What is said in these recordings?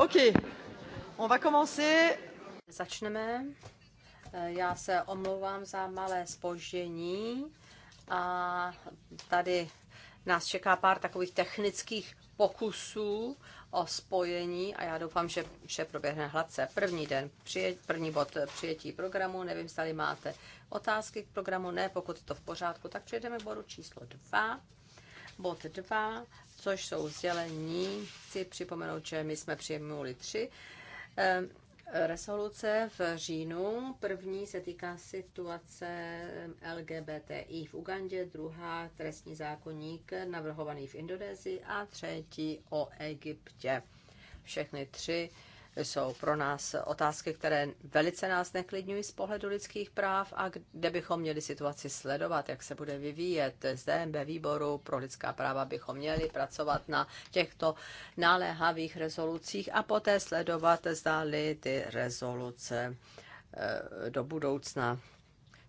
OK, on va commencer. Začneme. Eh, já se omlouvám za malé spoždění a tady nás čeká pár takových technických pokusů o spojení a já doufám, že vše proběhne hladce. První den, přijet, první bod eh, přijetí programu, nevím, zda máte otázky k programu, ne, pokud je to v pořádku, tak přejdeme k bodu číslo 2. Bod 2, což jsou sdělení. Chci připomenout, že my jsme přijmuli tři eh, resoluce v říjnu. První se týká situace LGBTI v Ugandě, druhá trestní zákonník navrhovaný v Indonésii a třetí o Egyptě. Všechny tři jsou pro nás otázky, které velice nás neklidňují z pohledu lidských práv a kde bychom měli situaci sledovat, jak se bude vyvíjet. Zde ve výboru pro lidská práva bychom měli pracovat na těchto naléhavých rezolucích a poté sledovat, zdáli ty rezoluce eh, do budoucna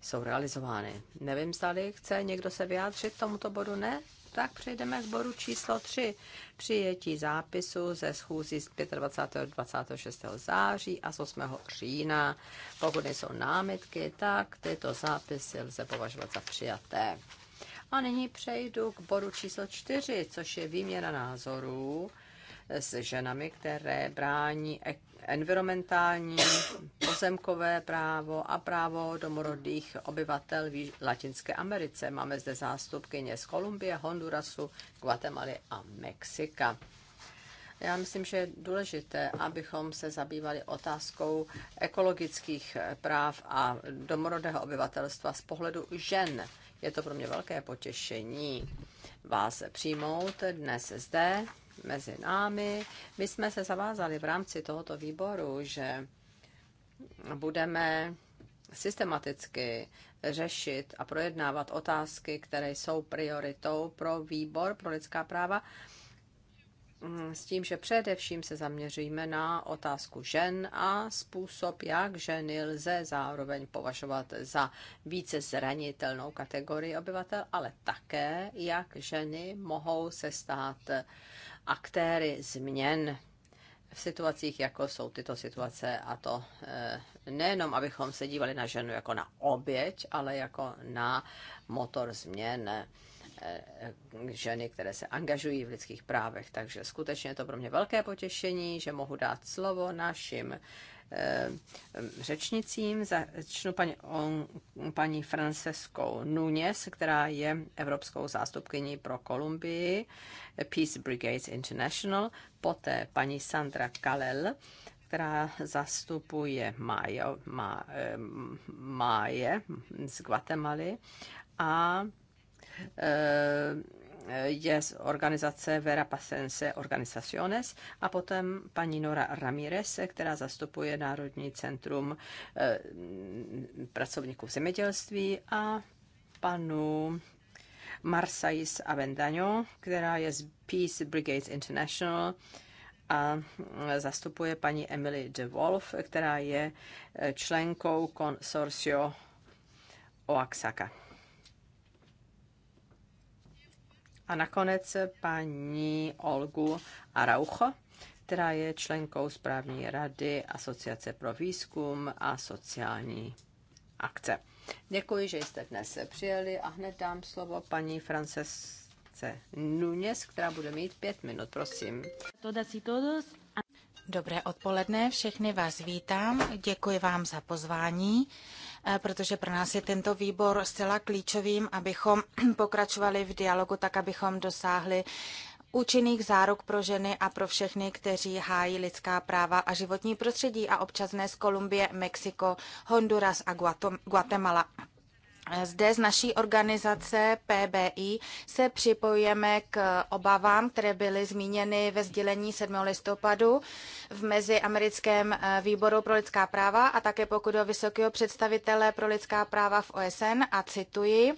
jsou realizovány. Nevím, zdali chce někdo se vyjádřit tomuto bodu, ne? tak přejdeme k bodu číslo 3. Přijetí zápisu ze schůzí z 25. 26. září a z 8. října. Pokud nejsou námitky, tak tyto zápisy lze považovat za přijaté. A nyní přejdu k bodu číslo 4, což je výměna názorů s ženami, které brání environmentální, pozemkové právo a právo domorodých obyvatel v Latinské Americe. Máme zde zástupkyně z Kolumbie, Hondurasu, Guatemaly a Mexika. Já myslím, že je důležité, abychom se zabývali otázkou ekologických práv a domorodého obyvatelstva z pohledu žen. Je to pro mě velké potěšení vás přijmout dnes zde mezi námi. My jsme se zavázali v rámci tohoto výboru, že budeme systematicky řešit a projednávat otázky, které jsou prioritou pro výbor pro lidská práva, s tím, že především se zaměříme na otázku žen a způsob, jak ženy lze zároveň považovat za více zranitelnou kategorii obyvatel, ale také, jak ženy mohou se stát aktéry změn v situacích, jako jsou tyto situace, a to e, nejenom, abychom se dívali na ženu jako na oběť, ale jako na motor změn e, ženy, které se angažují v lidských právech. Takže skutečně je to pro mě velké potěšení, že mohu dát slovo našim Eh, řečnicím. Začnu paní, on, paní Franceskou Nunes, která je evropskou zástupkyní pro Kolumbii Peace Brigades International, poté paní Sandra Kalel, která zastupuje eh, Maje má, Máje z Guatemaly a e, je z organizace Vera Pacense Organizaciones a potom paní Nora Ramírez, která zastupuje Národní centrum eh, pracovníků zemědělství a panu Marsais Avendaño, která je z Peace Brigades International a eh, zastupuje paní Emily de Wolf, která je eh, členkou konsorcio Oaxaca. A nakonec paní Olgu Araucho, která je členkou správní rady Asociace pro výzkum a sociální akce. Děkuji, že jste dnes přijeli a hned dám slovo paní Francesce Nunes, která bude mít pět minut, prosím. Dobré odpoledne, všechny vás vítám, děkuji vám za pozvání. Eh, protože pro nás je tento výbor zcela klíčovým, abychom pokračovali v dialogu tak, abychom dosáhli účinných záruk pro ženy a pro všechny, kteří hájí lidská práva a životní prostředí a občasné z Kolumbie, Mexiko, Honduras a Guatemala. Zde z naší organizace PBI se připojujeme k obavám, které byly zmíněny ve sdělení 7. listopadu v Meziamerickém eh, výboru pro lidská práva a také pokud o vysokého představitele pro lidská práva v OSN a cituji,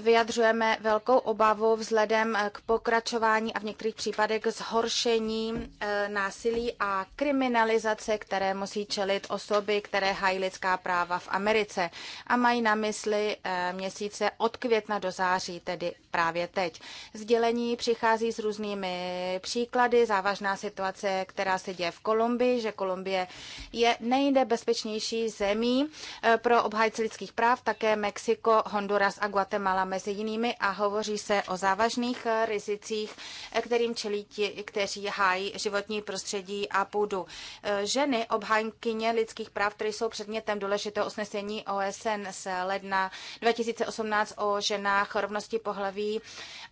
vyjadřujeme velkou obavu vzhledem k pokračování a v některých případech k zhoršení e, násilí a kriminalizace, které musí čelit osoby, které hájí lidská práva v Americe a mají na mysli e, měsíce od května do září, tedy právě teď. Sdělení přichází s různými příklady, závažná situace, která se děje v Kolumbii, že Kolumbie je nejde bezpečnější zemí e, pro obhájce lidských práv, také Mexiko, Honduras a Guatemala zajímala mezi jinými a hovoří se o závažných eh, rizicích, eh, kterým čelí ti, kteří hájí životní prostředí a půdu. Eh, ženy obhájkyně lidských práv, které jsou předmětem důležitého usnesení OSN z ledna 2018 o ženách, rovnosti pohlaví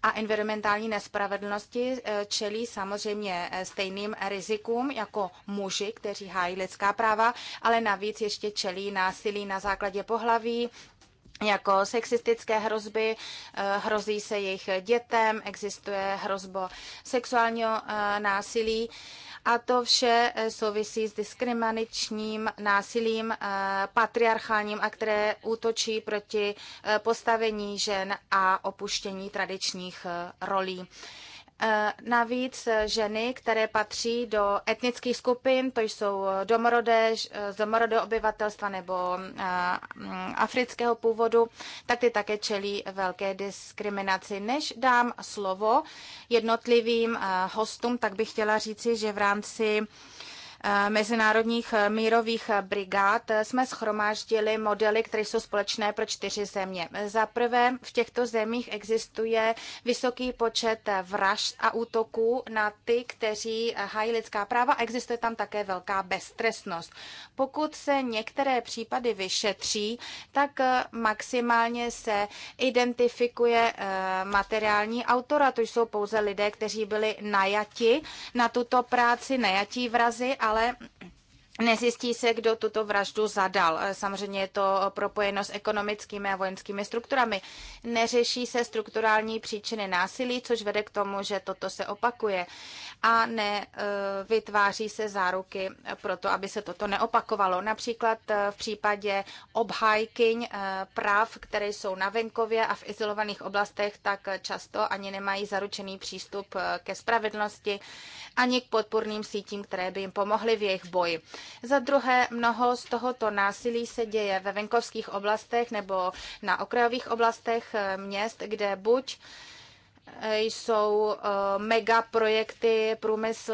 a environmentální nespravedlnosti, čelí samozřejmě stejným rizikům jako muži, kteří hájí lidská práva, ale navíc ještě čelí násilí na základě pohlaví, jako sexistické hrozby, eh, hrozí se jejich dětem, existuje hrozba sexuálního eh, násilí a to vše eh, souvisí s diskriminačním násilím patriarchálním a které útočí proti postavení žen a opuštění tradičních rolí. Eh, navíc eh, ženy, které patří do etnických skupin, to jsou eh, domorodé, z domorodého obyvatelstva nebo mm, afrického původu, tak ty také čelí velké diskriminaci. Než dám slovo jednotlivým hostům, tak bych chtěla říci, že v rámci Eh, mezinárodních eh, mírových brigád eh, jsme schromáždili modely, které jsou společné pro čtyři země. Za prvé, v těchto zemích existuje vysoký počet vražd a útoků na ty, kteří hájí lidská práva a existuje tam také velká beztrestnost. Pokud se některé případy vyšetří, tak maximálně se identifikuje materiální autora, to jsou pouze lidé, kteří byli najati na tuto práci, najatí vrazy a ale Nezjistí se, kdo tuto vraždu zadal. Eh, samozřejmě je to eh, propojeno s ekonomickými a vojenskými strukturami. Neřeší se strukturální příčiny násilí, což vede k tomu, že toto se opakuje. A nevytváří eh, se záruky pro to, aby se toto neopakovalo. Například v případě obhajkyň práv, které jsou na venkově a v izolovaných oblastech, tak často ani nemají zaručený přístup ke spravedlnosti ani k podporným sítím, které by jim pomohly v jejich boji. Za druhé, mnoho z tohoto násilí se děje ve venkovských oblastech nebo na okrajových oblastech eh, měst, kde buď eh, jsou eh, megaprojekty, průmysl,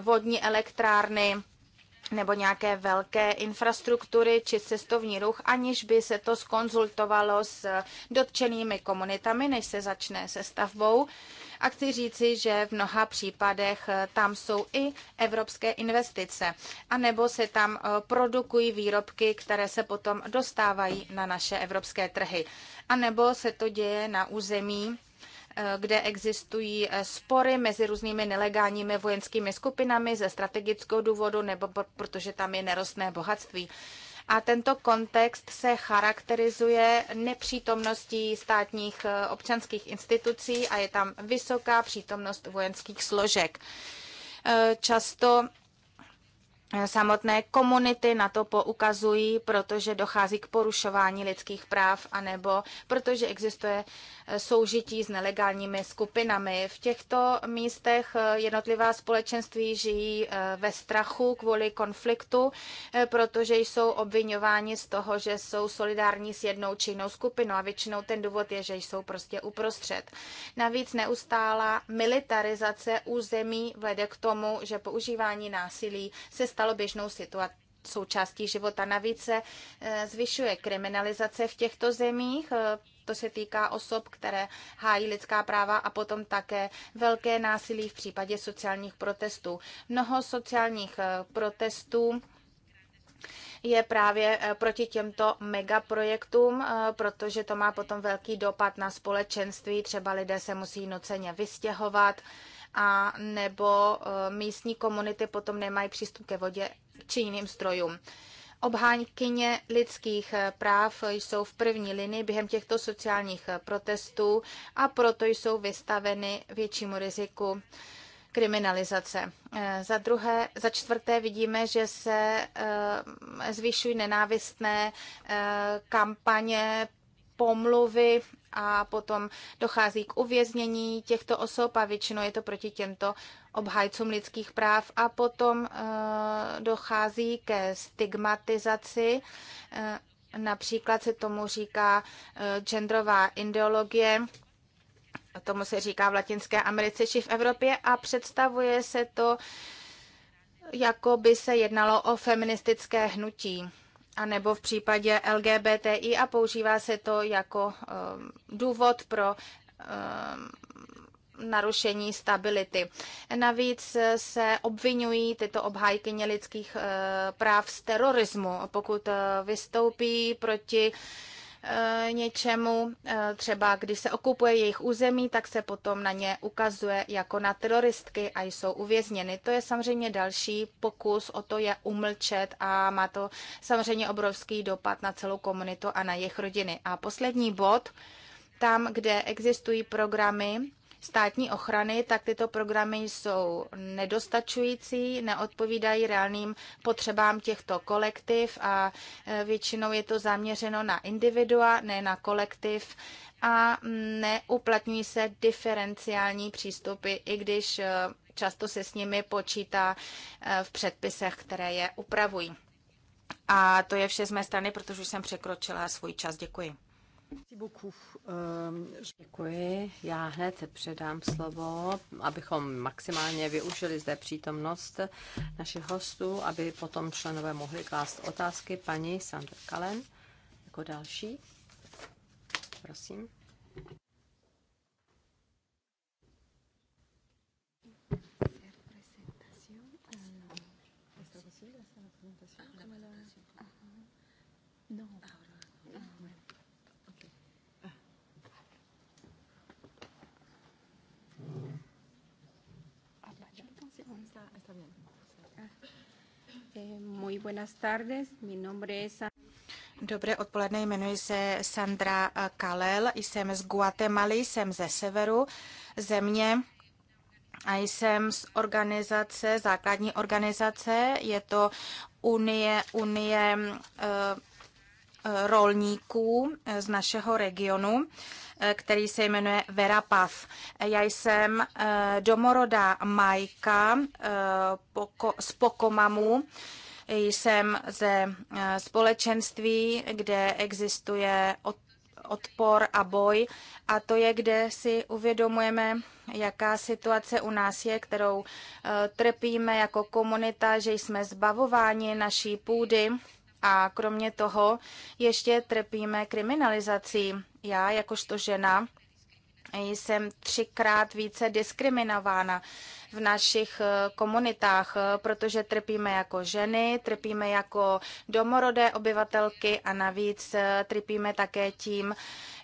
vodní elektrárny, nebo nějaké velké infrastruktury či cestovní ruch, aniž by se to skonzultovalo s dotčenými komunitami, než se začne se stavbou. A chci říci, že v mnoha případech eh, tam jsou i evropské investice, anebo se tam eh, produkují výrobky, které se potom dostávají na naše evropské trhy, anebo se to děje na území Eh, kde existují eh, spory mezi různými nelegálními vojenskými skupinami ze strategického důvodu nebo protože tam je nerostné bohatství. A tento kontext se charakterizuje nepřítomností státních eh, občanských institucí a je tam vysoká přítomnost vojenských složek. Často Eh, samotné komunity na to poukazují, protože dochází k porušování lidských práv, anebo protože existuje eh, soužití s nelegálními skupinami. V těchto místech eh, jednotlivá společenství žijí ve strachu kvůli konfliktu, protože jsou obvinováni z toho, že jsou solidární s jednou či jinou skupinou a většinou ten důvod je, že jsou prostě uprostřed. Navíc neustála militarizace území vede k tomu, že používání násilí se stalo běžnou situací součástí života. Navíc se eh, zvyšuje kriminalizace v těchto zemích, eh, to se týká osob, které hájí lidská práva a potom také velké násilí v případě sociálních protestů. Mnoho sociálních eh, protestů je právě proti těmto megaprojektům, protože to má potom velký dopad na společenství. Třeba lidé se musí noceně vystěhovat a nebo eh, místní komunity potom nemají přístup ke vodě či jiným zdrojům. Obháňkyně lidských eh, práv jsou v první linii během těchto sociálních eh, protestů a proto jsou vystaveny většímu riziku kriminalizace. Za, druhé, za čtvrté vidíme, že se zvyšují nenávistné kampaně, pomluvy a potom dochází k uvěznění těchto osob a většinou je to proti těmto obhájcům lidských práv a potom eh, dochází ke stigmatizaci. Eh, například se tomu říká eh, genderová ideologie, tomu se říká v Latinské Americe či v Evropě a představuje se to, jako by se jednalo o feministické hnutí a nebo v případě LGBTI a používá se to jako eh, důvod pro eh, narušení stability. Navíc se obvinují tyto obhájkyně lidských eh, práv z terorismu, pokud vystoupí proti Eh, něčemu, eh, třeba když se okupuje jejich území, tak se potom na ně ukazuje jako na teroristky a jsou uvězněny. To je samozřejmě další pokus o to je umlčet a má to samozřejmě obrovský dopad na celou komunitu a na jejich rodiny. A poslední bod, tam, kde existují programy, státní ochrany, tak tyto programy jsou nedostačující, neodpovídají reálným potřebám těchto kolektiv a e, většinou je to zaměřeno na individua, ne na kolektiv a mm, neuplatňují se diferenciální přístupy, i když e, často se s nimi počítá e, v předpisech, které je upravují. A to je vše z mé strany, protože už jsem překročila svůj čas. Děkuji. Děkuji. Já hned předám slovo, abychom maximálně využili zde přítomnost našich hostů, aby potom členové mohli klást otázky. Paní Sandra Kalen jako další. Prosím. Ah, no. Eh, muy buenas tardes, mi nombre es... Dobré odpoledne, jmenuji se Sandra eh, Kalel, jsem z Guatemaly, jsem ze severu země a jsem z organizace, základní organizace, je to Unie, Unie eh, rolníků eh, z našeho regionu, eh, který se jmenuje Vera Paz. Já jsem eh, domorodá majka z Pokomamu, jsem ze společenství, kde existuje odpor a boj. A to je, kde si uvědomujeme, jaká situace u nás je, kterou trpíme jako komunita, že jsme zbavováni naší půdy a kromě toho ještě trpíme kriminalizací. Já jakožto žena jsem třikrát více diskriminována v našich eh, komunitách, eh, protože trpíme jako ženy, trpíme jako domorodé obyvatelky a navíc eh, trpíme také tím,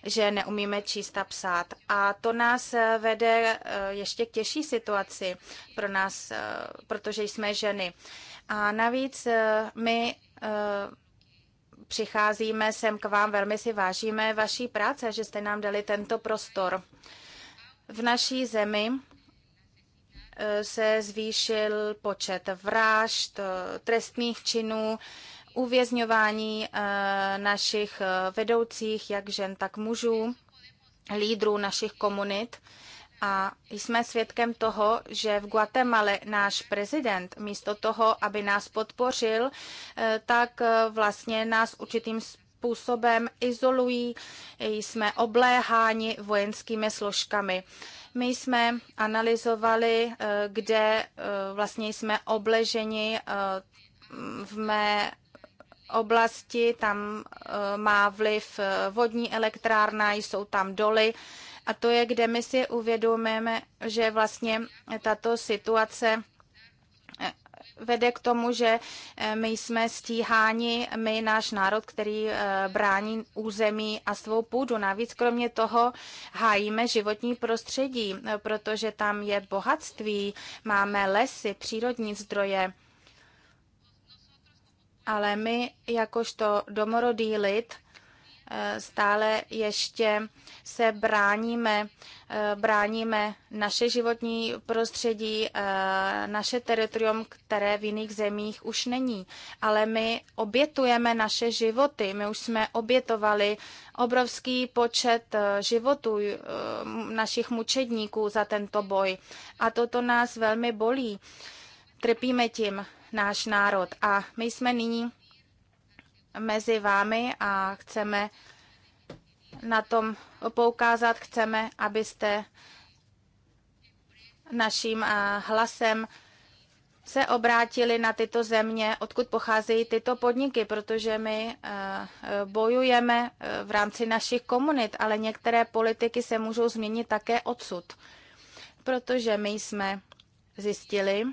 že neumíme číst a psát. A to nás vede ještě k těžší situaci pro nás, protože jsme ženy. A navíc my Eh, přicházíme sem k vám, velmi si vážíme vaší práce, že jste nám dali tento prostor. V naší zemi eh, se zvýšil počet vražd, eh, trestných činů, uvězňování našich vedoucích, jak žen, tak mužů, lídrů našich komunit. A jsme svědkem toho, že v Guatemala náš prezident místo toho, aby nás podpořil, eh, tak eh, vlastně nás určitým způsobem izolují, jsme obléháni vojenskými složkami. My jsme analyzovali, eh, kde vlastně jsme obleženi v mé oblasti, tam eh, má vliv eh, vodní elektrárna, jsou tam doly a to je, kde my si uvědomujeme, že vlastně tato situace eh, vede k tomu, že my jsme stíháni, my, náš národ, který brání území a svou půdu. Navíc kromě toho hájíme životní prostředí, protože tam je bohatství, máme lesy, přírodní zdroje ale my jakožto domorodý lid eh, stále ještě se bráníme, eh, bráníme naše životní prostředí, eh, naše teritorium, které v jiných zemích už není. Ale my obětujeme naše životy. My už jsme obětovali obrovský počet životů našich mučedníků za tento boj. A toto nás velmi bolí. Trpíme tím náš národ a my jsme nyní mezi vámi a chceme na tom poukázat, chceme, abyste naším hlasem se obrátili na tyto země, odkud pocházejí tyto podniky, protože my bojujeme v rámci našich komunit, ale některé politiky se můžou změnit také odsud, protože my jsme zjistili,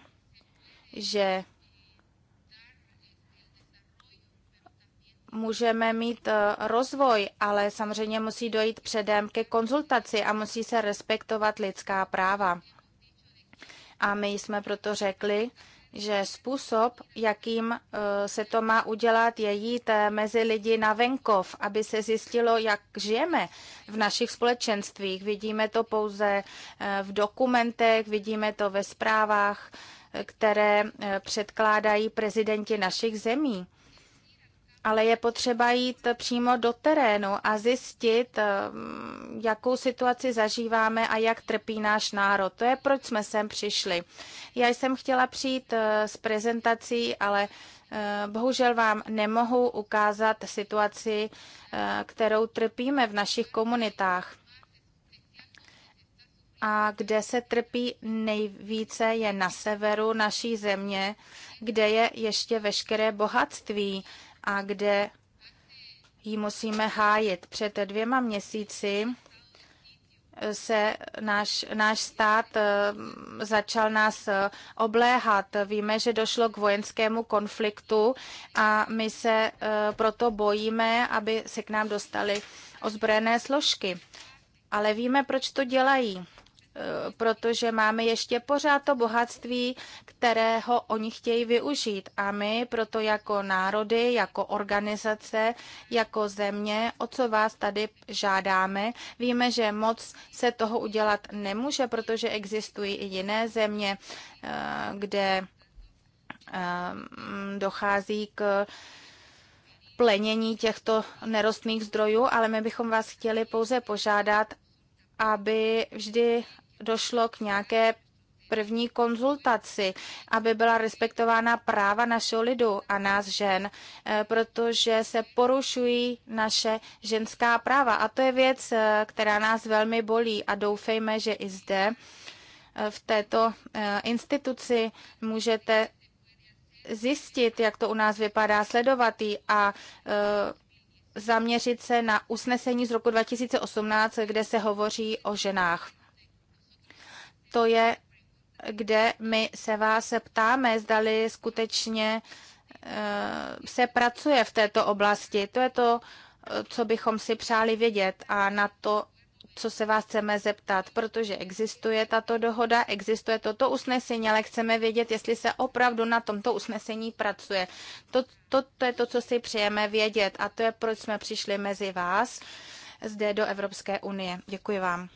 že můžeme mít eh, rozvoj, ale samozřejmě musí dojít předem ke konzultaci a musí se respektovat lidská práva. A my jsme proto řekli, že způsob, jakým eh, se to má udělat, je jít eh, mezi lidi na venkov, aby se zjistilo, jak žijeme v našich společenstvích. Vidíme to pouze v dokumentech, vidíme to ve zprávách, které eh, předkládají prezidenti našich zemí. Ale je potřeba jít přímo do terénu a zjistit, eh, jakou situaci zažíváme a jak trpí náš národ. To je, proč jsme sem přišli. Já jsem chtěla přijít eh, s prezentací, ale bohužel vám nemohu ukázat situaci, kterou trpíme v našich komunitách a kde se trpí nejvíce je na severu naší země, kde je ještě veškeré bohatství a kde ji musíme hájit. Před dvěma měsíci eh, se náš, náš stát eh, začal nás eh, obléhat. Víme, že došlo k vojenskému konfliktu a my se proto bojíme, aby se k nám dostaly ozbrojené složky. Ale víme, proč to dělají protože máme ještě pořád to bohatství, kterého oni chtějí využít. A my proto jako národy, jako organizace, jako země, o co vás tady žádáme, víme, že moc se toho udělat nemůže, protože existují i jiné země, eh, kde eh, dochází k plenění těchto nerostných zdrojů, ale my bychom vás chtěli pouze požádat, aby vždy došlo k nějaké první konzultaci, aby byla respektována práva našeho lidu a nás žen, eh, protože se porušují naše ženská práva. A to je věc, eh, která nás velmi bolí a doufejme, že i zde eh, v této instituci můžete zjistit, jak to u nás vypadá, sledovatý a zaměřit se na usnesení z roku 2018, kde se hovoří o ženách to je, kde my se vás ptáme, zdali skutečně eh, se pracuje v této oblasti. To je to, eh, co bychom si přáli vědět a na to, co se vás chceme zeptat, protože existuje tato dohoda, existuje toto usnesení, ale chceme vědět, jestli se opravdu na tomto usnesení pracuje. To, to, to je to, co si přejeme vědět a to je, proč jsme přišli mezi vás zde do Evropské unie. Děkuji vám.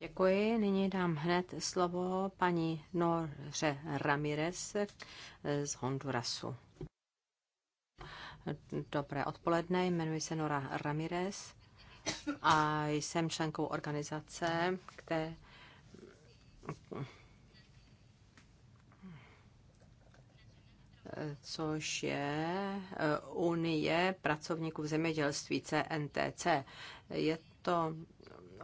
Děkuji. Nyní dám hned slovo paní Noře Ramirez z Hondurasu. Dobré odpoledne, jmenuji se Nora Ramirez a jsem členkou organizace, které což je eh, Unie pracovníků v zemědělství CNTC. Je to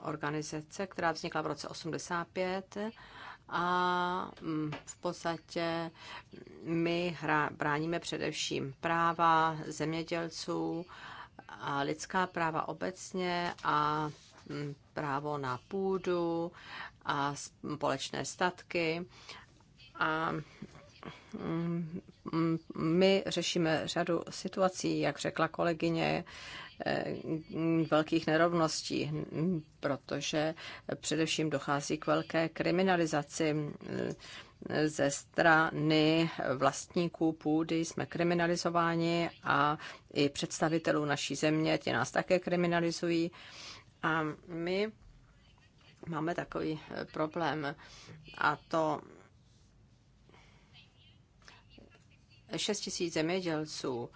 organizace, která vznikla v roce 85 a mm, v podstatě my hra, bráníme především práva zemědělců a lidská práva obecně a mm, právo na půdu a společné statky. A mm, my řešíme řadu situací, jak řekla kolegyně, Eh, velkých nerovností, protože především dochází k velké kriminalizaci eh, ze strany vlastníků půdy jsme kriminalizováni a i představitelů naší země, ti nás také kriminalizují. A my máme takový eh, problém a to 6 tisíc zemědělců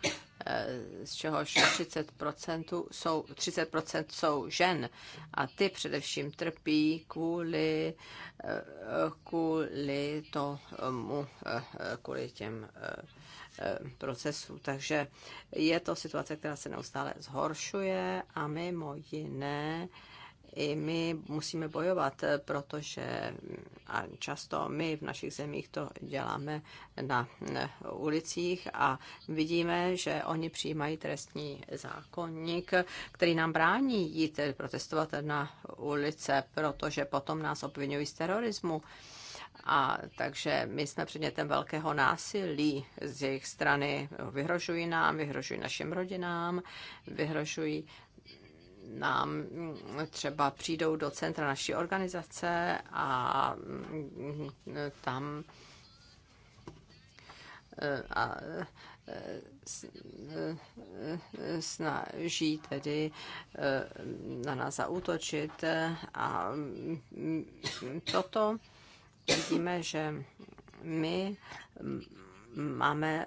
Eh, z čehož 30% jsou, 30% jsou žen a ty především trpí kvůli, eh, kvůli tomu, eh, kvůli těm procesu. Takže je to situace, která se neustále zhoršuje a mimo jiné i my musíme bojovat, protože a často my v našich zemích to děláme na ulicích a vidíme, že oni přijímají trestní zákonník, který nám brání jít protestovat na ulice, protože potom nás obvinují z terorismu. A takže my jsme předmětem velkého násilí z jejich strany. Vyhrožují nám, vyhrožují našim rodinám, vyhrožují nám mm, třeba přijdou do centra naší organizace a mm, tam eh, a eh, eh, snaží tedy na nás zautočit a mm, toto vidíme, že my máme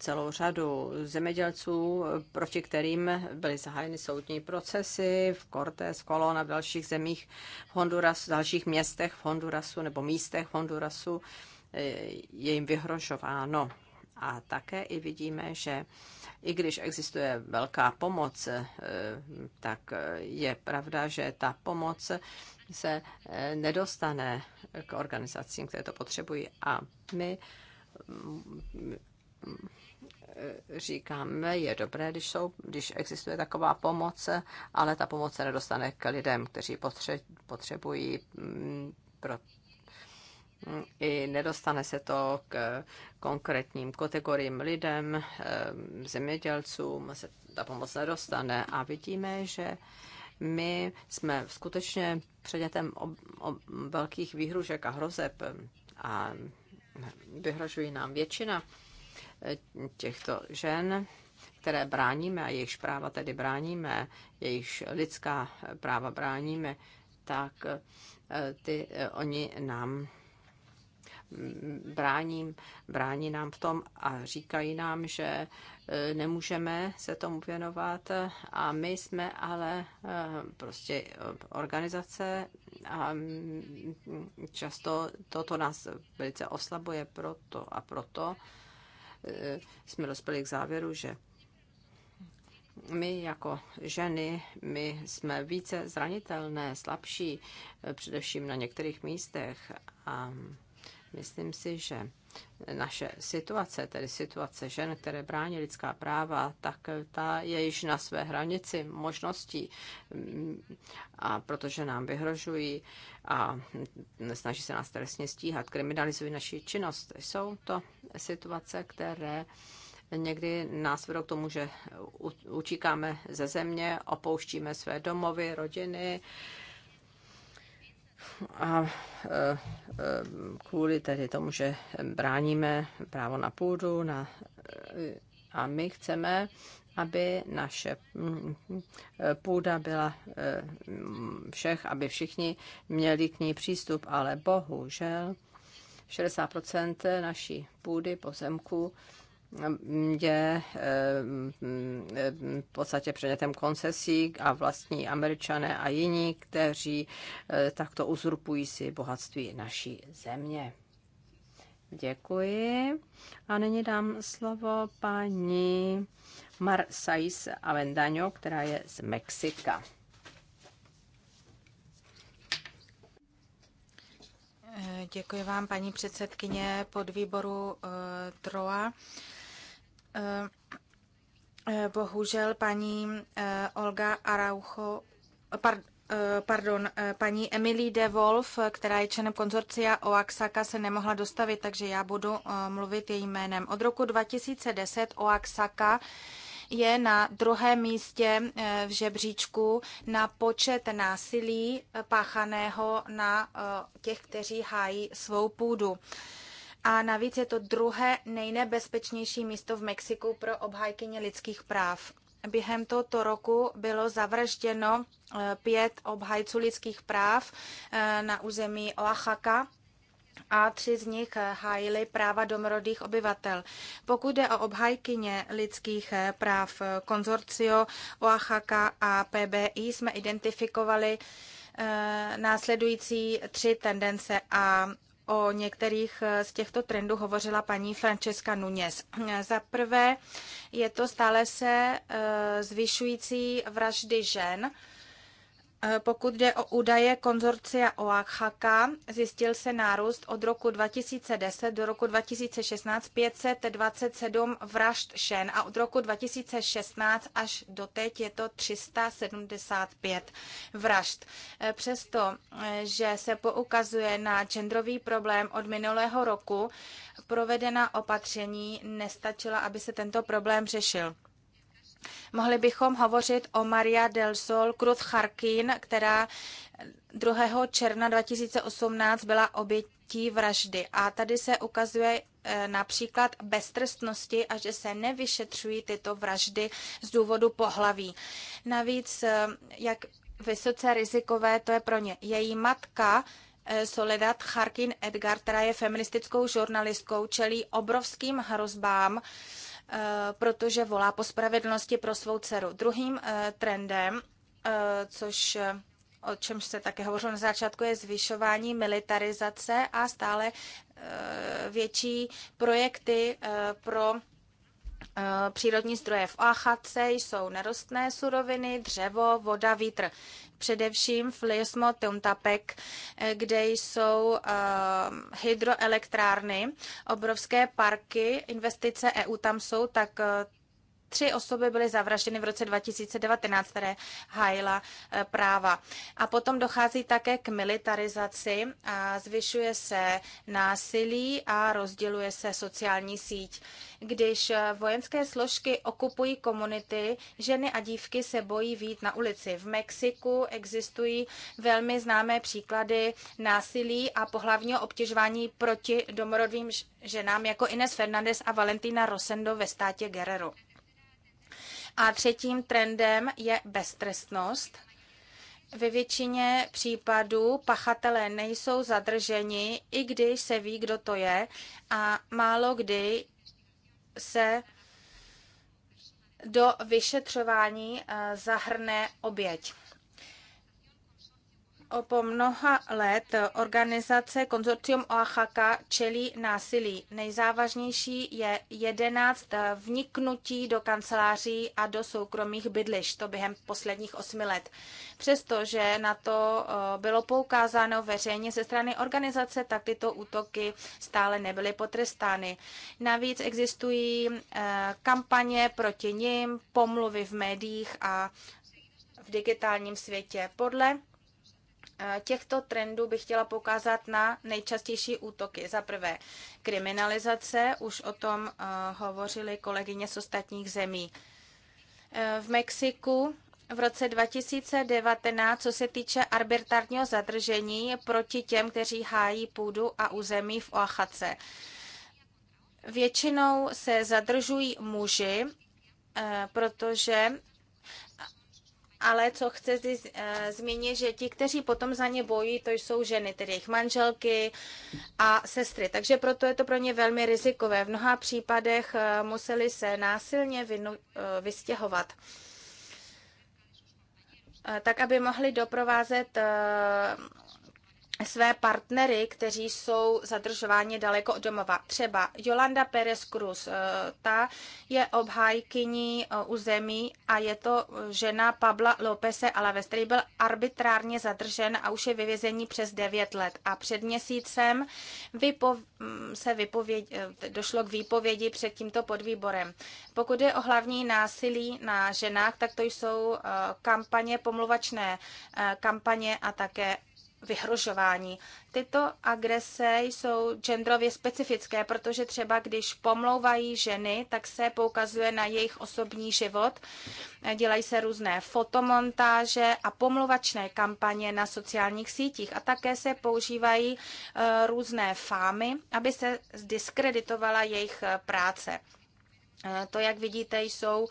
celou řadu zemědělců, proti kterým byly zahájeny soudní procesy v Cortés, Colón a v dalších zemích v Hondurasu, v dalších městech v Hondurasu nebo místech v Hondurasu je jim vyhrožováno. A také i vidíme, že i když existuje velká pomoc, eh, tak je pravda, že ta pomoc se eh, nedostane k organizacím, které to potřebují. A my říkáme, je dobré, když, jsou, když existuje taková pomoc, ale ta pomoc se nedostane k lidem, kteří potře, potřebují mm, pro, mm, i nedostane se to k konkrétním kategoriím lidem, eh, zemědělcům se ta pomoc nedostane a vidíme, že my jsme skutečně předmětem ob, ob, velkých výhružek a hrozeb a vyhrožují nám většina těchto žen, které bráníme a jejichž práva tedy bráníme, jejichž lidská práva bráníme, tak eh, ty, eh, oni nám mm, brání, brání nám v tom a říkají nám, že eh, nemůžeme se tomu věnovat a my jsme ale prostě organizace a mm, často toto nás velice oslabuje proto a proto Eh, jsme dospěli k závěru, že my jako ženy, my jsme více zranitelné, slabší, eh, především na některých místech. A Myslím si, že naše situace, tedy situace žen, které brání lidská práva, tak ta je již na své hranici možností, a protože nám vyhrožují a snaží se nás trestně stíhat, kriminalizují naši činnost. Jsou to situace, které někdy nás vedou k tomu, že utíkáme ze země, opouštíme své domovy, rodiny, a e, e, kvůli tedy tomu, že bráníme právo na půdu na, e, a my chceme, aby naše mm, půda byla všech, aby všichni měli k ní přístup, ale bohužel 60% naší půdy, pozemku je eh, v podstatě předmětem koncesí a vlastní američané a jiní, kteří eh, takto uzurpují si bohatství naší země. Děkuji. A nyní dám slovo paní Marsais Avendaño, která je z Mexika. Děkuji vám, paní předsedkyně podvýboru eh, TROA. Eh, eh, bohužel paní eh, Olga Araucho, pardon, paní Emily de Wolf, která je členem konzorcia Oaxaca, se nemohla dostavit, takže já budu mluvit jejím jménem. Od roku 2010 Oaxaca je na druhém místě v žebříčku na počet násilí páchaného na těch, kteří hájí svou půdu a navíc je to druhé nejnebezpečnější místo v Mexiku pro obhájkyně lidských práv. Během tohoto roku bylo zavražděno eh, pět obhajců lidských práv eh, na území Oaxaca a tři z nich eh, hájili práva domorodých obyvatel. Pokud jde o obhajkyně lidských práv konzorcio Oaxaca a PBI, jsme identifikovali následující tři tendence a O některých eh, z těchto trendů hovořila paní Francesca Nunes. Za prvé je to stále se eh, zvyšující vraždy žen, Eh, pokud jde o údaje konzorcia Oaxaca, zjistil se nárůst od roku 2010 do roku 2016 527 vražd šen a od roku 2016 až do teď je to 375 vražd. Eh, přesto, eh, že se poukazuje na genderový problém od minulého roku, provedená opatření nestačila, aby se tento problém řešil. Mohli bychom hovořit o Maria del Sol Cruz Charkin, která 2. června 2018 byla obětí vraždy. A tady se ukazuje eh, například beztrestnosti a že se nevyšetřují tyto vraždy z důvodu pohlaví. Navíc, eh, jak vysoce rizikové to je pro ně. Její matka eh, Soledad Harkin Edgar, která je feministickou žurnalistkou, čelí obrovským hrozbám, Eh, protože volá po spravedlnosti pro svou dceru. Druhým eh, trendem, eh, což o čemž se také hovořilo na začátku, je zvyšování militarizace a stále větší projekty pro Eh, přírodní zdroje v Oaxace jsou nerostné suroviny, dřevo, voda, vítr. Především v Lismo Tuntapec, eh, kde jsou eh, hydroelektrárny, obrovské parky, investice EU tam jsou, tak tři osoby byly zavražděny v roce 2019, které hájila práva. A potom dochází také k militarizaci a zvyšuje se násilí a rozděluje se sociální síť když eh, vojenské složky okupují komunity, ženy a dívky se bojí výjít na ulici. V Mexiku existují velmi známé příklady násilí a pohlavního obtěžování proti domorodým ženám jako Ines Fernandez a Valentina Rosendo ve státě Guerrero. A třetím trendem je beztrestnost. Ve většině případů pachatelé nejsou zadrženi, i když se ví, kdo to je, a málo kdy se do vyšetřování eh, zahrne oběť po mnoha let organizace Konzorcium Oaxaca čelí násilí. Nejzávažnější je 11 vniknutí do kanceláří a do soukromých bydlišť, to během posledních osmi let. Přestože na to bylo poukázáno veřejně ze strany organizace, tak tyto útoky stále nebyly potrestány. Navíc existují e, kampaně proti nim, pomluvy v médiích a v digitálním světě. Podle těchto trendů bych chtěla poukázat na nejčastější útoky. Za prvé kriminalizace, už o tom eh, hovořili kolegyně z ostatních zemí. Eh, v Mexiku v roce 2019, co se týče arbitrárního zadržení proti těm, kteří hájí půdu a území v Oaxace. Většinou se zadržují muži, eh, protože ale co chci zde eh, zmínit, že ti, kteří potom za ně bojí, to jsou ženy, tedy jejich manželky a sestry. Takže proto je to pro ně velmi rizikové. V mnoha případech eh, museli se násilně vynu, eh, vystěhovat tak aby mohli doprovázet své partnery, kteří jsou zadržováni daleko od domova. Třeba Jolanda Pérez Cruz, eh, ta je obhájkyní eh, zemí a je to eh, žena Pabla Lópeze Alaves, který byl arbitrárně zadržen a už je vyvězení přes 9 let. A před měsícem vypo, mm, se vypověd, došlo k výpovědi před tímto podvýborem. Pokud je o hlavní násilí na ženách, tak to jsou kampaně, pomluvačné kampaně a také vyhrožování. Tyto agrese jsou genderově specifické, protože třeba když pomlouvají ženy, tak se poukazuje na jejich osobní život. Dělají se různé fotomontáže a pomluvačné kampaně na sociálních sítích a také se používají eh, různé fámy, aby se zdiskreditovala jejich eh, práce. Eh, to, jak vidíte, jsou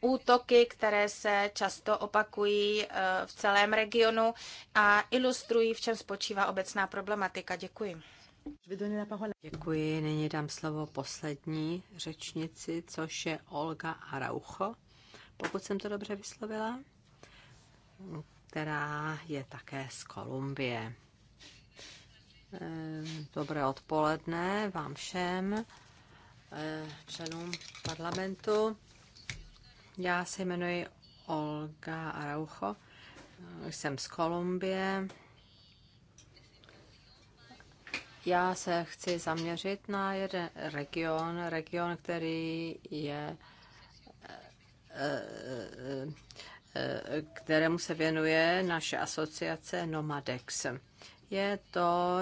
útoky, které se často opakují eh, v celém regionu a ilustrují, v čem spočívá obecná problematika. Děkuji. Děkuji. Nyní dám slovo poslední řečnici, což je Olga Araucho, pokud jsem to dobře vyslovila, která je také z Kolumbie. Eh, dobré odpoledne vám všem. Eh, členům parlamentu. Já se jmenuji Olga Araucho, jsem z Kolumbie. Já se chci zaměřit na jeden region, region, který je eh, eh, kterému se věnuje naše asociace Nomadex. Je to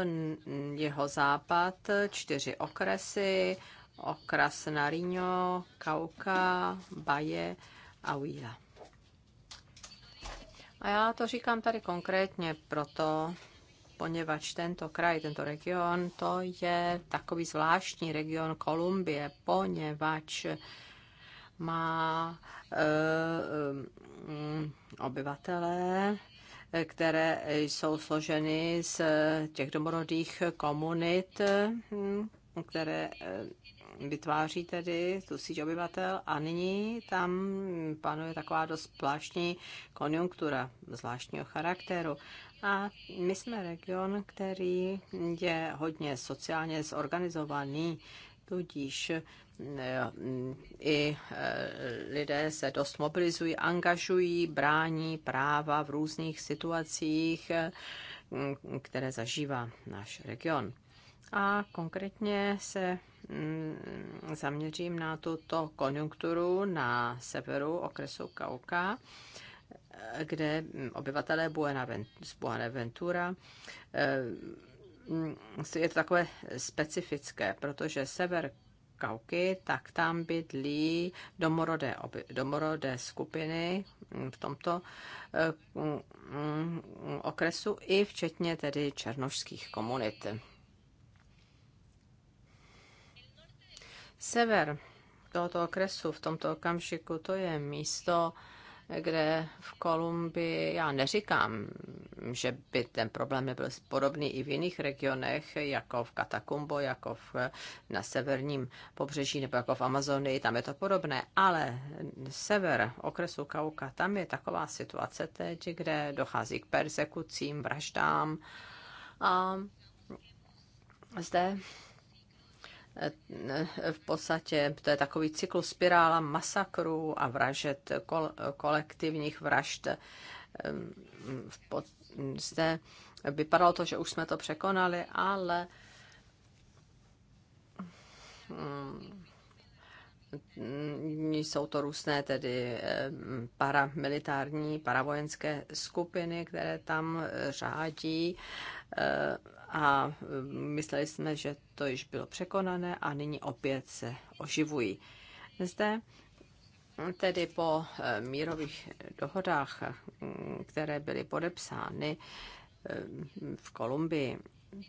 jeho západ, čtyři okresy, okras Nariño, Kauka, Baje a Uila. A já to říkám tady konkrétně proto, poněvadž tento kraj, tento region, to je takový zvláštní region Kolumbie, poněvadž má e, eh, e, eh, obyvatele, které jsou složeny z těch domorodých komunit, které eh, vytváří tedy tu síť obyvatel a nyní tam panuje taková dost pláštní konjunktura zvláštního charakteru. A my jsme region, který je hodně sociálně zorganizovaný, tudíž e, i e, lidé se dost mobilizují, angažují, brání práva v různých situacích, e, které zažívá náš region. A konkrétně se mm, zaměřím na tuto konjunkturu na severu okresu Kauka, kde obyvatelé Buenaventura eh, je to takové specifické, protože sever Kauky, tak tam bydlí domorodé, domorodé skupiny mm, v tomto eh, mm, okresu i včetně tedy černožských komunit. Sever tohoto okresu v tomto okamžiku, to je místo, kde v Kolumbii, já neříkám, že by ten problém nebyl podobný i v jiných regionech, jako v Katakumbo, jako v, na severním pobřeží nebo jako v Amazonii, tam je to podobné, ale sever okresu Kauka, tam je taková situace teď, kde dochází k persekucím, vraždám a zde v podstatě to je takový cyklus spirála masakrů a vražet, kol, kolektivních vražd. Ehm, v pod, zde vypadalo to, že už jsme to překonali, ale hm, jsou to různé tedy ehm, paramilitární, paravojenské skupiny, které tam eh, řádí eh, a e, mysleli jsme, že to již bylo překonané a nyní opět se oživují. Zde tedy po e, mírových dohodách, e, které byly podepsány v Kolumbii,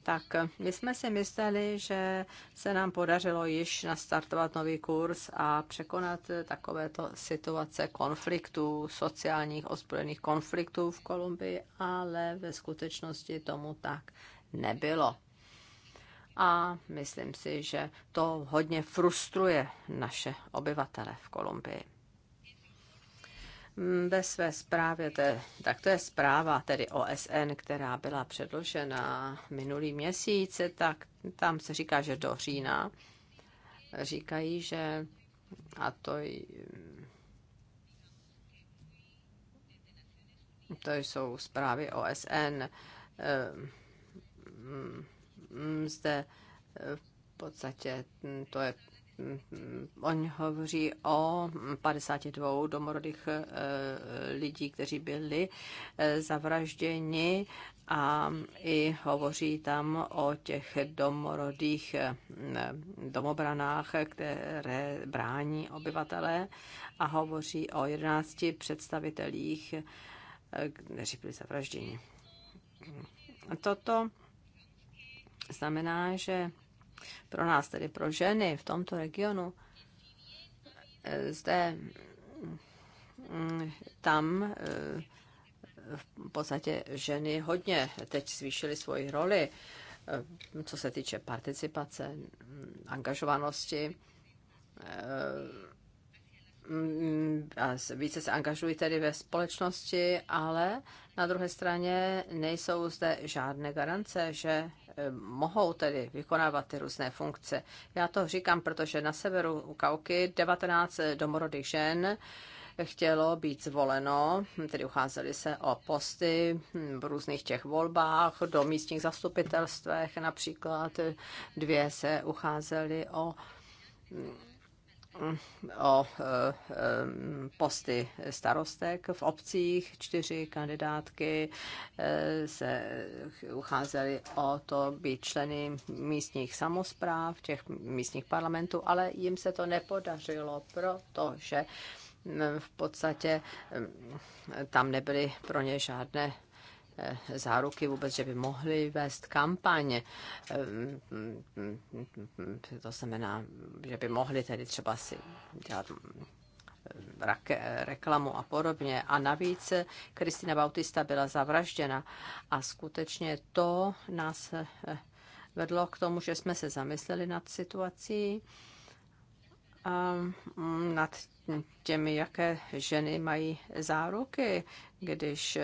tak my jsme si mysleli, že se nám podařilo již nastartovat nový kurz a překonat takovéto situace konfliktů, sociálních ozbrojených konfliktů v Kolumbii, ale ve skutečnosti tomu tak nebylo. A myslím si, že to hodně frustruje naše obyvatele v Kolumbii. Mm, ve své zprávě, to je, tak to je zpráva tedy OSN, která byla předložena minulý měsíc, tak tam se říká, že do října říkají, že a to to jsou zprávy OSN, eh, Mm, mm, zde eh, v podstatě mm, to je On hovoří o 52 domorodých eh, eh, lidí, kteří byli zavražděni a i hovoří tam o těch domorodých domobranách, které brání obyvatelé a hovoří o 11 představitelích, kteří byli zavražděni. Toto znamená, že pro nás, tedy pro ženy v tomto regionu, eh, zde mm, tam eh, v podstatě ženy hodně teď zvýšily svoji roli, eh, co se týče participace, mm, angažovanosti. Mm, a více se angažují tedy ve společnosti, ale na druhé straně nejsou zde žádné garance, že Eh, mohou tedy vykonávat ty různé funkce. Já to říkám, protože na severu u Kauky 19 domorodých žen chtělo být zvoleno, tedy ucházeli se o posty v různých těch volbách, do místních zastupitelstvech například. Dvě se ucházely o o posty starostek v obcích. Čtyři kandidátky e, se ucházely o to být členy místních samozpráv, těch místních parlamentů, ale jim se to nepodařilo, protože v podstatě e, tam nebyly pro ně žádné Eh, záruky vůbec, že by mohli vést kampaň. Eh, to znamená, že by mohli tedy třeba si dělat eh, reklamu a podobně. A navíc Kristina Bautista byla zavražděna a skutečně to nás vedlo k tomu, že jsme se zamysleli nad situací, a mm, nad těmi, jaké ženy mají záruky, když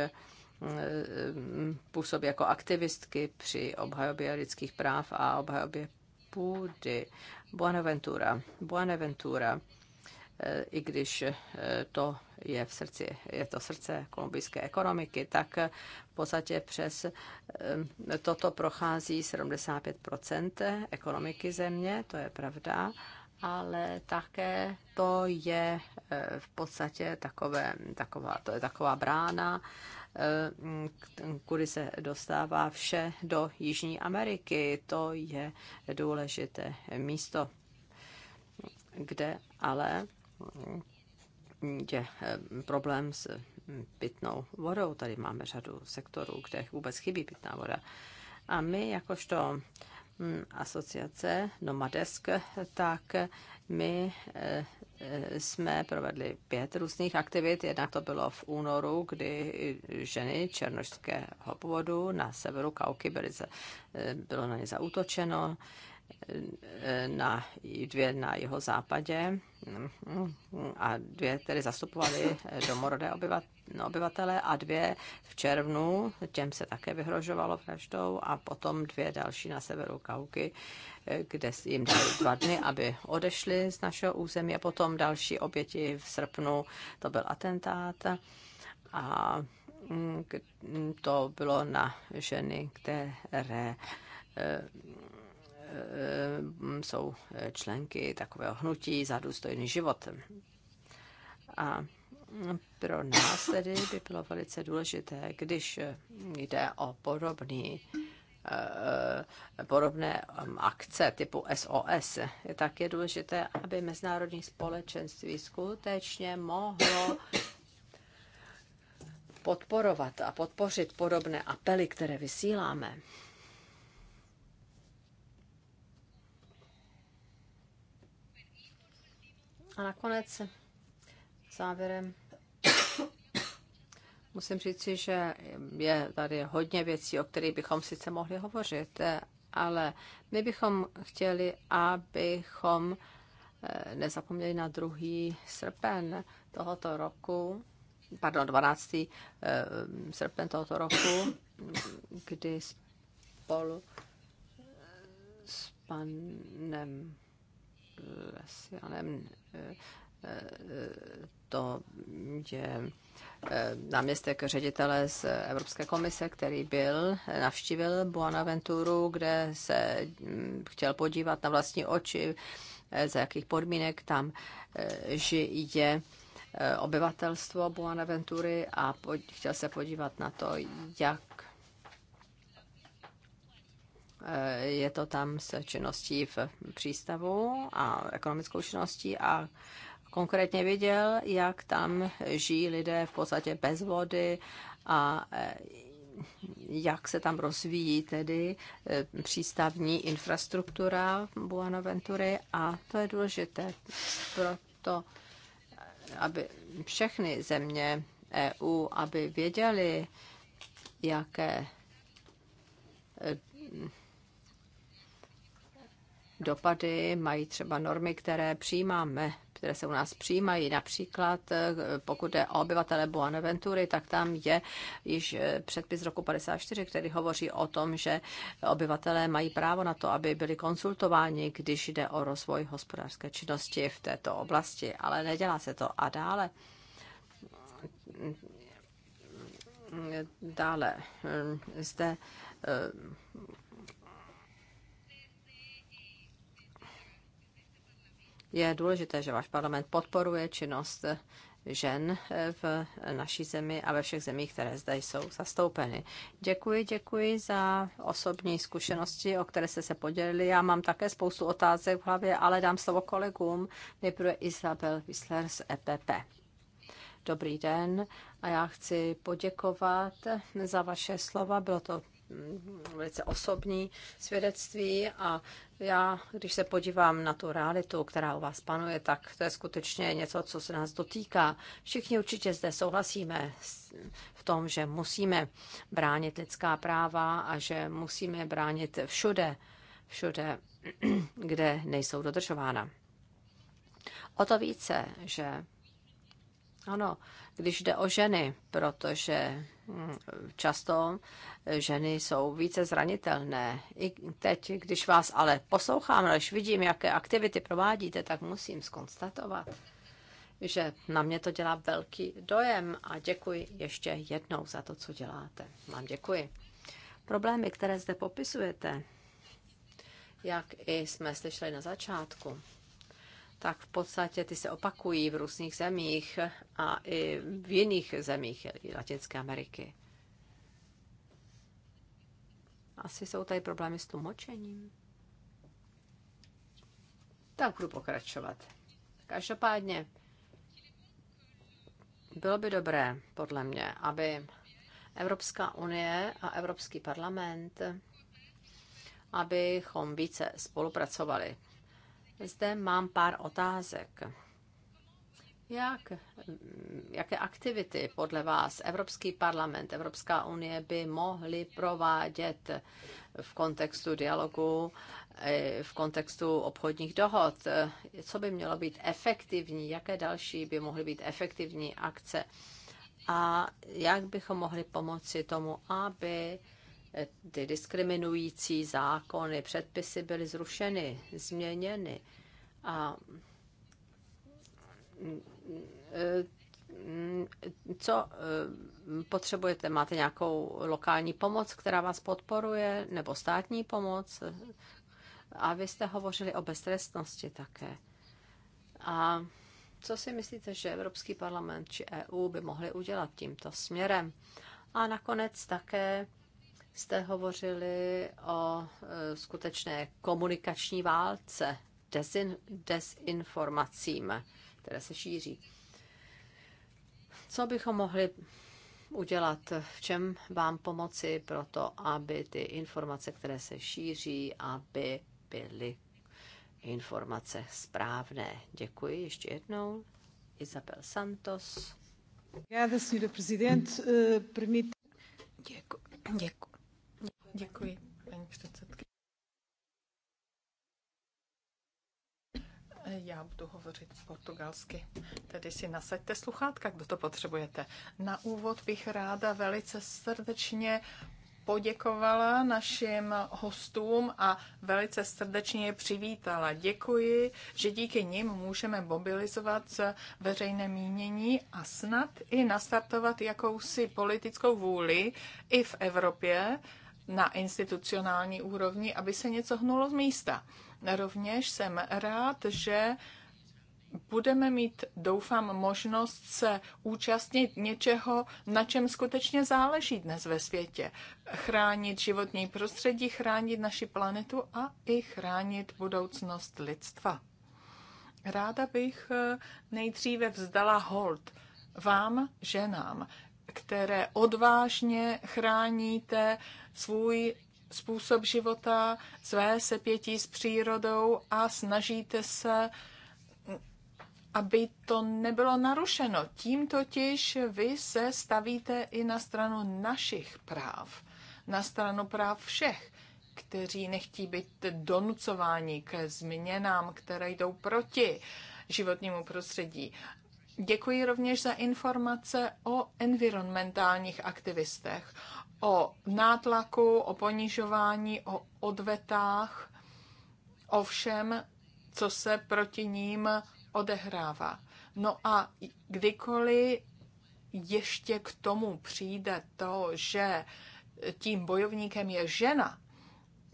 působí jako aktivistky při obhajobě lidských práv a obhajobě půdy. Buenaventura. Buenaventura eh, i když eh, to je v srdci, je to srdce kolumbijské ekonomiky, tak eh, v podstatě přes toto prochází 75 ekonomiky země, to je pravda, ale také to je v podstatě takové, taková, to je taková brána Eh, mm, kudy se dostává vše do Jižní Ameriky. To je důležité místo, kde ale mm, je eh, problém s mm, pitnou vodou. Tady máme řadu sektorů, kde vůbec chybí pitná voda. A my jakožto asociace Nomadesk, tak my eh, jsme provedli pět různých aktivit. Jednak to bylo v únoru, kdy ženy černožského původu na severu Kauky byly, eh, bylo na ně zautočeno na, dvě na jeho západě a dvě tedy zastupovaly domorodé no, obyvatele a dvě v červnu, těm se také vyhrožovalo vraždou a potom dvě další na severu Kauky, kde jim dali dva dny, aby odešli z našeho území a potom další oběti v srpnu, to byl atentát a to bylo na ženy, které eh, Eh, jsou členky takového hnutí za důstojný život. A pro nás tedy by bylo velice důležité, když jde o podobný eh, podobné akce typu SOS, tak je důležité, aby mezinárodní společenství skutečně mohlo podporovat a podpořit podobné apely, které vysíláme. A nakonec závěrem musím říci, že je tady hodně věcí, o kterých bychom sice mohli hovořit, ale my bychom chtěli, abychom eh, nezapomněli na druhý srpen tohoto roku, pardon, 12. Eh, srpen tohoto roku, kdy spolu s panem Eh, já nevím, eh, eh, to že náměstek ředitele z Evropské komise, který byl, navštívil Buanaventuru, kde se mm, chtěl podívat na vlastní oči, za jakých podmínek tam žije obyvatelstvo Buanaventury a chtěl se podívat na to, jak Eh, je to tam s činností v přístavu a ekonomickou činností a konkrétně viděl, jak tam žijí lidé v podstatě bez vody a eh, jak se tam rozvíjí tedy eh, přístavní infrastruktura Buanoventury a to je důležité proto, aby všechny země EU, aby věděli, jaké dopady mají třeba normy, které přijímáme, které se u nás přijímají. Například eh, pokud je o obyvatele Buanaventury, tak tam je již eh, předpis roku 54, který hovoří o tom, že obyvatelé mají právo na to, aby byli konsultováni, když jde o rozvoj hospodářské činnosti v této oblasti, ale nedělá se to. A dále dále eh, zde Je důležité, že váš parlament podporuje činnost žen v naší zemi a ve všech zemích, které zde jsou zastoupeny. Děkuji, děkuji za osobní zkušenosti, o které jste se podělili. Já mám také spoustu otázek v hlavě, ale dám slovo kolegům. Nejprve Isabel Wissler z EPP. Dobrý den a já chci poděkovat za vaše slova. Bylo to Mm, velice osobní svědectví a já, když se podívám na tu realitu, která u vás panuje, tak to je skutečně něco, co se nás dotýká. Všichni určitě zde souhlasíme v tom, že musíme bránit lidská práva a že musíme bránit všude, všude, kde nejsou dodržována. O to více, že ano, když jde o ženy, protože často eh, ženy jsou více zranitelné. I teď, když vás ale poslouchám, když vidím, jaké aktivity provádíte, tak musím skonstatovat, že na mě to dělá velký dojem a děkuji ještě jednou za to, co děláte. Vám děkuji. Problémy, které zde popisujete, jak i jsme slyšeli na začátku, tak v podstatě ty se opakují v různých zemích a i v jiných zemích Latinské Ameriky. Asi jsou tady problémy s tlumočením. Tak budu pokračovat. Každopádně bylo by dobré, podle mě, aby Evropská unie a Evropský parlament, abychom více spolupracovali zde mám pár otázek. Jak, jaké aktivity podle vás Evropský parlament, Evropská unie by mohly provádět v kontextu dialogu, eh, v kontextu obchodních dohod? Co by mělo být efektivní? Jaké další by mohly být efektivní akce? A jak bychom mohli pomoci tomu, aby ty diskriminující zákony, předpisy byly zrušeny, změněny a mm, co mm, potřebujete? Máte nějakou lokální pomoc, která vás podporuje, nebo státní pomoc? A vy jste hovořili o beztrestnosti také. A co si myslíte, že Evropský parlament či EU by mohli udělat tímto směrem? A nakonec také jste hovořili o e, skutečné komunikační válce, desin, desinformacím, které se šíří. Co bychom mohli udělat, v čem vám pomoci pro to, aby ty informace, které se šíří, aby byly informace správné. Děkuji ještě jednou. Isabel Santos. Obrigada, senhora Presidente. Děkuji. Eh, Děkuji. Děkuji, paní předsedky. Já budu hovořit portugalsky, tedy si nasaďte sluchátka, kdo to potřebujete. Na úvod bych ráda velice srdečně poděkovala našim hostům a velice srdečně je přivítala. Děkuji, že díky nim můžeme mobilizovat veřejné mínění a snad i nastartovat jakousi politickou vůli i v Evropě, na institucionální úrovni, aby se něco hnulo z místa. Rovněž jsem rád, že budeme mít, doufám, možnost se účastnit něčeho, na čem skutečně záleží dnes ve světě. Chránit životní prostředí, chránit naši planetu a i chránit budoucnost lidstva. Ráda bych eh, nejdříve vzdala hold vám, ženám, které odvážně chráníte svůj způsob života, své sepětí s přírodou a snažíte se, aby to nebylo narušeno. Tím totiž vy se stavíte i na stranu našich práv, na stranu práv všech, kteří nechtí být donucováni ke změnám, které jdou proti životnímu prostředí. Děkuji rovněž za informace o environmentálních aktivistech, o nátlaku, o ponižování, o odvetách, o všem, co se proti ním odehrává. No a kdykoliv ještě k tomu přijde to, že tím bojovníkem je žena,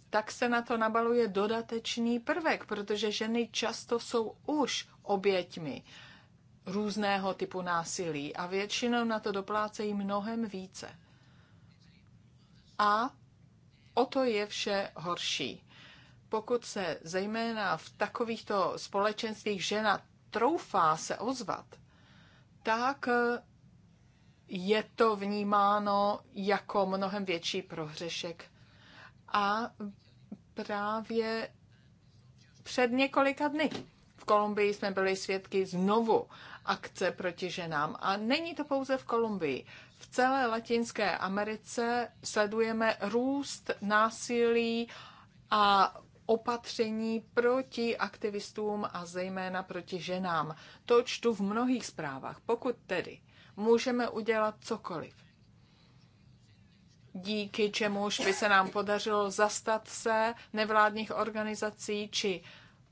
tak se na to nabaluje dodatečný prvek, protože ženy často jsou už oběťmi různého typu násilí a většinou na to doplácejí mnohem více a o to je vše horší. Pokud se zejména v takovýchto společenstvích žena troufá se ozvat, tak eh, je to vnímáno jako mnohem větší prohřešek. A právě před několika dny v Kolumbii jsme byli svědky znovu akce proti ženám. A není to pouze v Kolumbii. V celé Latinské Americe sledujeme růst násilí a opatření proti aktivistům a zejména proti ženám. To čtu v mnohých zprávách. Pokud tedy můžeme udělat cokoliv, díky čemuž by se nám podařilo zastat se nevládních organizací či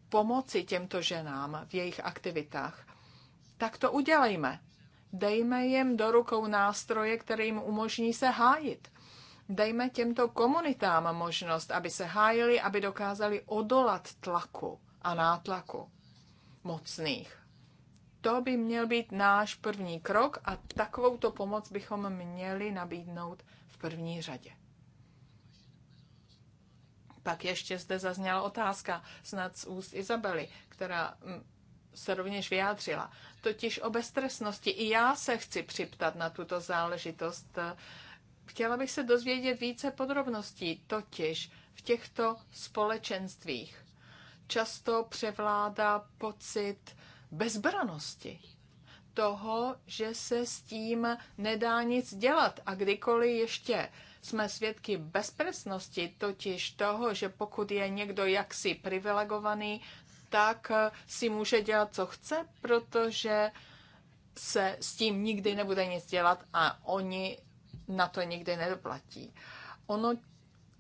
pomoci těmto ženám v jejich aktivitách, tak to udělejme. Dejme jim do rukou nástroje, které jim umožní se hájit. Dejme těmto komunitám možnost, aby se hájili, aby dokázali odolat tlaku a nátlaku mocných. To by měl být náš první krok a takovouto pomoc bychom měli nabídnout v první řadě. Pak ještě zde zazněla otázka, snad z úst Izabely, která mm, se rovněž vyjádřila, totiž o beztresnosti. I já se chci připtat na tuto záležitost. Chtěla bych se dozvědět více podrobností, totiž v těchto společenstvích často převládá pocit bezbranosti, toho, že se s tím nedá nic dělat. A kdykoliv ještě jsme svědky bezpresnosti, totiž toho, že pokud je někdo jaksi privilegovaný, tak eh, si může dělat, co chce, protože se s tím nikdy nebude nic dělat a oni na to nikdy nedoplatí. Ono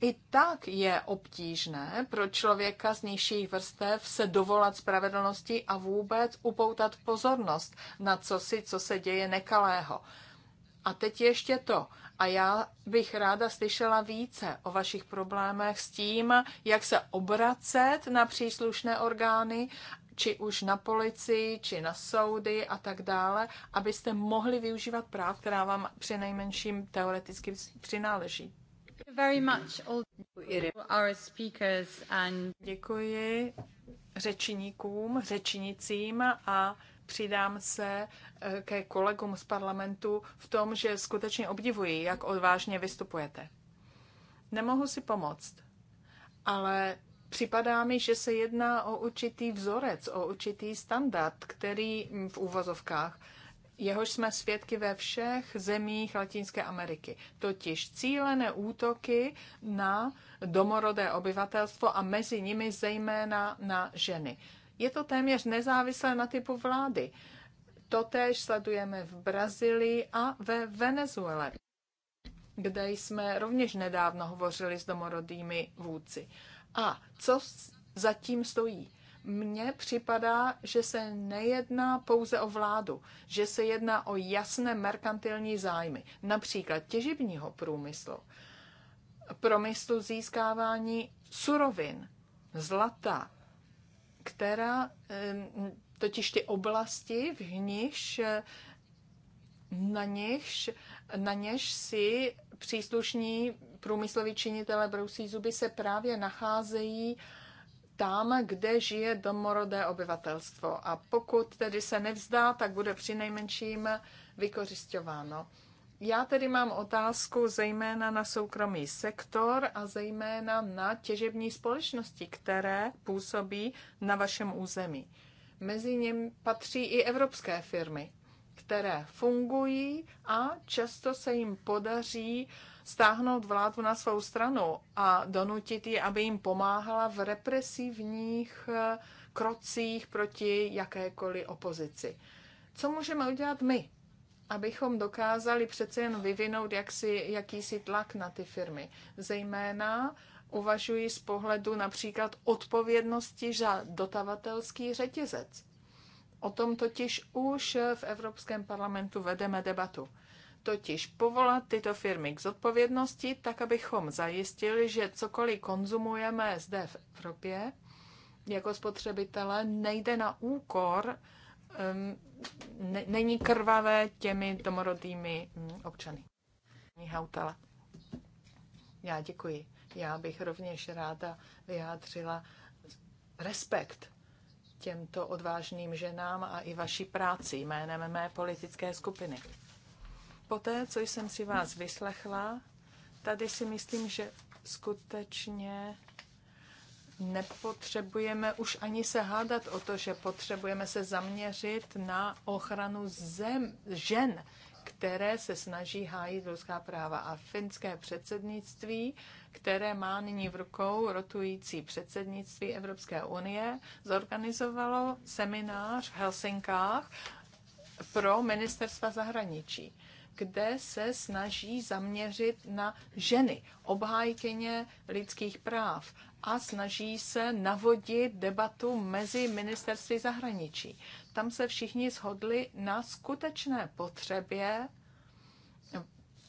i tak je obtížné pro člověka z nižších vrstev se dovolat spravedlnosti a vůbec upoutat pozornost na co si, co se děje nekalého. A teď ještě to. A já bych ráda slyšela více o vašich problémech s tím, jak se obracet na příslušné orgány, či už na policii, či na soudy a tak dále, abyste mohli využívat práv, která vám při nejmenším teoreticky přináleží. Děkuji řečníkům, řečnicím a Přidám se eh, ke kolegům z parlamentu v tom, že skutečně obdivuji, jak odvážně vystupujete. Nemohu si pomoct, ale připadá mi, že se jedná o určitý vzorec, o určitý standard, který v úvozovkách jehož jsme svědky ve všech zemích Latinské Ameriky. Totiž cílené útoky na domorodé obyvatelstvo a mezi nimi zejména na ženy. Je to téměř nezávislé na typu vlády. Totéž sledujeme v Brazílii a ve Venezuele, kde jsme rovněž nedávno hovořili s domorodými vůdci. A co zatím stojí? Mně připadá, že se nejedná pouze o vládu, že se jedná o jasné merkantilní zájmy, například těžebního průmyslu, promyslu získávání surovin, zlata, která totiž ty oblasti, v níž na něž, na něž si příslušní průmysloví činitele brousí zuby se právě nacházejí tam, kde žije domorodé obyvatelstvo. A pokud tedy se nevzdá, tak bude přinejmenším vykořišťováno. Já tedy mám otázku zejména na soukromý sektor a zejména na těžební společnosti, které působí na vašem území. Mezi nimi patří i evropské firmy, které fungují a často se jim podaří stáhnout vládu na svou stranu a donutit ji, aby jim pomáhala v represivních eh, krocích proti jakékoliv opozici. Co můžeme udělat my? abychom dokázali přece jen vyvinout jaksi, jakýsi tlak na ty firmy. Zejména uvažuji z pohledu například odpovědnosti za dotavatelský řetězec. O tom totiž už v Evropském parlamentu vedeme debatu. Totiž povolat tyto firmy k zodpovědnosti, tak abychom zajistili, že cokoliv konzumujeme zde v Evropě, jako spotřebitele, nejde na úkor není krvavé těmi domorodými mm, občany. Hautala. Já děkuji. Já bych rovněž ráda vyjádřila respekt těmto odvážným ženám a i vaší práci jménem mé politické skupiny. Poté, co jsem si vás vyslechla, tady si myslím, že skutečně nepotřebujeme už ani se hádat o to, že potřebujeme se zaměřit na ochranu zem, žen, které se snaží hájit lidská práva. A finské předsednictví, které má nyní v rukou rotující předsednictví Evropské unie, zorganizovalo seminář v Helsinkách pro ministerstva zahraničí kde se snaží zaměřit na ženy, obhájkyně lidských práv a snaží se navodit debatu mezi ministerství zahraničí. Tam se všichni shodli na skutečné potřebě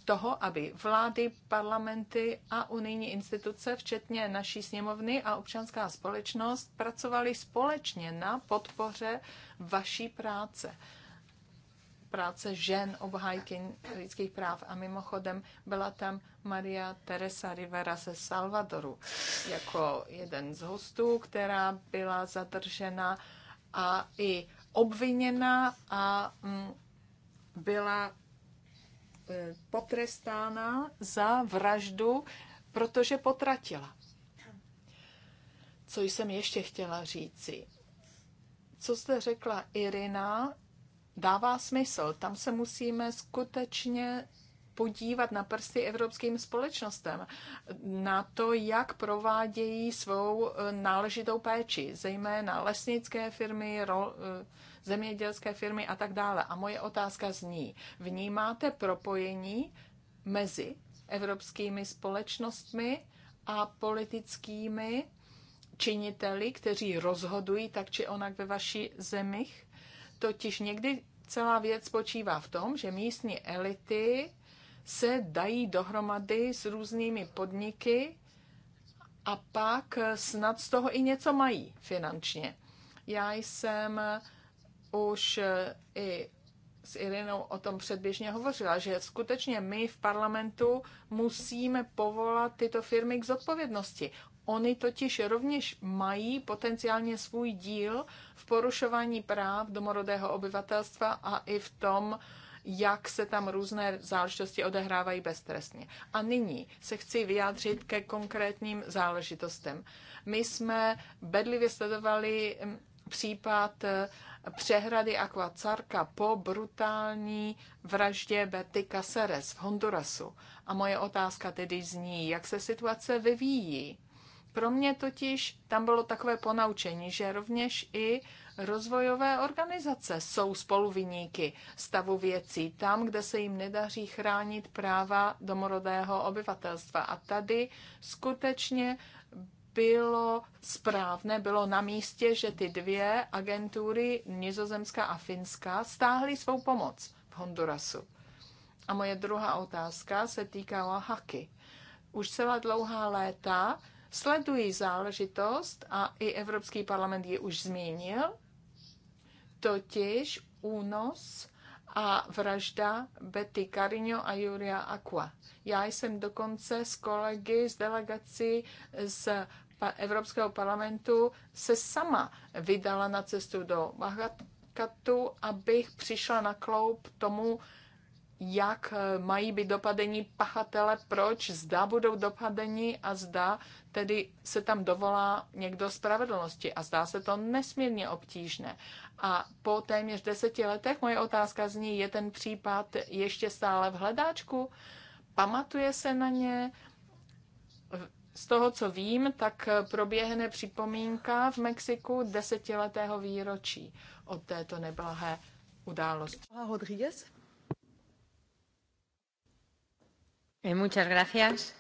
toho, aby vlády, parlamenty a unijní instituce, včetně naší sněmovny a občanská společnost, pracovali společně na podpoře vaší práce práce žen obhájky lidských práv. A mimochodem byla tam Maria Teresa Rivera ze Salvadoru jako jeden z hostů, která byla zadržena a i obviněna a mm, byla e, potrestána za vraždu, protože potratila. Co jsem ještě chtěla říci? Co jste řekla Irina, dává smysl. Tam se musíme skutečně podívat na prsty evropským společnostem, na to, jak provádějí svou eh, náležitou péči, zejména lesnické firmy, ro, eh, zemědělské firmy a tak dále. A moje otázka zní, vnímáte propojení mezi evropskými společnostmi a politickými činiteli, kteří rozhodují tak či onak ve vaší zemích? Totiž někdy celá věc spočívá v tom, že místní elity se dají dohromady s různými podniky a pak snad z toho i něco mají finančně. Já jsem už eh, i s Irinou o tom předběžně hovořila, že skutečně my v parlamentu musíme povolat tyto firmy k zodpovědnosti. Oni totiž rovněž mají potenciálně svůj díl v porušování práv domorodého obyvatelstva a i v tom, jak se tam různé záležitosti odehrávají beztrestně. A nyní se chci vyjádřit ke konkrétním záležitostem. My jsme bedlivě sledovali mm, případ eh, přehrady Aquacarka po brutální vraždě Betty Caceres v Hondurasu. A moje otázka tedy zní, jak se situace vyvíjí pro mě totiž tam bylo takové ponaučení, že rovněž i rozvojové organizace jsou spoluviníky stavu věcí tam, kde se jim nedaří chránit práva domorodého obyvatelstva. A tady skutečně bylo správné, bylo na místě, že ty dvě agentury, Nizozemská a Finská, stáhly svou pomoc v Hondurasu. A moje druhá otázka se týkala haky. Už celá dlouhá léta sledují záležitost a i Evropský parlament ji už zmínil, totiž únos a vražda Betty Carino a Julia Aqua. Já jsem dokonce s kolegy z delegací z Evropského parlamentu se sama vydala na cestu do Bagdadu, abych přišla na kloup tomu jak eh, mají být dopadení pachatele, proč, zda budou dopadení a zda tedy se tam dovolá někdo spravedlnosti. A zdá se to nesmírně obtížné. A po téměř deseti letech moje otázka zní, je ten případ ještě stále v hledáčku? Pamatuje se na ně? Z toho, co vím, tak eh, proběhne připomínka v Mexiku desetiletého výročí od této neblahé události. Eh, muchas gracias.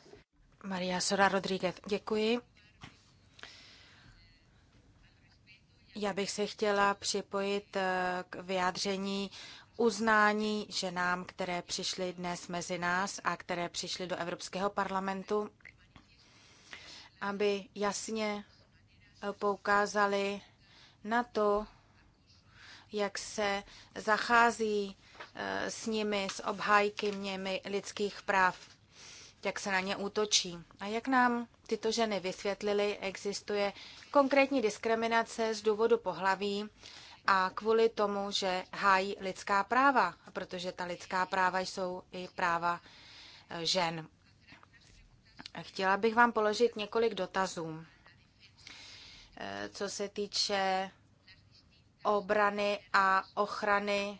Maria Sora Rodríguez, děkuji. Já bych se chtěla připojit eh, k vyjádření uznání ženám, které přišly dnes mezi nás a které přišly do Evropského parlamentu, aby jasně eh, poukázali na to, jak se zachází s nimi, s obhájkyněmi lidských práv jak se na ně útočí. A jak nám tyto ženy vysvětlili, existuje konkrétní diskriminace z důvodu pohlaví a kvůli tomu, že hájí lidská práva, protože ta lidská práva jsou i práva e, žen. Chtěla bych vám položit několik dotazů, e, co se týče obrany a ochrany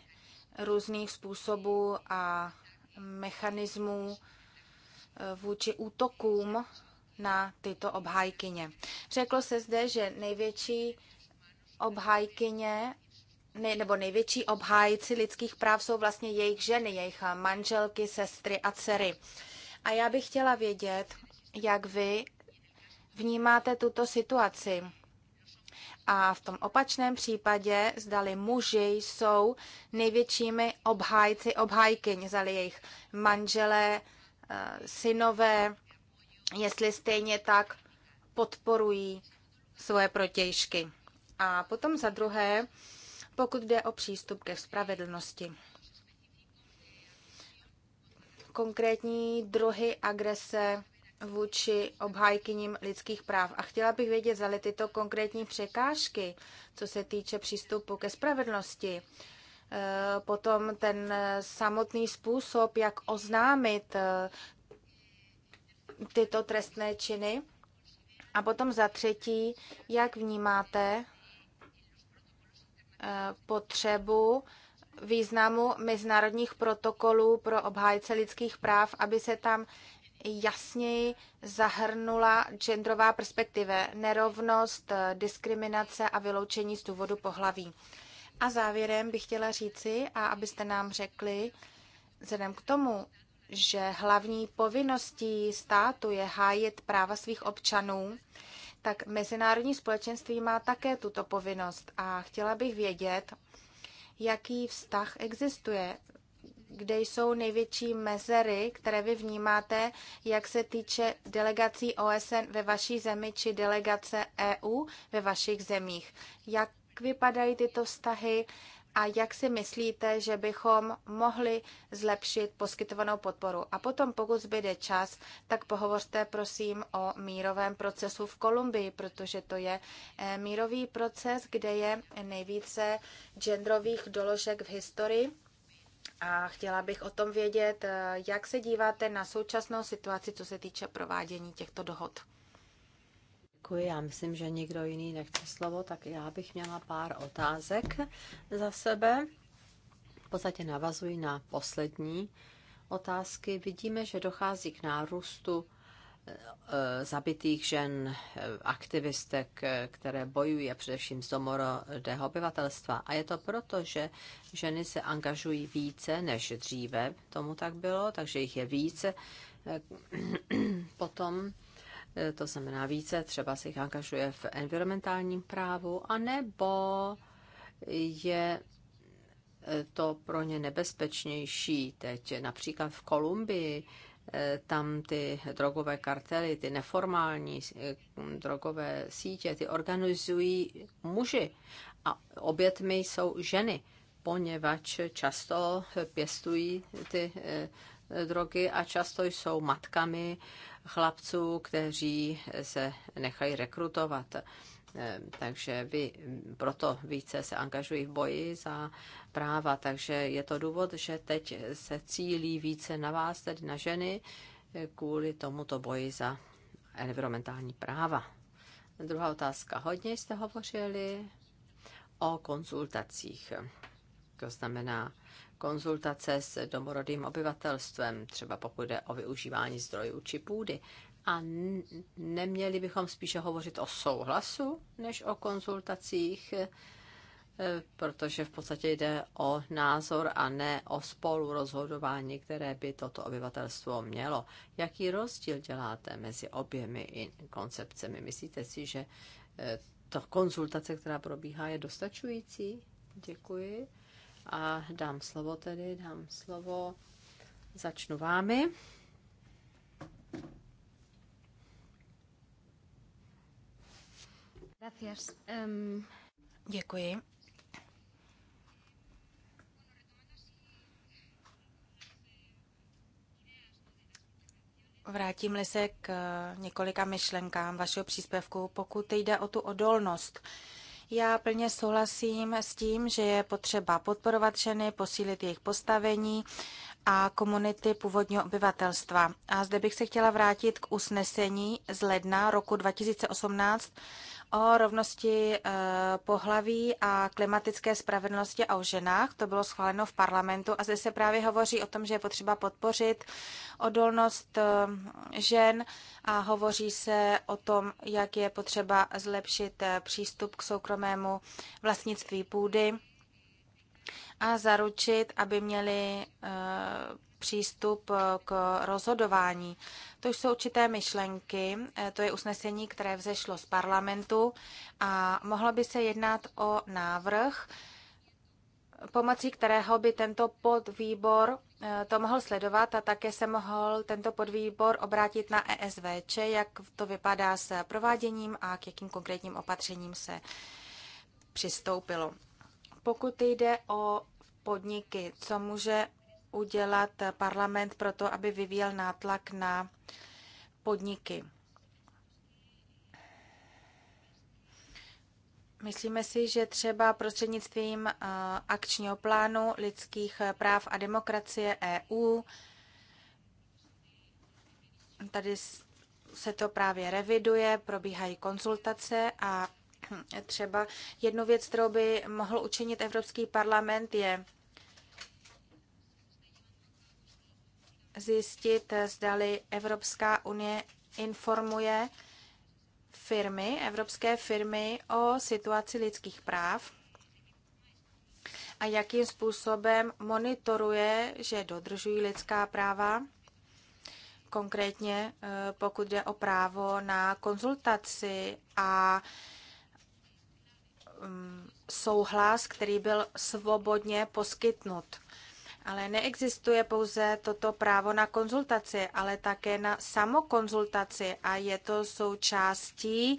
různých způsobů a mechanismů vůči útokům na tyto obhájkyně. Řeklo se zde, že největší obhájkyně nebo největší obhájci lidských práv jsou vlastně jejich ženy, jejich manželky, sestry a dcery. A já bych chtěla vědět, jak vy vnímáte tuto situaci. A v tom opačném případě, zdali muži jsou největšími obhájci obhájkyň, zdali jejich manželé, Eh, synové, jestli stejně tak podporují svoje protějšky. A potom za druhé, pokud jde o přístup ke spravedlnosti. Konkrétní druhy agrese vůči obhájkyním lidských práv. A chtěla bych vědět, zda tyto konkrétní překážky, co se týče přístupu ke spravedlnosti, Eh, potom ten eh, samotný způsob, jak oznámit eh, tyto trestné činy. A potom za třetí, jak vnímáte potřebu významu mezinárodních protokolů pro obhájce lidských práv, aby se tam jasněji zahrnula genderová perspektiva, nerovnost, diskriminace a vyloučení z důvodu pohlaví. A závěrem bych chtěla říci, a abyste nám řekli, vzhledem k tomu, že hlavní povinností státu je hájit práva svých občanů, tak mezinárodní společenství má také tuto povinnost. A chtěla bych vědět, jaký vztah existuje, kde jsou největší mezery, které vy vnímáte, jak se týče delegací OSN ve vaší zemi či delegace EU ve vašich zemích. Jak jak vypadají tyto vztahy a jak si myslíte, že bychom mohli zlepšit poskytovanou podporu. A potom, pokud zbyde čas, tak pohovořte prosím o mírovém procesu v Kolumbii, protože to je eh, mírový proces, kde je nejvíce genderových doložek v historii. A chtěla bych o tom vědět, eh, jak se díváte na současnou situaci, co se týče provádění těchto dohod. Děkuji. Já myslím, že nikdo jiný nechce slovo, tak já bych měla pár otázek za sebe. V podstatě navazuji na poslední otázky. Vidíme, že dochází k nárůstu eh, eh, zabitých žen, eh, aktivistek, které bojují a především z domorodého obyvatelstva. A je to proto, že ženy se angažují více než dříve, tomu tak bylo, takže jich je více. Potom Eh, to znamená více, třeba se jich angažuje v environmentálním právu, anebo je eh, to pro ně nebezpečnější. Teď například v Kolumbii eh, tam ty drogové kartely, ty neformální drogové sítě, ty organizují muži a obětmi jsou ženy, poněvadž často pěstují ty drogy a často jsou matkami chlapců, kteří se nechají rekrutovat. Eh, takže vy proto více se angažují v boji za práva. Takže je to důvod, že teď se cílí více na vás, tedy na ženy, kvůli tomuto boji za environmentální práva. Druhá otázka. Hodně jste hovořili o konzultacích. To znamená, konzultace s domorodým obyvatelstvem, třeba pokud jde o využívání zdrojů či půdy. A neměli bychom spíše hovořit o souhlasu než o konzultacích, e, protože v podstatě jde o názor a ne o spolu rozhodování, které by toto obyvatelstvo mělo. Jaký rozdíl děláte mezi oběmi koncepcemi? Myslíte si, že e, ta konzultace, která probíhá, je dostačující? Děkuji. A dám slovo tedy, dám slovo. Začnu vámi. Gracias. Um... Děkuji. Vrátím-li se k několika myšlenkám vašeho příspěvku, pokud jde o tu odolnost, já plně souhlasím s tím, že je potřeba podporovat ženy, posílit jejich postavení a komunity původního obyvatelstva. A zde bych se chtěla vrátit k usnesení z ledna roku 2018 o rovnosti eh, pohlaví a klimatické spravedlnosti a o ženách. To bylo schváleno v parlamentu a zde se právě hovoří o tom, že je potřeba podpořit odolnost eh, žen a hovoří se o tom, jak je potřeba zlepšit eh, přístup k soukromému vlastnictví půdy a zaručit, aby měli přístup eh, k rozhodování. To jsou určité myšlenky, eh, to je usnesení, které vzešlo z parlamentu a mohlo by se jednat o návrh, pomocí kterého by tento podvýbor eh, to mohl sledovat a také se mohl tento podvýbor obrátit na ESVČ, jak to vypadá s prováděním a k jakým konkrétním opatřením se přistoupilo. Pokud jde o podniky, co může udělat parlament pro to, aby vyvíjel nátlak na podniky. Myslíme si, že třeba prostřednictvím eh, akčního plánu lidských eh, práv a demokracie EU, tady se to právě reviduje, probíhají konzultace a třeba jednu věc, kterou by mohl učinit Evropský parlament, je zjistit, zdali Evropská unie informuje firmy, evropské firmy o situaci lidských práv a jakým způsobem monitoruje, že dodržují lidská práva, konkrétně eh, pokud jde o právo na konzultaci a mm, souhlas, který byl svobodně poskytnut ale neexistuje pouze toto právo na konzultaci, ale také na samokonzultaci a je to součástí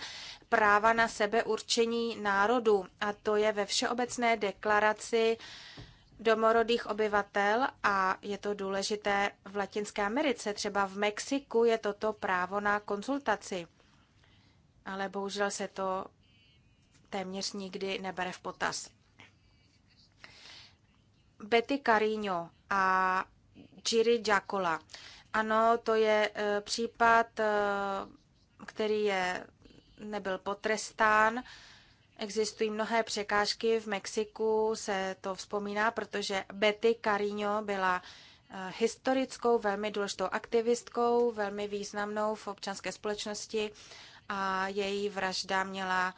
práva na sebeurčení národu. A to je ve Všeobecné deklaraci domorodých obyvatel a je to důležité v Latinské Americe. Třeba v Mexiku je toto právo na konzultaci. Ale bohužel se to téměř nikdy nebere v potaz. Betty Carino a Giri Giacola. Ano, to je eh, případ, eh, který je, nebyl potrestán. Existují mnohé překážky. V Mexiku se to vzpomíná, protože Betty Carino byla eh, historickou, velmi důležitou aktivistkou, velmi významnou v občanské společnosti a její vražda měla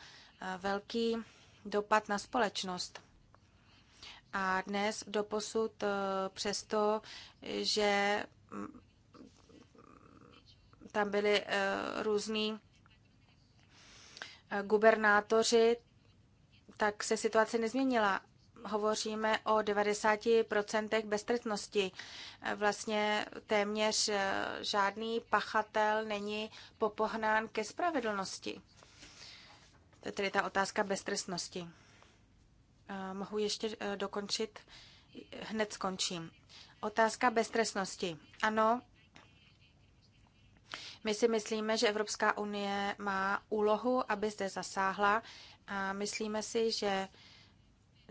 velký dopad na společnost. A dnes doposud eh, přesto, že mm, tam byli eh, různí eh, gubernátoři, tak se situace nezměnila. Hovoříme o 90% beztrestnosti. Vlastně téměř žádný pachatel není popohnán ke spravedlnosti. To je tedy ta otázka beztrestnosti mohu ještě e, dokončit? Hned skončím. Otázka beztresnosti. Ano, my si myslíme, že Evropská unie má úlohu, aby zde zasáhla a myslíme si, že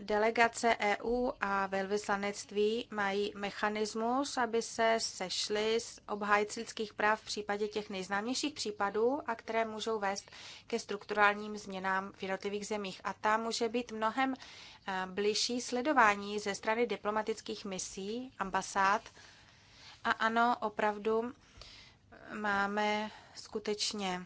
Delegace EU a velvyslanectví mají mechanismus, aby se sešly s obhájci lidských práv v případě těch nejznámějších případů a které můžou vést ke strukturálním změnám v jednotlivých zemích. A tam může být mnohem eh, bližší sledování ze strany diplomatických misí, ambasád. A ano, opravdu eh, máme skutečně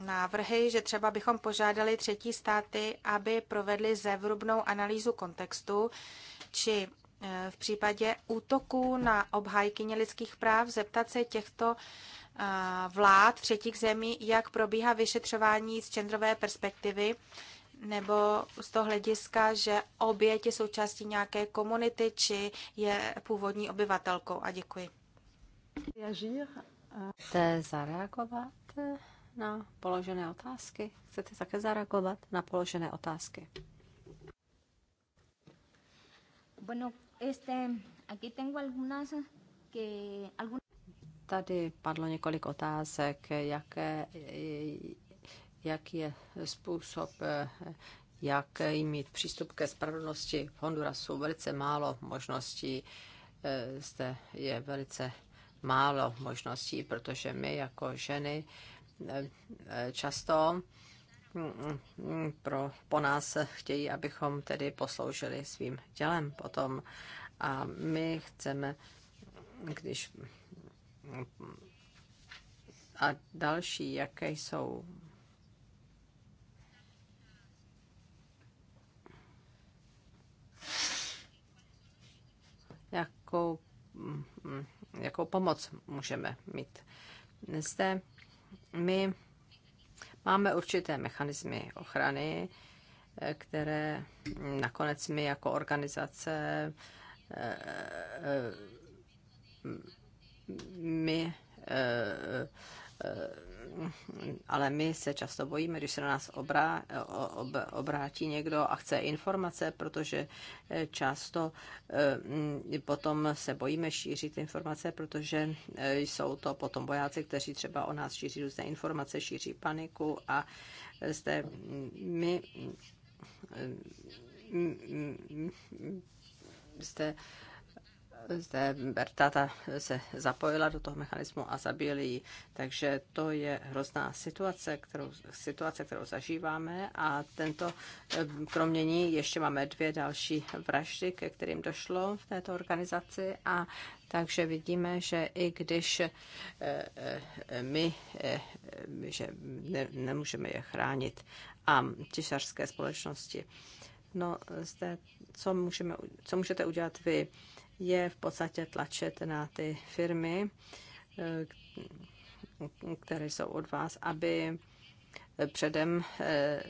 návrhy, že třeba bychom požádali třetí státy, aby provedli zevrubnou analýzu kontextu, či e, v případě útoků na obhajkyně lidských práv zeptat se těchto e, vlád třetích zemí, jak probíhá vyšetřování z genderové perspektivy, nebo z toho hlediska, že oběť je součástí nějaké komunity, či je původní obyvatelkou. A děkuji. Chcete zareagovat? na položené otázky? Chcete také zareagovat na položené otázky? Bueno, este, aquí tengo algunas que, algunas... Tady padlo několik otázek, jaké, jaký je způsob, jak jim mít přístup ke spravedlnosti. V Hondurasu velice málo možností, eh, zde je velice málo možností, protože my jako ženy často mm, mm, pro, po nás chtějí, abychom tedy posloužili svým tělem potom. A my chceme, když a další, jaké jsou jakou, mm, jakou pomoc můžeme mít. Zde my máme určité mechanismy ochrany, eh, které nakonec my jako organizace eh, eh, my ale my se často bojíme, když se na nás obrá, ob, obrátí někdo a chce informace, protože eh, často eh, potom se bojíme šířit informace, protože eh, jsou to potom bojáci, kteří třeba o nás šíří různé informace, šíří paniku a zde my zde zde Bertata se zapojila do toho mechanismu a zabili ji. Takže to je hrozná situace, kterou, situace, kterou zažíváme a tento eh, kromě ní ještě máme dvě další vraždy, ke kterým došlo v této organizaci a takže vidíme, že i když eh, eh, my že ne, nemůžeme je chránit a těšařské společnosti, No, zde, co, můžeme, co můžete udělat vy? je v podstatě tlačit na ty firmy, eh, které jsou od vás, aby předem eh,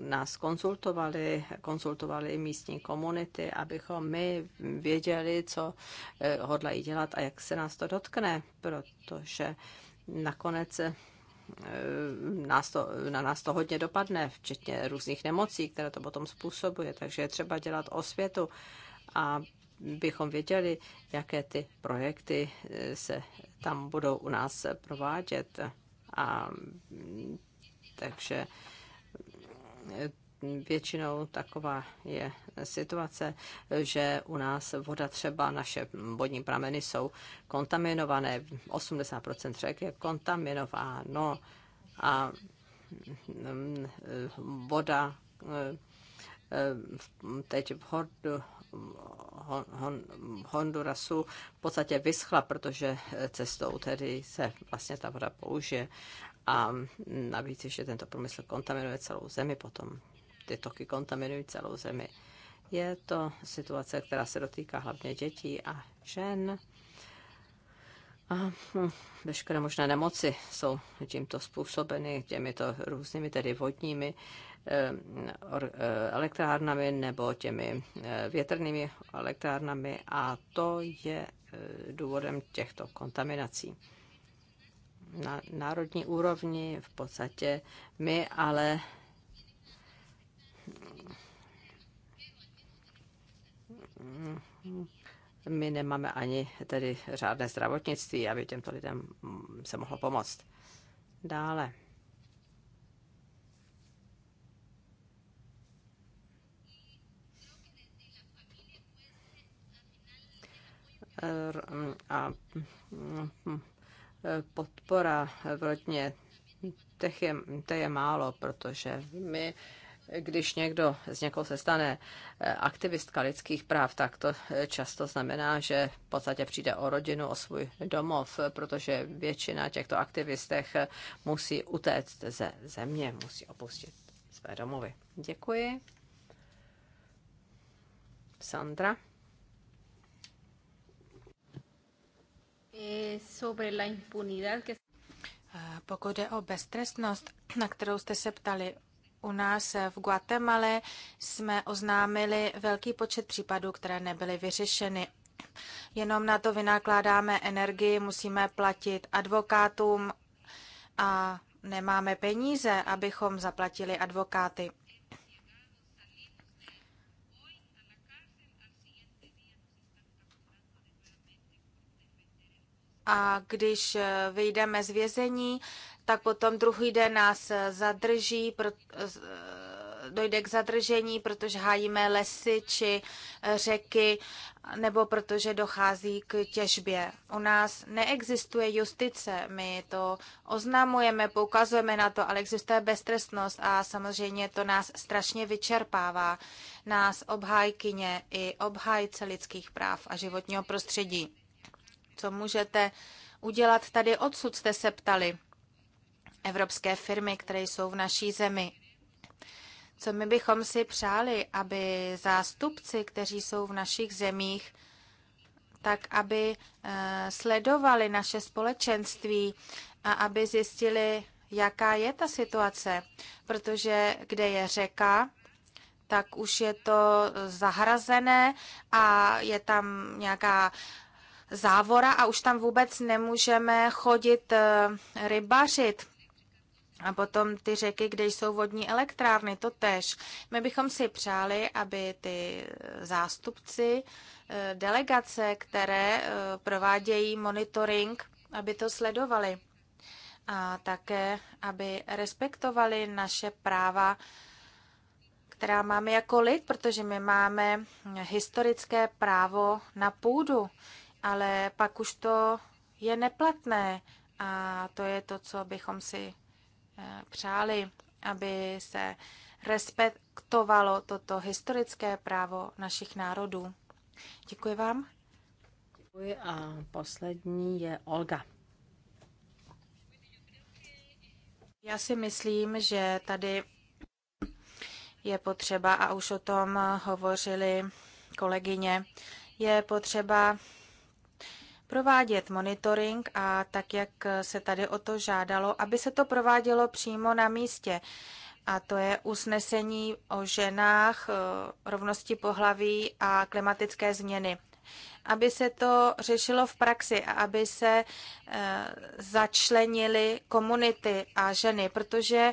nás konzultovali, konzultovali místní komunity, abychom my věděli, co eh, hodlají dělat a jak se nás to dotkne, protože nakonec nás to, na nás to hodně dopadne, včetně různých nemocí, které to potom způsobuje. Takže je třeba dělat osvětu a bychom věděli, jaké ty projekty eh, se tam budou u nás provádět. A takže eh, většinou taková je situace, že u nás voda třeba, naše vodní prameny jsou kontaminované, 80% řek je kontaminováno a mm, mm, voda eh, teď v Hondurasu v podstatě vyschla, protože eh, cestou tedy se vlastně ta voda použije a navíc ještě tento průmysl kontaminuje celou zemi potom. Ty toky kontaminují celou zemi. Je to situace, která se dotýká hlavně dětí a žen. A no, veškeré možné nemoci jsou tímto způsobeny, těmito různými tedy vodními Eh, eh, elektrárnami nebo těmi eh, větrnými elektrárnami a to je důvodem těchto kontaminací. Na národní úrovni v podstatě my ale my nemáme ani tedy řádné zdravotnictví, aby těmto lidem se mohlo pomoct. Dále. a podpora v rodině, těch je, těch je málo, protože my když někdo z někoho se stane eh, aktivistka lidských práv, tak to eh, často znamená, že v podstatě přijde o rodinu, o svůj domov, protože většina těchto aktivistech eh, musí utéct ze země, musí opustit své domovy. Děkuji. Sandra. Eh, pokud jde o beztrestnost, na kterou jste se ptali, u nás v Guatemala jsme oznámili velký počet případů, které nebyly vyřešeny. Jenom na to vynakládáme energii, musíme platit advokátům a nemáme peníze, abychom zaplatili advokáty. a když eh, vyjdeme z vězení, tak potom druhý den nás eh, zadrží, eh, dojde k zadržení, protože hájíme lesy či řeky, nebo protože dochází k těžbě. U nás neexistuje justice, my to oznamujeme, poukazujeme na to, ale existuje beztrestnost a samozřejmě to nás strašně vyčerpává, nás obhájkyně i obhájce lidských práv a životního prostředí. Co můžete udělat tady odsud, jste se ptali. Evropské firmy, které jsou v naší zemi. Co my bychom si přáli, aby zástupci, kteří jsou v našich zemích, tak aby eh, sledovali naše společenství a aby zjistili, jaká je ta situace. Protože kde je řeka, tak už je to zahrazené a je tam nějaká závora a už tam vůbec nemůžeme chodit eh, rybařit. A potom ty řeky, kde jsou vodní elektrárny, to tež. My bychom si přáli, aby ty zástupci eh, delegace, které eh, provádějí monitoring, aby to sledovali. A také, aby respektovali naše práva, která máme jako lid, protože my máme historické právo na půdu ale pak už to je neplatné a to je to, co bychom si eh, přáli, aby se respektovalo toto historické právo našich národů. Děkuji vám. Děkuji a poslední je Olga. Já si myslím, že tady je potřeba, a už o tom hovořili kolegyně, je potřeba provádět monitoring a tak, jak se tady o to žádalo, aby se to provádělo přímo na místě. A to je usnesení o ženách, e, rovnosti pohlaví a klimatické změny. Aby se to řešilo v praxi a aby se e, začlenily komunity a ženy, protože e,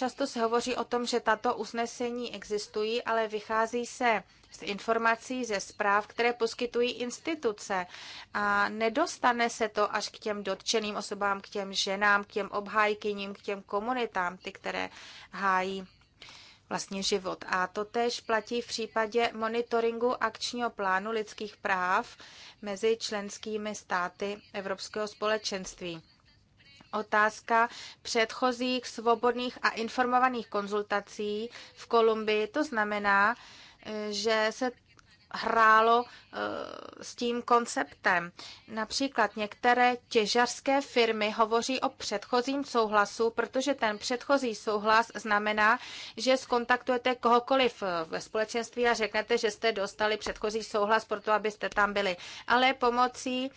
Často se hovoří o tom, že tato usnesení existují, ale vychází se z informací, ze zpráv, které poskytují instituce. A nedostane se to až k těm dotčeným osobám, k těm ženám, k těm obhájkyním, k těm komunitám, ty, které hájí vlastně život. A to tež platí v případě monitoringu akčního plánu lidských práv mezi členskými státy Evropského společenství otázka předchozích svobodných a informovaných konzultací v Kolumbii. To znamená, eh, že se hrálo eh, s tím konceptem. Například některé těžařské firmy hovoří o předchozím souhlasu, protože ten předchozí souhlas znamená, že skontaktujete kohokoliv eh, ve společenství a řeknete, že jste dostali předchozí souhlas pro to, abyste tam byli. Ale pomocí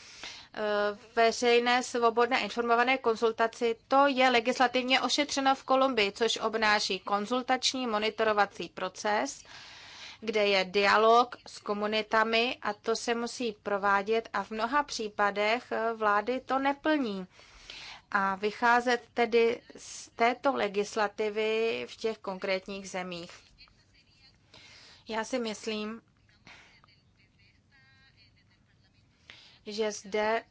Eh, veřejné svobodné informované konzultaci, to je legislativně ošetřeno v Kolumbii, což obnáší konzultační monitorovací proces, kde je dialog s komunitami a to se musí provádět a v mnoha případech eh, vlády to neplní. A vycházet tedy z této legislativy v těch konkrétních zemích. Já si myslím, že zde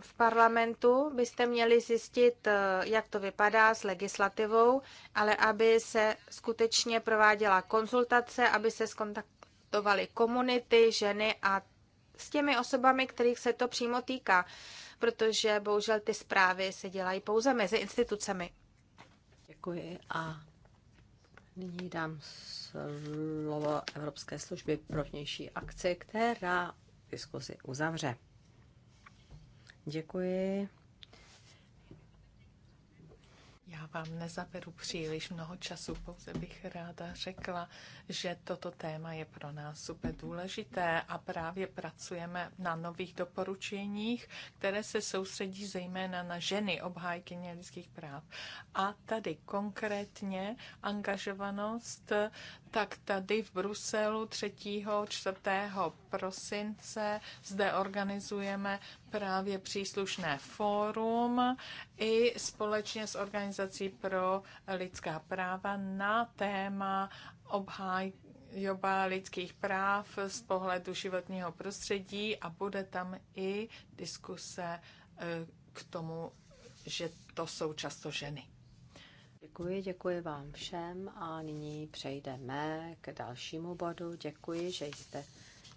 v parlamentu byste měli zjistit, eh, jak to vypadá s legislativou, ale aby se skutečně prováděla konzultace, aby se skontaktovaly komunity, ženy a s těmi osobami, kterých se to přímo týká, protože bohužel ty zprávy se dělají pouze mezi institucemi. Děkuji a nyní dám slovo Evropské služby pro vnější akce, která diskuzi uzavře. Děkuji. Já vám nezaberu příliš mnoho času, pouze bych ráda řekla, že toto téma je pro nás super důležité a právě pracujeme na nových doporučeních, které se soustředí zejména na ženy obhájkyně lidských práv. A tady konkrétně angažovanost tak tady v Bruselu 3. 4. prosince zde organizujeme právě příslušné fórum i společně s Organizací pro lidská práva na téma obhájoba lidských práv z pohledu životního prostředí a bude tam i diskuse eh, k tomu, že to jsou často ženy. Děkuji, děkuji vám všem a nyní přejdeme k dalšímu bodu. Děkuji, že jste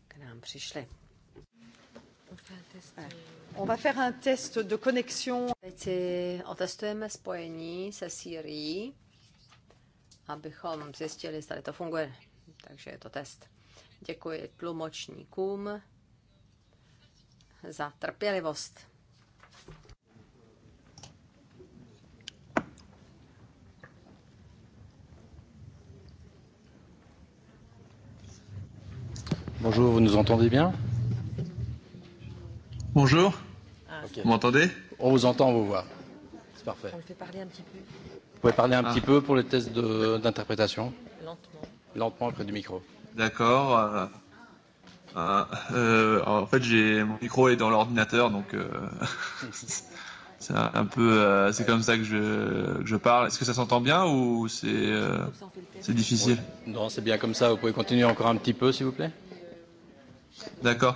k nám přišli. On eh. va faire un test de connexion. Teď si otestujeme spojení se Syrií, abychom zjistili, zda to funguje. Takže je to test. Děkuji tlumočníkům za trpělivost. Bonjour, vous nous entendez bien Bonjour. okay. Ah. Vous m'entendez On vous entend, on vous voit. C'est parfait. On le fait parler un petit peu. Vous pouvez parler un ah. petit peu pour les tests d'interprétation Lentement. Lentement près du micro. D'accord. Euh, euh, euh, en fait, j'ai mon micro est dans l'ordinateur, donc euh, c'est un peu, euh, c'est comme ça que je, que je parle. Est-ce que ça s'entend bien ou c'est euh, difficile ouais. Non, c'est bien comme ça. Vous pouvez continuer encore un petit peu, s'il vous plaît. D'accord.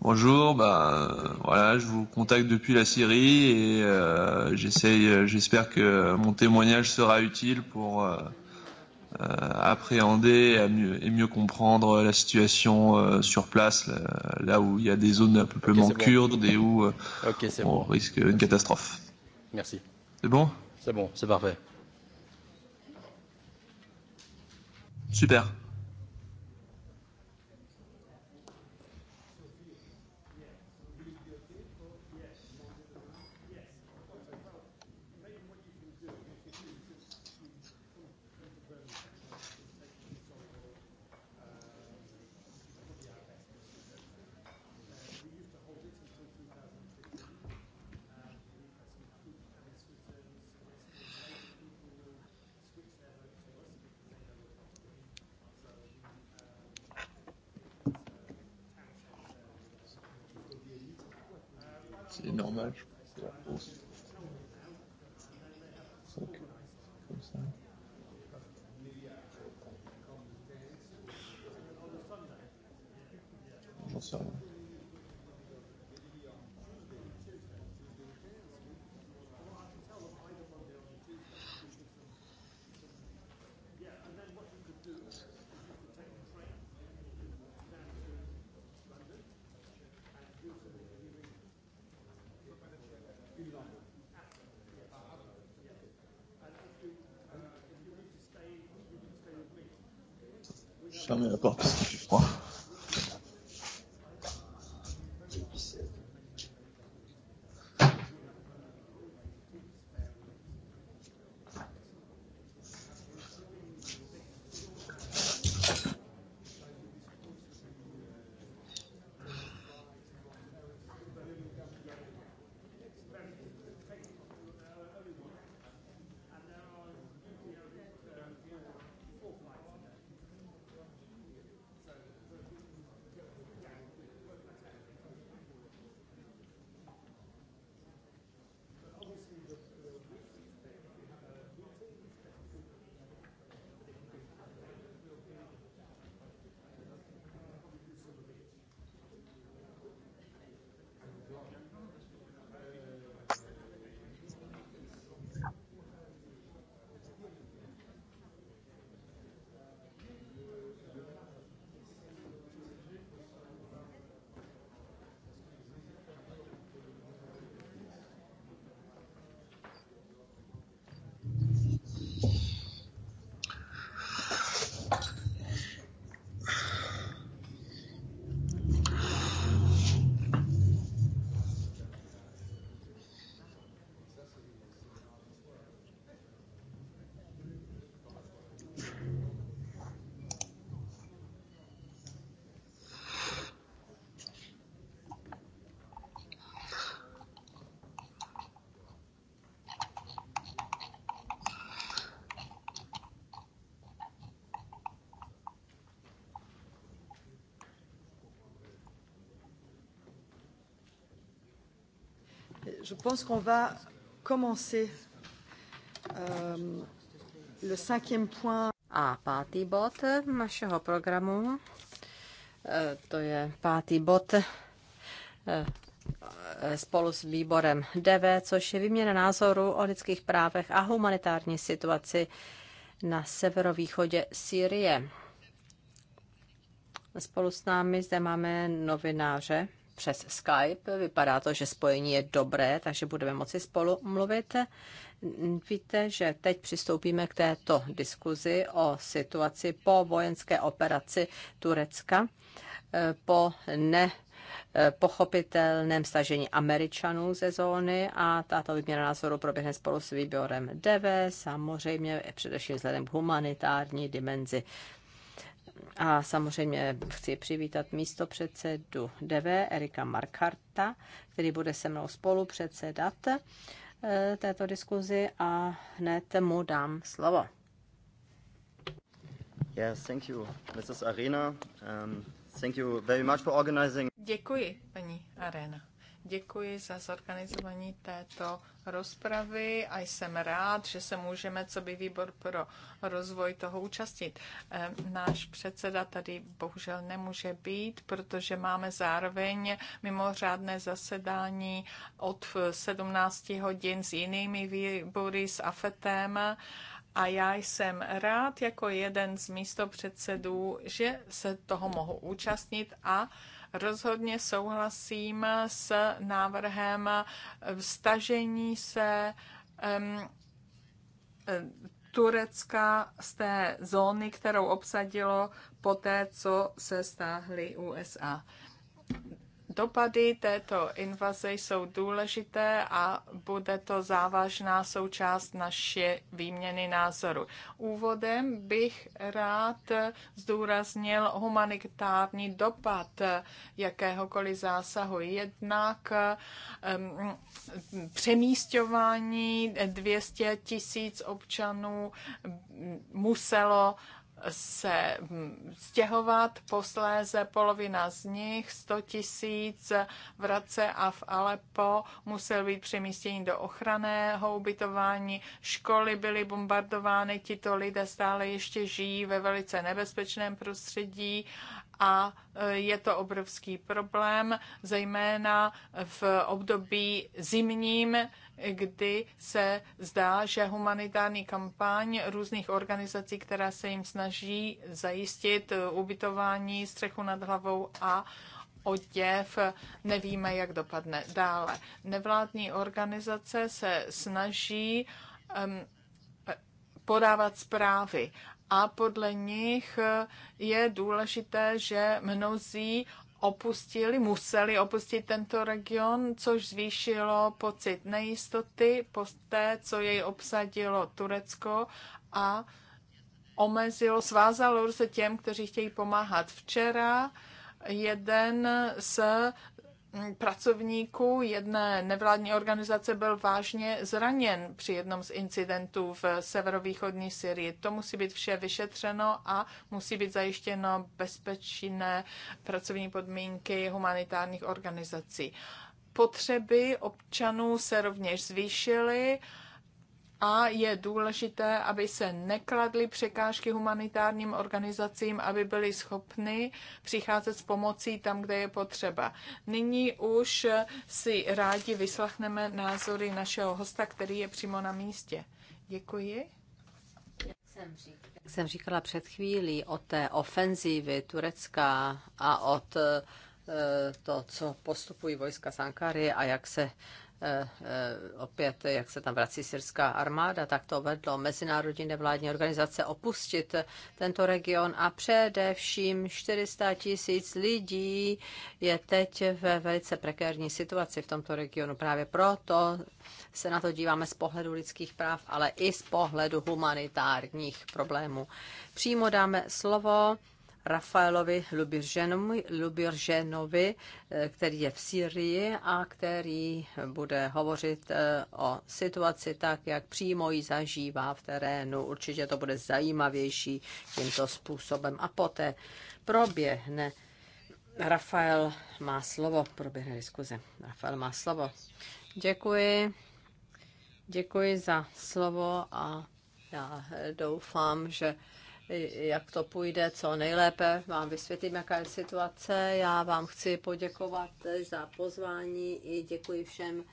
Bonjour, ben euh, voilà, je vous contacte depuis la Syrie et euh, j'essaye, euh, j'espère que mon témoignage sera utile pour euh, euh appréhender et mieux, et mieux comprendre la situation euh, sur place, là, là où il y a des zones à peuplement okay, kurde bon. et où euh, okay, on bon. risque Merci. une catastrophe. Merci. C'est bon C'est bon, c'est parfait. Super. je pense qu'on va commencer euh, le cinquième point. A pátý bod našeho programu, eh, to je pátý bod eh, eh, spolu s výborem DV, což je výměna názoru o lidských právech a humanitární situaci na severovýchodě Sýrie. Spolu s námi zde máme novináře přes Skype. Vypadá to, že spojení je dobré, takže budeme moci spolu mluvit. Víte, že teď přistoupíme k této diskuzi o situaci po vojenské operaci Turecka, po ne pochopitelném stažení Američanů ze zóny a tato výměna názoru proběhne spolu s výběrem DV, samozřejmě především vzhledem k humanitární dimenzi a samozřejmě chci přivítat místo předsedu DV Erika Markarta, který bude se mnou spolu předsedat eh, této diskuzi a hned mu dám slovo. Yes, thank you, Mrs. Arena. Um, thank you very much for organizing. Děkuji, paní Arena. Děkuji za zorganizování této rozpravy a jsem rád, že se můžeme, co by výbor pro rozvoj toho účastnit. Eh, náš předseda tady bohužel nemůže být, protože máme zároveň mimořádné zasedání od 17 hodin s jinými výbory, s AFETem. A já jsem rád jako jeden z místopředsedů, že se toho mohu účastnit a Rozhodně souhlasím s návrhem vstažení se um, Turecka z té zóny, kterou obsadilo po té, co se stáhly USA. Dopady této invaze jsou důležité a bude to závažná součást naší výměny názoru. Úvodem bych rád zdůraznil humanitární dopad jakéhokoliv zásahu. Jednak um, přemístování 200 tisíc občanů muselo se hm, stěhovat, posléze polovina z nich, 100 tisíc v Radce a v Alepo, musel být přemístěni do ochranného ubytování, školy byly bombardovány, tito lidé stále ještě žijí ve velice nebezpečném prostředí a e, je to obrovský problém, zejména v období zimním, kdy se zdá, že humanitární kampaň různých organizací, která se jim snaží zajistit ubytování, střechu nad hlavou a oděv, nevíme, jak dopadne dále. Nevládní organizace se snaží um, podávat zprávy a podle nich eh, je důležité, že mnozí opustili, museli opustit tento region, což zvýšilo pocit nejistoty po té, co jej obsadilo Turecko a omezilo, svázalo se těm, kteří chtějí pomáhat. Včera jeden z Mm, pracovníků jedné nevládní organizace byl vážně zraněn při jednom z incidentů v severovýchodní Syrii. To musí být vše vyšetřeno a musí být zajištěno bezpečné pracovní podmínky humanitárních organizací. Potřeby občanů se rovněž zvýšily a je důležité, aby se nekladly překážky humanitárním organizacím, aby byly schopny přicházet s pomocí tam, kde je potřeba. Nyní už si rádi vyslechneme názory našeho hosta, který je přímo na místě. Děkuji. Jak jsem říkala, před chvílí o té ofenzívy Turecka a od eh, to, co postupují vojska Sankary a jak se Eh, eh, opět, jak se tam vrací syrská armáda, tak to vedlo mezinárodní nevládní organizace opustit tento region a především 400 tisíc lidí je teď ve velice prekérní situaci v tomto regionu. Právě proto se na to díváme z pohledu lidských práv, ale i z pohledu humanitárních problémů. Přímo dáme slovo Rafaelovi Lubirženovi, eh, který je v Syrii a který bude hovořit eh, o situaci tak, jak přímo ji zažívá v terénu. Určitě to bude zajímavější tímto způsobem. A poté proběhne Rafael má slovo, proběhne diskuze. Rafael má slovo. Děkuji. Děkuji za slovo a já doufám, že jak to půjde, co nejlépe vám vysvětlím, jaká je situace. Já vám chci poděkovat za pozvání i děkuji všem,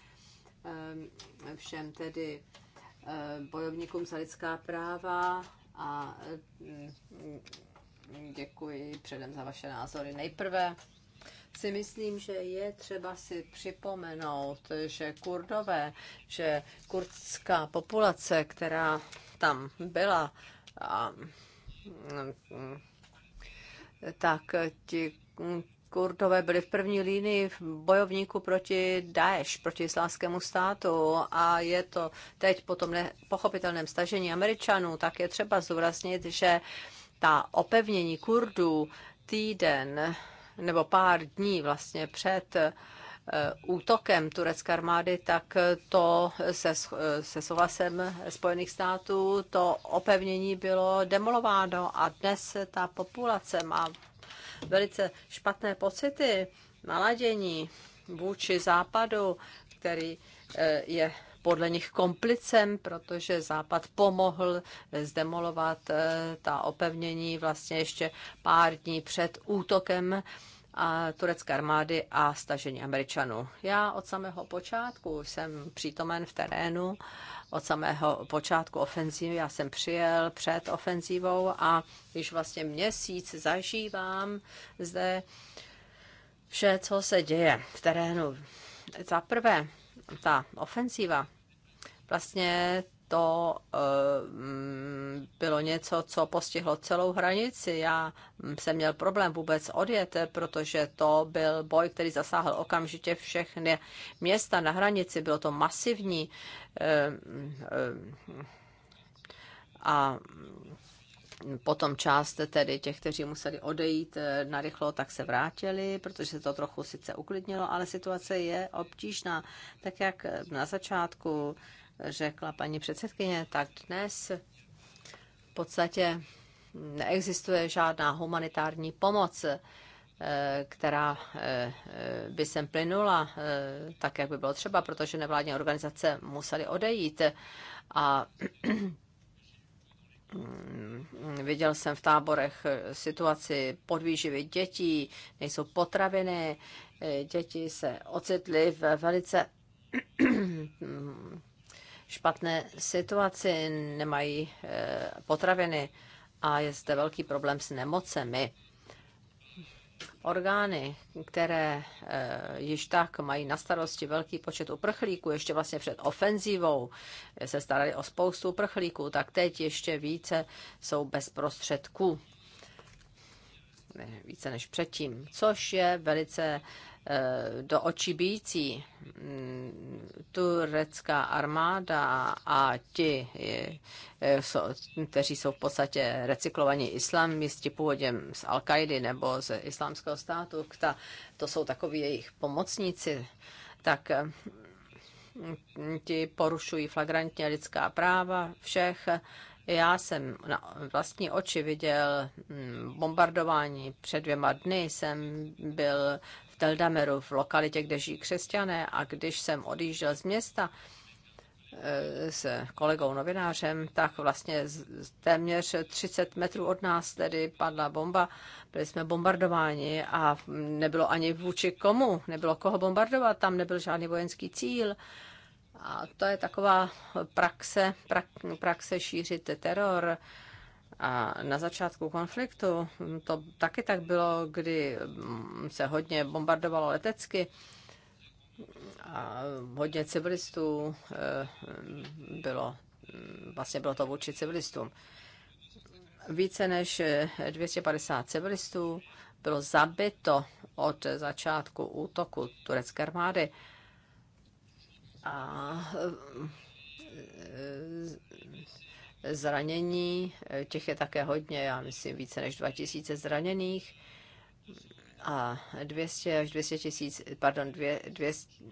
všem tedy bojovníkům za lidská práva a děkuji předem za vaše názory. Nejprve si myslím, že je třeba si připomenout, že kurdové, že kurdská populace, která tam byla, a tak ti Kurdové byli v první línii v bojovníku proti Daesh, proti islámskému státu a je to teď po tom nepochopitelném stažení Američanů, tak je třeba zdůraznit, že ta opevnění Kurdů týden nebo pár dní vlastně před Eh, útokem turecké armády, tak to se, eh, se souhlasem Spojených států to opevnění bylo demolováno a dnes ta populace má velice špatné pocity, naladění vůči západu, který eh, je podle nich komplicem, protože Západ pomohl zdemolovat ta opevnění vlastně ještě pár dní před útokem a turecké armády a stažení Američanů. Já od samého počátku jsem přítomen v terénu, od samého počátku ofenzívy. Já jsem přijel před ofenzívou a již vlastně měsíc zažívám zde vše, co se děje v terénu. Za prvé, ta ofenzíva vlastně to eh, bylo něco, co postihlo celou hranici. Já jsem měl problém vůbec odjet, protože to byl boj, který zasáhl okamžitě všechny města na hranici. Bylo to masivní. Eh, eh, a potom část tedy těch, kteří museli odejít narychlo, tak se vrátili, protože se to trochu sice uklidnilo, ale situace je obtížná. Tak jak na začátku řekla paní předsedkyně, tak dnes v podstatě neexistuje žádná humanitární pomoc, eh, která eh, by sem plynula eh, tak, jak by bylo třeba, protože nevládní organizace musely odejít. A viděl jsem v táborech situaci podvýživy dětí, nejsou potraviny, děti se ocitly v velice mm, špatné situaci, nemají eh, potraviny a je zde velký problém s nemocemi. Orgány, které eh, již tak mají na starosti velký počet uprchlíků, ještě vlastně před ofenzívou eh, se starali o spoustu uprchlíků, tak teď ještě více jsou bez prostředků. Ne, více než předtím, což je velice Eh, do očí bící mm, turecká armáda a ti, eh, eh, kteří jsou v podstatě recyklovaní islamisti původem z al kaidy nebo z islámského státu, ta, to jsou takoví jejich pomocníci, tak mm, ti porušují flagrantně lidská práva všech. Já jsem na vlastní oči viděl mm, bombardování. Před dvěma dny jsem byl Teldameru, v lokalitě, kde žijí křesťané. A když jsem odjížděl z města eh, s kolegou novinářem, tak vlastně téměř 30 metrů od nás tedy padla bomba. Byli jsme bombardováni a nebylo ani vůči komu, nebylo koho bombardovat, tam nebyl žádný vojenský cíl. A to je taková praxe, praxe šířit teror a na začátku konfliktu mm, to taky tak bylo, kdy mm, se hodně bombardovalo letecky a hodně civilistů eh, bylo, mm, vlastně bylo to vůči civilistům. Více než 250 eh, civilistů bylo zabito od začátku útoku turecké armády. A eh, zranění. Těch je také hodně, já myslím více než 2000 zraněných a 200 až 200 tisíc, pardon, 200,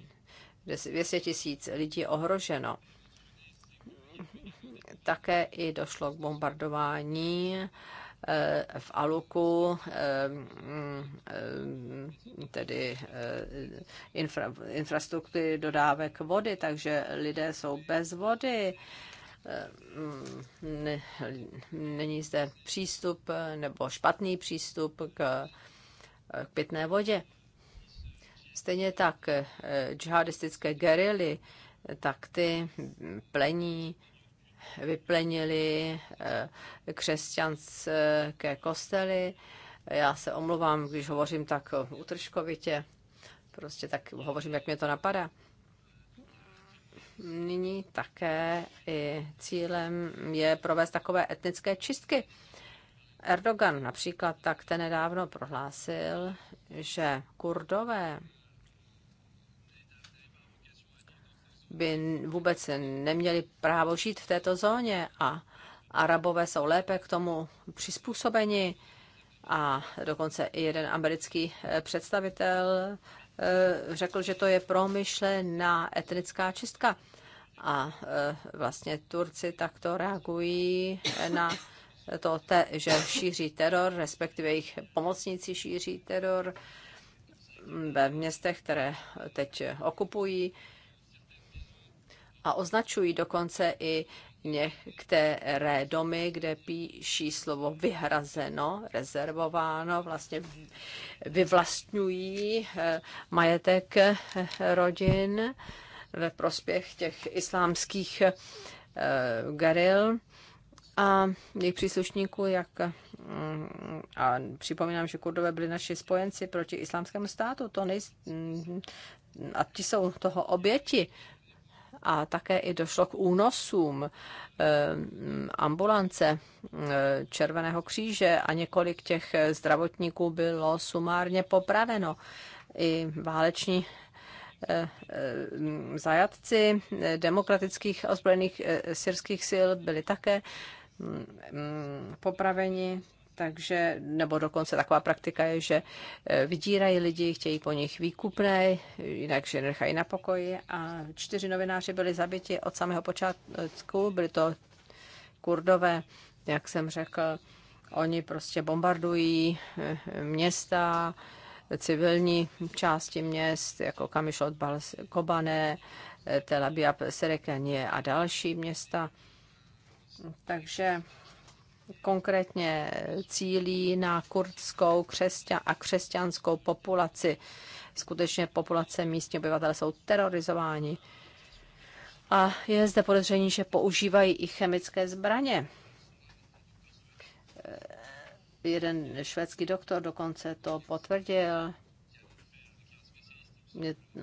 200 tisíc lidí ohroženo. Také i došlo k bombardování eh, v Aluku, eh, mm, eh, tedy infra, infrastruktury dodávek vody, takže lidé jsou bez vody Eh, mm, ne, není zde přístup eh, nebo špatný přístup k, eh, k pitné vodě. Stejně tak džihadistické gerily, tak ty plení, vyplenili křesťanské kostely. Já se omluvám, když hovořím tak utržkovitě, prostě tak hovořím, jak mě to napadá nyní také i cílem je provést takové etnické čistky. Erdogan například tak ten nedávno prohlásil, že kurdové by vůbec neměli právo žít v této zóně a arabové jsou lépe k tomu přizpůsobeni. A dokonce i jeden americký eh, představitel Eh, řekl, že to je promyšlená etnická čistka. A eh, vlastně Turci takto reagují na to, že šíří teror, respektive jejich pomocníci šíří teror ve městech, které teď okupují a označují dokonce i některé domy, kde píší slovo vyhrazeno, rezervováno, vlastně vyvlastňují eh, majetek eh, rodin ve prospěch těch islámských eh, garil a jejich příslušníků, jak mm, a připomínám, že kurdové byli naši spojenci proti islámskému státu, to nejs mm, a ti jsou toho oběti a také i došlo k únosům eh, ambulance eh, Červeného kříže a několik těch zdravotníků bylo sumárně popraveno. I váleční eh, zajatci demokratických ozbrojených syrských sil byli také mm, mm, popraveni takže, nebo dokonce taková praktika je, že eh, vydírají lidi, chtějí po nich výkupné, jinak že nechají na pokoji. A čtyři novináři byli zabiti od samého počátku, byli to kurdové, jak jsem řekl, oni prostě bombardují eh, města, civilní části měst, jako Kamišot, Kobane, eh, Tel Aviv, Serekanie a další města. Takže konkrétně cílí na kurdskou křesťa a křesťanskou populaci. Skutečně populace místní obyvatele jsou terorizováni. A je zde podezření, že používají i chemické zbraně. Jeden švédský doktor dokonce to potvrdil.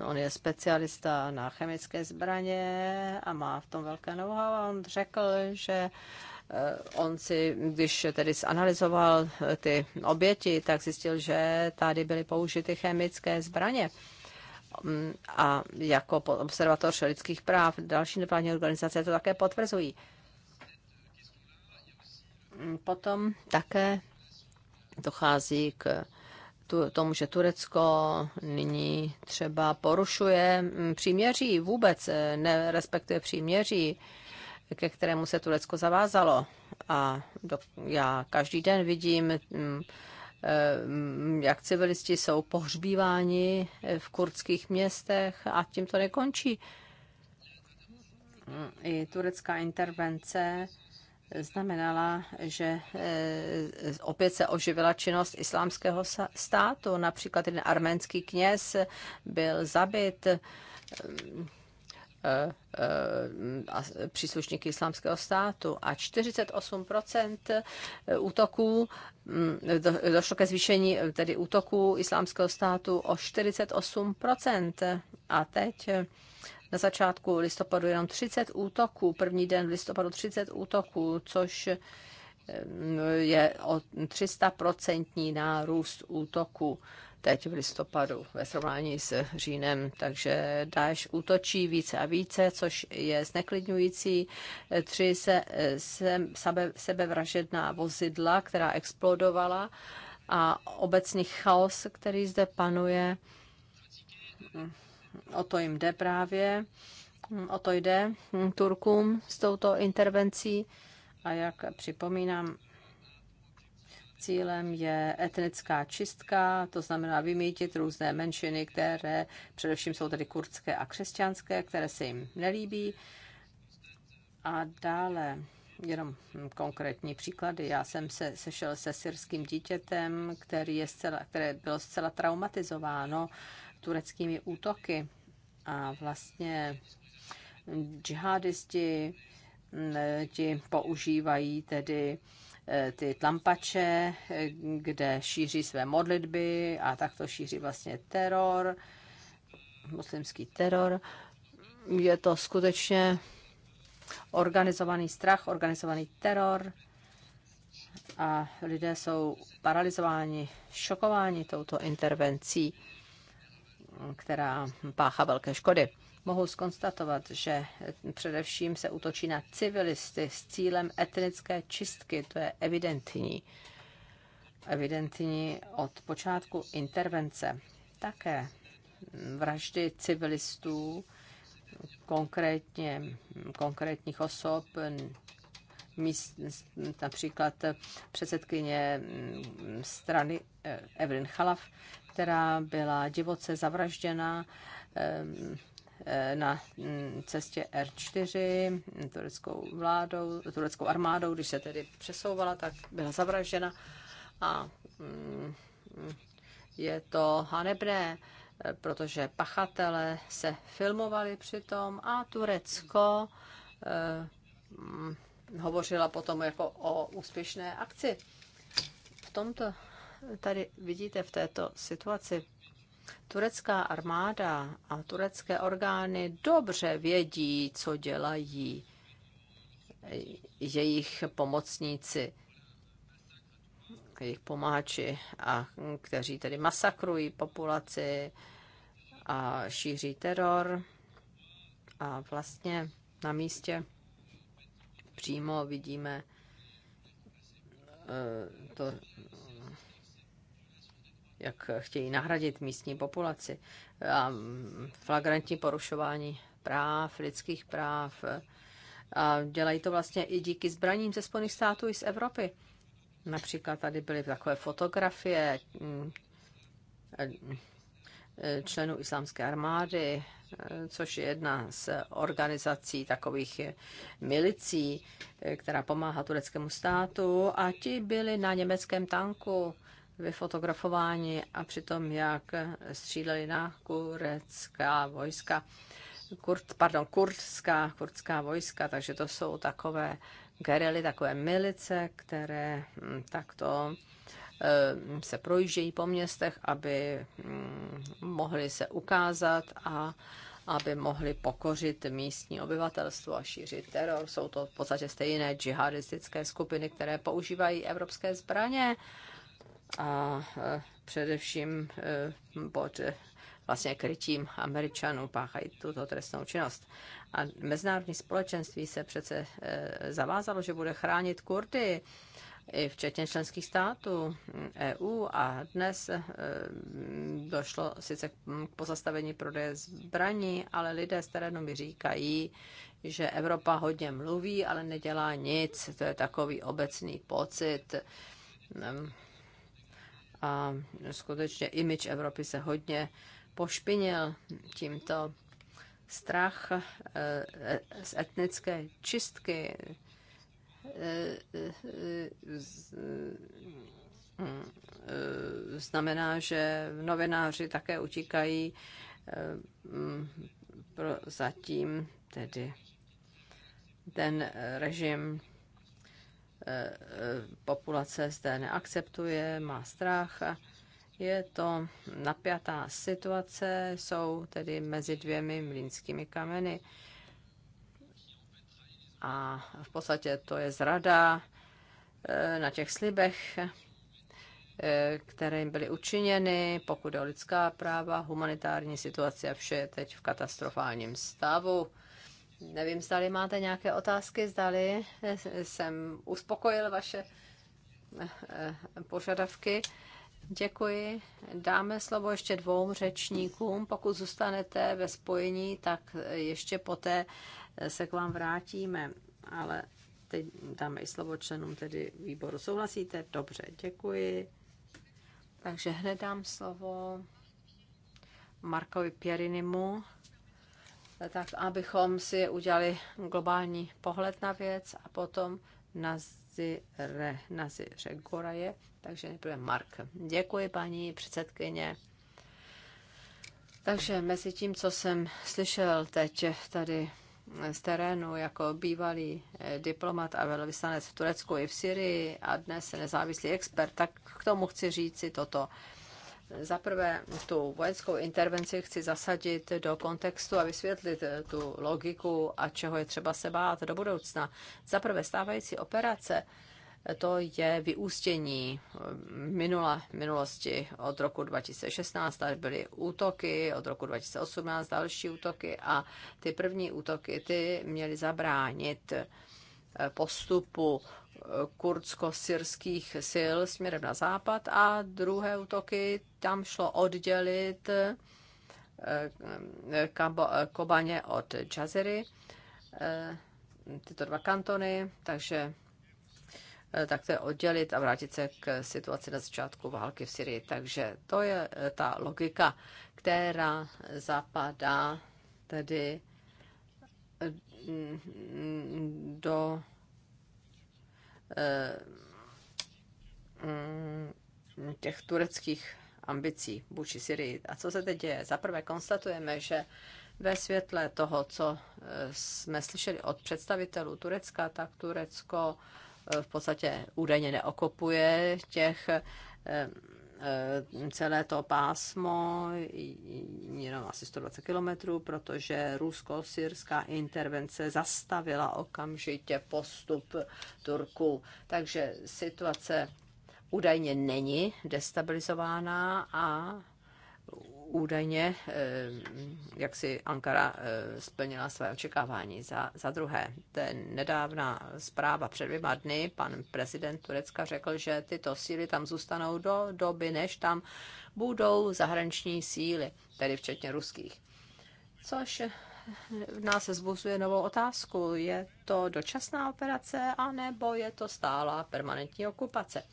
On je specialista na chemické zbraně a má v tom velké know-how. On řekl, že Eh, on si, když tedy zanalizoval eh, ty oběti, tak zjistil, že tady byly použity chemické zbraně. Mm, a jako observatoř lidských práv, další nevládní organizace to také potvrzují. Mm, potom také dochází k tomu, že Turecko nyní třeba porušuje mm, příměří, vůbec eh, nerespektuje příměří ke kterému se Turecko zavázalo. A do, já každý den vidím, mm, eh, jak civilisti jsou pohřbíváni eh, v kurdských městech a tím to nekončí. Mm, I turecká intervence znamenala, že eh, opět se oživila činnost islámského státu. Například jeden arménský kněz byl zabit mm, Eh, eh, eh, příslušníky islámského státu a 48 útoků mm, došlo ke zvýšení tedy útoků islámského státu o 48 a teď na začátku listopadu jenom 30 útoků, první den v listopadu 30 útoků, což je o 300% nárůst útoků teď v listopadu ve srovnání s říjnem. Takže dáš útočí více a více, což je zneklidňující. Tři se, se, sebe, sebevražedná vozidla, která explodovala a obecný chaos, který zde panuje. O to jim jde právě. O to jde Turkům s touto intervencí. A jak připomínám, Cílem je etnická čistka, to znamená vymítit různé menšiny, které především jsou tedy kurdské a křesťanské, které se jim nelíbí. A dále jenom konkrétní příklady. Já jsem se sešel se syrským dítětem, který je zcela, které bylo zcela traumatizováno tureckými útoky. A vlastně džihadisti mm, ti používají tedy Eh, ty tlampače, eh, kde šíří své modlitby a takto šíří vlastně teror, muslimský teror. Je to skutečně organizovaný strach, organizovaný teror a lidé jsou paralizováni, šokováni touto intervencí, která páchá velké škody mohu skonstatovat, že především se útočí na civilisty s cílem etnické čistky. To je evidentní. Evidentní od počátku intervence. Také vraždy civilistů, konkrétně, konkrétních osob, míst, například předsedkyně strany eh, Evelyn Chalaf, která byla divoce zavražděna ehm, Eh, na mm, cestě R4 tureckou vládou, tureckou armádou, když se tedy přesouvala, tak byla zavražděna a mm, je to hanebné, eh, protože pachatele se filmovali přitom a Turecko eh, mm, hovořila potom jako o úspěšné akci. V tomto tady vidíte v této situaci Turecká armáda a turecké orgány dobře vědí, co dělají jejich pomocníci, jejich pomáči, a kteří tedy masakrují populaci a šíří teror. A vlastně na místě přímo vidíme eh, to jak chtějí nahradit místní populaci. A flagrantní porušování práv, lidských práv. A dělají to vlastně i díky zbraním ze Spojených států i z Evropy. Například tady byly takové fotografie mm, eh, členů islámské armády, eh, což je jedna z organizací takových milicí, eh, která pomáhá tureckému státu. A ti byli na německém tanku vyfotografováni a přitom jak stříleli na kurecká vojska, kurd, pardon, kurdská, kurdská vojska, takže to jsou takové gerely, takové milice, které hm, takto hm, se projíždějí po městech, aby hm, mohli se ukázat a aby mohli pokořit místní obyvatelstvo a šířit teror. Jsou to v podstatě stejné džihadistické skupiny, které používají evropské zbraně a e, především e, pod e, vlastně krytím Američanů páchají tuto trestnou činnost. A mezinárodní společenství se přece zavázalo, že bude chránit Kurdy, i včetně členských států EU a dnes došlo sice k pozastavení prodeje zbraní, ale lidé z terénu mi říkají, že Evropa hodně mluví, ale nedělá nic. To je takový obecný pocit a skutečně image Evropy se hodně pošpinil tímto strach eh, eh, z etnické čistky, eh, znamená, že novináři také utíkají pro zatím tedy ten režim populace zde neakceptuje, má strach. Je to napjatá situace, jsou tedy mezi dvěmi mlínskými kameny. A v podstatě to je zrada eh, na těch slibech, eh, které jim byly učiněny, pokud je o lidská práva, humanitární situace vše je teď v katastrofálním stavu. Nevím, zdali máte nějaké otázky, zdali jsem uspokojil vaše eh, eh, požadavky. Děkuji. Dáme slovo ještě dvou řečníkům. Pokud zůstanete ve spojení, tak ještě poté eh, se k vám vrátíme. Ale teď dáme i slovo členům tedy výboru. Souhlasíte? Dobře, děkuji. Takže hned dám slovo Markovi Pierinimu tak abychom si udělali globální pohled na věc a potom Nazire, Nazire Goraje, takže nejprve Mark. Děkuji, paní předsedkyně. Takže mezi tím, co jsem slyšel teď tady z terénu jako bývalý eh, diplomat a velvyslanec v Turecku i v Syrii a dnes nezávislý expert, tak k tomu chci si toto. Za prvé, tu vojenskou intervenci chci zasadit do kontextu a vysvětlit eh, tu logiku a čeho je třeba se bát do budoucna. Za prvé, stávající operace, eh, to je vyústění eh, minula, minulosti od roku 2016, tady byly útoky, od roku 2018 další útoky a ty první útoky, ty měly zabránit postupu kurdsko-syrských sil směrem na západ a druhé útoky tam šlo oddělit eh, Kobaně od Džazery, eh, tyto dva kantony, takže eh, tak to je oddělit a vrátit se k situaci na začátku války v Syrii. Takže to je ta logika, která zapadá tedy do Eh, mm, těch tureckých ambicí vůči Syrii. A co se teď děje? Zaprvé konstatujeme, že ve světle toho, co eh, jsme slyšeli od představitelů Turecka, tak Turecko eh, v podstatě údajně neokopuje těch Eh, celé to pásmo, jenom asi 120 kilometrů, protože rusko-syrská intervence zastavila okamžitě postup Turků. Takže situace údajně není destabilizována a údajně, eh, jak si Ankara eh, splnila své očekávání. Za, za druhé, ten nedávná zpráva před dvěma dny, pan prezident Turecka řekl, že tyto síly tam zůstanou do doby, než tam budou zahraniční síly, tedy včetně ruských. Což v eh, nás se zbuzuje novou otázku. Je to dočasná operace, anebo je to stála permanentní okupace?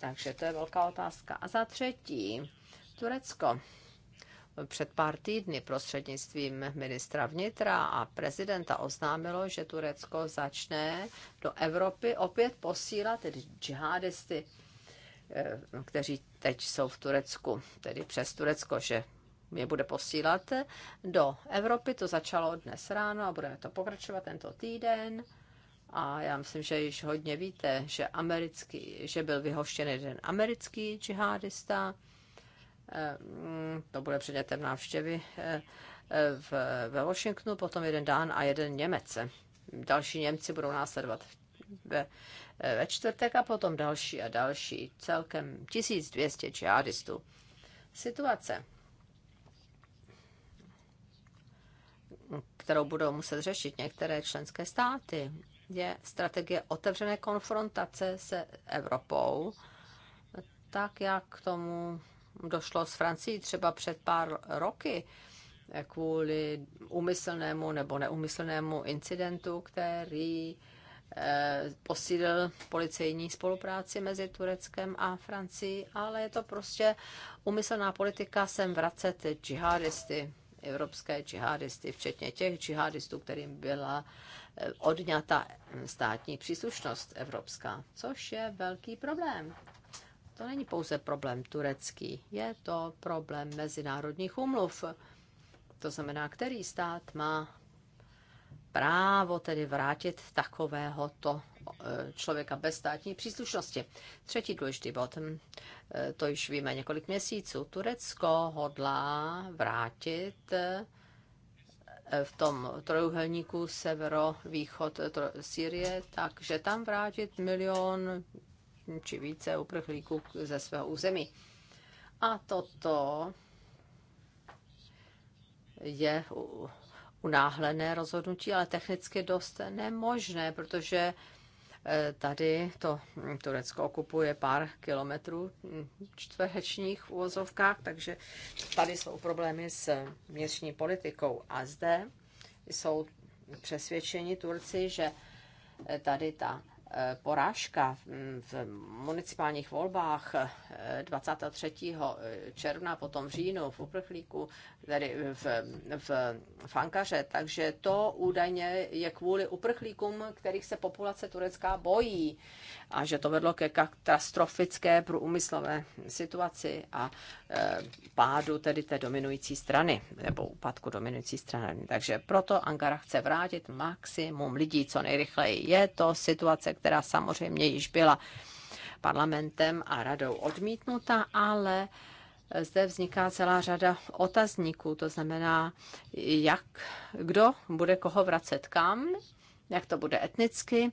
Takže to je velká otázka. A za třetí, Turecko před pár týdny prostřednictvím ministra vnitra a prezidenta oznámilo, že Turecko začne do Evropy opět posílat tedy džihadisty, eh, kteří teď jsou v Turecku, tedy přes Turecko, že je bude posílat do Evropy. To začalo dnes ráno a budeme to pokračovat tento týden. A já myslím, že již hodně víte, že, americký, že byl vyhoštěn jeden americký džihadista, Eh, mm, to bude předmětem návštěvy eh, eh, v, ve Washingtonu, potom jeden Dán a jeden Němec. Další Němci budou následovat ve, ve čtvrtek a potom další a další, celkem 1200 džihadistů. Situace, kterou budou muset řešit některé členské státy, je strategie otevřené konfrontace se Evropou, tak jak k tomu došlo z Francii třeba před pár roky kvůli úmyslnému nebo neumyslnému incidentu, který eh, posílil policejní spolupráci mezi Tureckem a Francií, ale je to prostě umyslná politika sem vracet džihadisty, evropské džihadisty, včetně těch džihadistů, kterým byla eh, odňata státní příslušnost evropská, což je velký problém to není pouze problém turecký, je to problém mezinárodních umluv. To znamená, který stát má právo tedy vrátit takovéhoto e, člověka bez státní příslušnosti. Třetí důležitý bod, e, to již víme několik měsíců, Turecko hodlá vrátit e, v tom trojuhelníku severo-východ takže tam vrátit milion či více uprchlíků ze svého území. A toto je unáhlené rozhodnutí, ale technicky dost nemožné, protože eh, tady to hm, Turecko okupuje pár kilometrů hm, čtverečních v uvozovkách, takže tady jsou problémy s městní politikou. A zde jsou přesvědčeni Turci, že eh, tady ta Eh, porážka v municipálních volbách 23. Eh, eh, června, potom v říjnu v uprchlíku, tedy v, v, v Ankaře. Takže to údajně je kvůli uprchlíkům, kterých se populace turecká bojí a že to vedlo ke katastrofické průmyslové situaci a pádu tedy té dominující strany, nebo úpadku dominující strany. Takže proto Ankara chce vrátit maximum lidí co nejrychleji. Je to situace, která samozřejmě již byla parlamentem a radou odmítnuta, ale zde vzniká celá řada otazníků, to znamená, jak, kdo bude koho vracet kam jak to bude etnicky,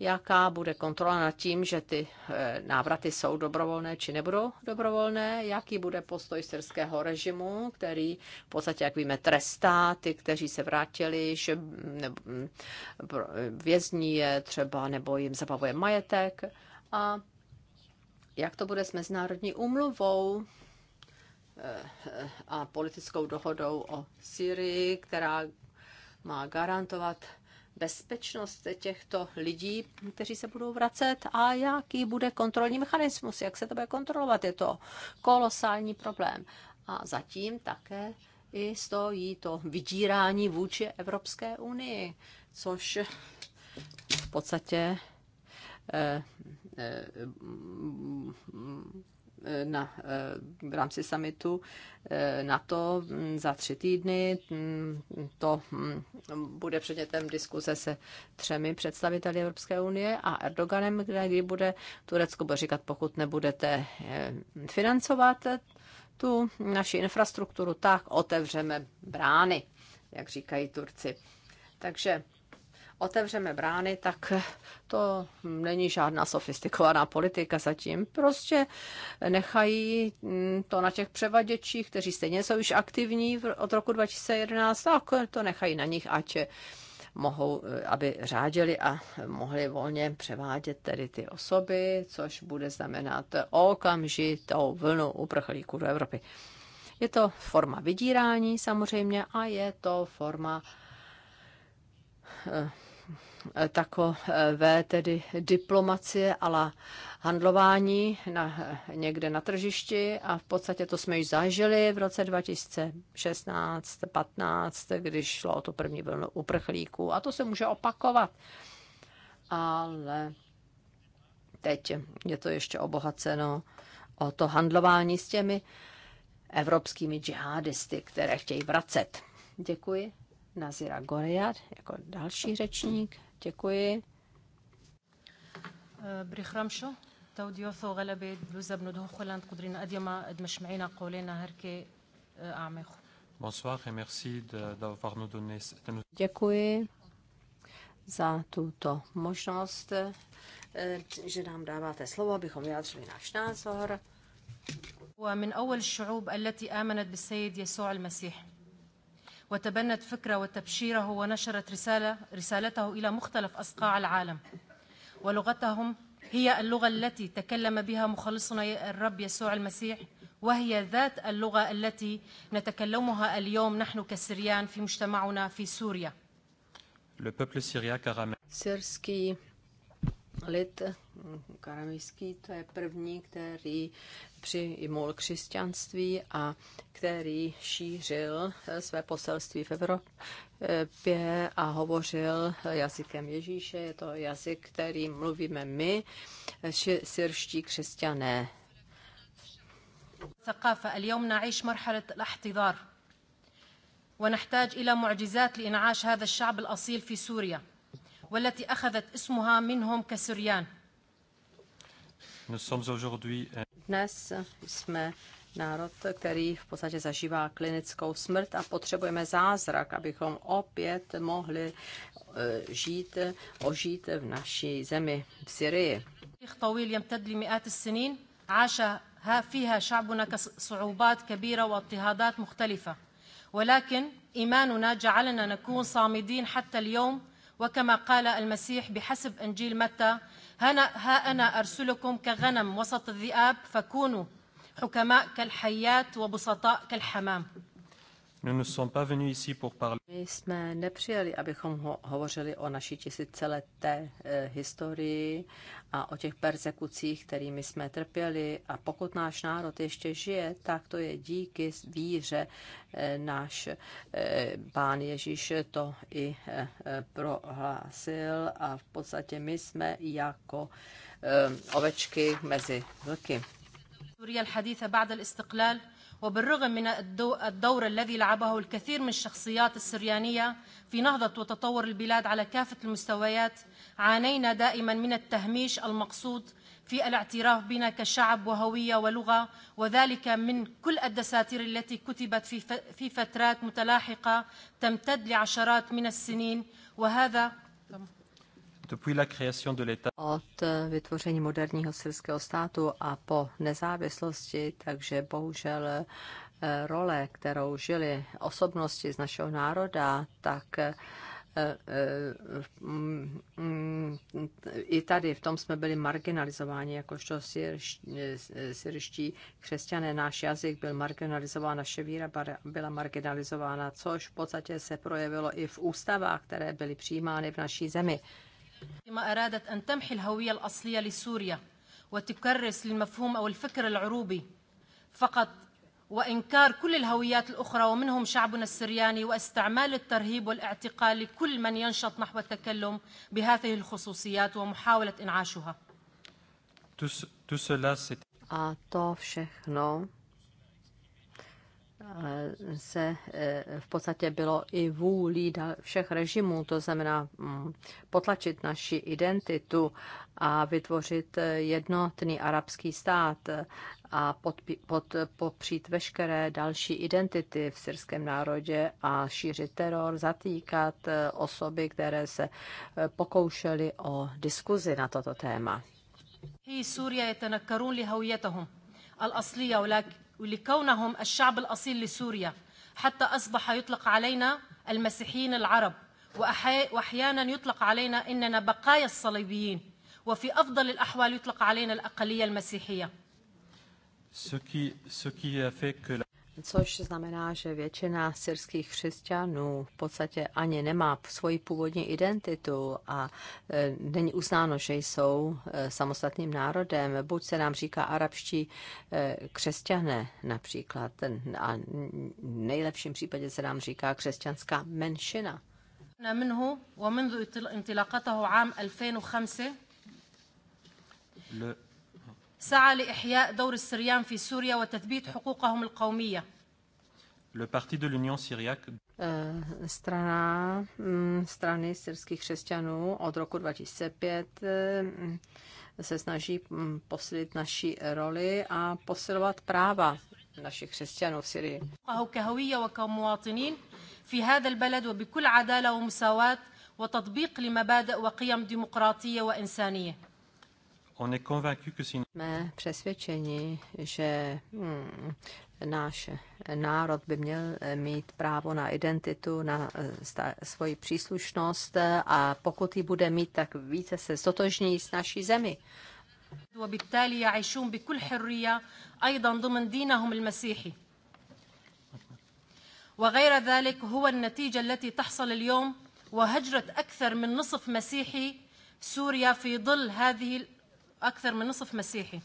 jaká bude kontrola nad tím, že ty eh, návraty jsou dobrovolné či nebudou dobrovolné, jaký bude postoj syrského režimu, který v podstatě, jak víme, trestá ty, kteří se vrátili, že mm, mm, eh, vězní je třeba nebo jim zabavuje majetek a jak to bude s mezinárodní úmluvou, eh, a politickou dohodou o Syrii, která má garantovat bezpečnost těchto lidí, kteří se budou vracet a jaký bude kontrolní mechanismus, jak se to bude kontrolovat. Je to kolosální problém. A zatím také i stojí to vydírání vůči Evropské unii, což v podstatě eh, eh, na, eh, v rámci summitu eh, NATO mm, za tři týdny. Mm, to mm, bude předmětem diskuze se třemi představiteli Evropské unie a Erdoganem, kde kdy bude Turecko bude říkat, pokud nebudete eh, financovat tu naši infrastrukturu, tak otevřeme brány, jak říkají Turci. Takže otevřeme brány, tak to není žádná sofistikovaná politika zatím. Prostě nechají mm, to na těch převaděčích, kteří stejně jsou již aktivní od roku 2011, tak to nechají na nich, ať mohou, eh, aby řáděli a mohli volně převádět tedy ty osoby, což bude znamenat okamžitou vlnu uprchlíků do Evropy. Je to forma vydírání samozřejmě a je to forma eh, takové tedy diplomacie la handlování na, někde na tržišti a v podstatě to jsme již zažili v roce 2016 15 když šlo o to první vlnu uprchlíků a to se může opakovat. Ale teď je to ještě obohaceno o to handlování s těmi evropskými džihadisty, které chtějí vracet. Děkuji. Nazira Goriad jako další řečník. Děkuji. Brichramšo, Taudioso, Galebi, Luzabnu, Doholand, Kudrin, Adjama, Edmešmejna, Kolina, Herky, Amech. Bonsoir et merci Děkuji za tuto možnost, eh, že nám dáváte slovo, abychom vyjádřili náš názor. ومن أول الشعوب التي آمنت بالسيد يسوع المسيح. وتبنت فكرة وتبشيره ونشرت رسالة رسالته إلى مختلف أصقاع العالم ولغتهم هي اللغة التي تكلم بها مخلصنا الرب يسوع المسيح وهي ذات اللغة التي نتكلمها اليوم نحن كسريان في مجتمعنا في سوريا Syrský lid karamejský, to je první, který přijmul křesťanství a který šířil eh, své poselství v Evropě a hovořil jazykem Ježíše. Je to jazyk, který mluvíme my, syrští křesťané. ونحتاج إلى معجزات لإنعاش هذا الشعب الأصيل في سوريا والتي أخذت اسمها منهم كسريان Nous sommes aujourd'hui dnes jsme národ, který v podstatě zažívá klinickou smrt a potřebujeme zázrak, abychom opět mohli eh, žít, ožít v naší zemi, v Syrii. ولكن إيماننا جعلنا نكون صامدين حتى اليوم وكما قال المسيح بحسب إنجيل متى هنا ها أنا أرسلكم كغنم وسط الذئاب فكونوا حكماء كالحيات وبسطاء كالحمام my jsme nepřijeli, abychom ho, hovořili o naší tisícileté e, eh, historii a o těch persekucích, kterými jsme trpěli. A pokud náš národ ještě žije, tak to je díky víře e, náš e, pán Ježíš to i e, prohlásil. A v podstatě my jsme jako e, ovečky mezi vlky. وبالرغم من الدور الذي لعبه الكثير من الشخصيات السريانية في نهضة وتطور البلاد على كافة المستويات عانينا دائما من التهميش المقصود في الاعتراف بنا كشعب وهوية ولغة وذلك من كل الدساتير التي كتبت في فترات متلاحقة تمتد لعشرات من السنين وهذا od vytvoření moderního syrského státu a po nezávislosti, takže bohužel eh, role, kterou žili osobnosti z našeho národa, tak eh, eh, i tady v tom jsme byli marginalizováni, jakožto syrští křesťané. Náš jazyk byl marginalizován, naše víra byla marginalizována, což v podstatě se projevilo i v ústavách, které byly přijímány v naší zemi. ما أرادت أن تمحي الهوية الأصلية لسوريا وتكرس للمفهوم أو الفكر العروبي فقط وإنكار كل الهويات الأخرى ومنهم شعبنا السرياني واستعمال الترهيب والاعتقال لكل من ينشط نحو التكلم بهذه الخصوصيات ومحاولة إنعاشها. A to všechno Eh, se eh, v podstatě bylo i vůlí všech režimů, to znamená mm, potlačit naši identitu a vytvořit eh, jednotný arabský stát a popřít veškeré další identity v syrském národě a šířit teror, zatýkat osoby, které se pokoušely o diskuzi na toto téma. ولكونهم الشعب الأصيل لسوريا حتى أصبح يطلق علينا المسيحيين العرب وأحيانا يطلق علينا إننا بقايا الصليبيين وفي أفضل الأحوال يطلق علينا الأقلية المسيحية Ce qui, ce qui a fait que la což znamená, že většina syrských křesťanů v podstatě ani nemá svoji původní identitu a e, není uznáno, že jsou e, samostatným národem. Buď se nám říká arabští e, křesťané například, a v nejlepším případě se nám říká křesťanská menšina. Le... سعى لإحياء دور السريان في سوريا وتثبيت حقوقهم القومية. Le Parti de l'Union syriaque strana strany syrských křesťanů od roku 2005 se snaží posilit naši roli a posilovat práva našich křesťanů v Syrii. كهوية وكمواطنين في هذا البلد وبكل عدالة ومساواة وتطبيق لمبادئ وقيم ديمقراطية وإنسانية. Jsme přesvědčeni, že hm, náš národ by měl mít právo na identitu, na eh, sta, svoji příslušnost eh, a pokud ji bude mít, tak více se zotožní s naší zemi. بكل حرية أيضا ضمن دينهم المسيحي وغير ذلك هو النتيجة التي تحصل اليوم وهجرة أكثر من نصف مسيحي سوريا في ظل هذه أكثر من نصف مسيحي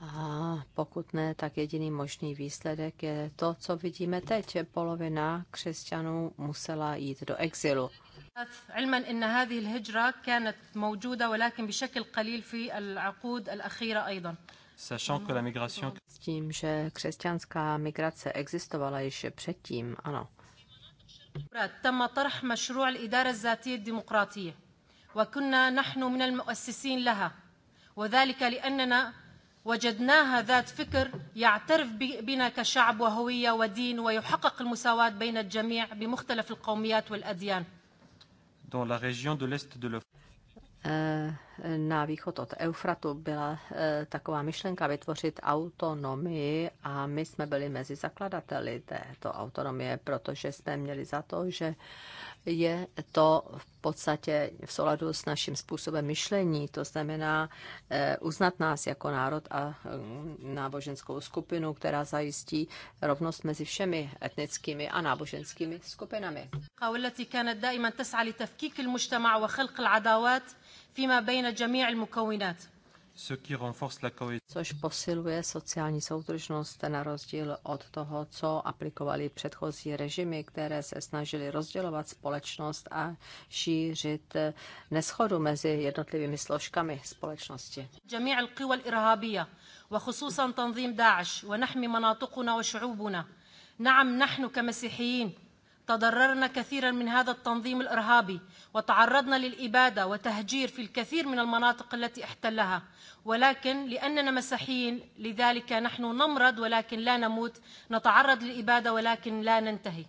a pokud ne, tak jediný možný výsledek je to, co vidíme teď. Polovina křesťanů musela jít do exilu. Mm-hmm. S tím, že křesťanská migrace existovala již předtím, ano. وكنا نحن من المؤسسين لها وذلك لأننا وجدناها ذات فكر يعترف بنا كشعب وهوية ودين ويحقق المساواة بين الجميع بمختلف القوميات والأديان. Dans la région de l'Est de eh, na východ od Eufratu byla eh, taková myšlenka vytvořit autonomii a my jsme byli mezi zakladateli této autonomie, protože jsme měli za to, že je to v podstatě v souladu s naším způsobem myšlení, to znamená eh, uznat nás jako národ a hm, náboženskou skupinu, která zajistí rovnost mezi všemi etnickými a náboženskými skupinami. والتي což posiluje sociální soudržnost na rozdíl od toho, co aplikovali předchozí režimy, které se snažili rozdělovat společnost a šířit neschodu mezi jednotlivými složkami společnosti. تضررنا كثيرا من هذا التنظيم الارهابي وتعرضنا للاباده وتهجير في الكثير من المناطق التي احتلها ولكن لاننا مسيحيين لذلك نحن نمرض ولكن لا نموت نتعرض للاباده ولكن لا ننتهي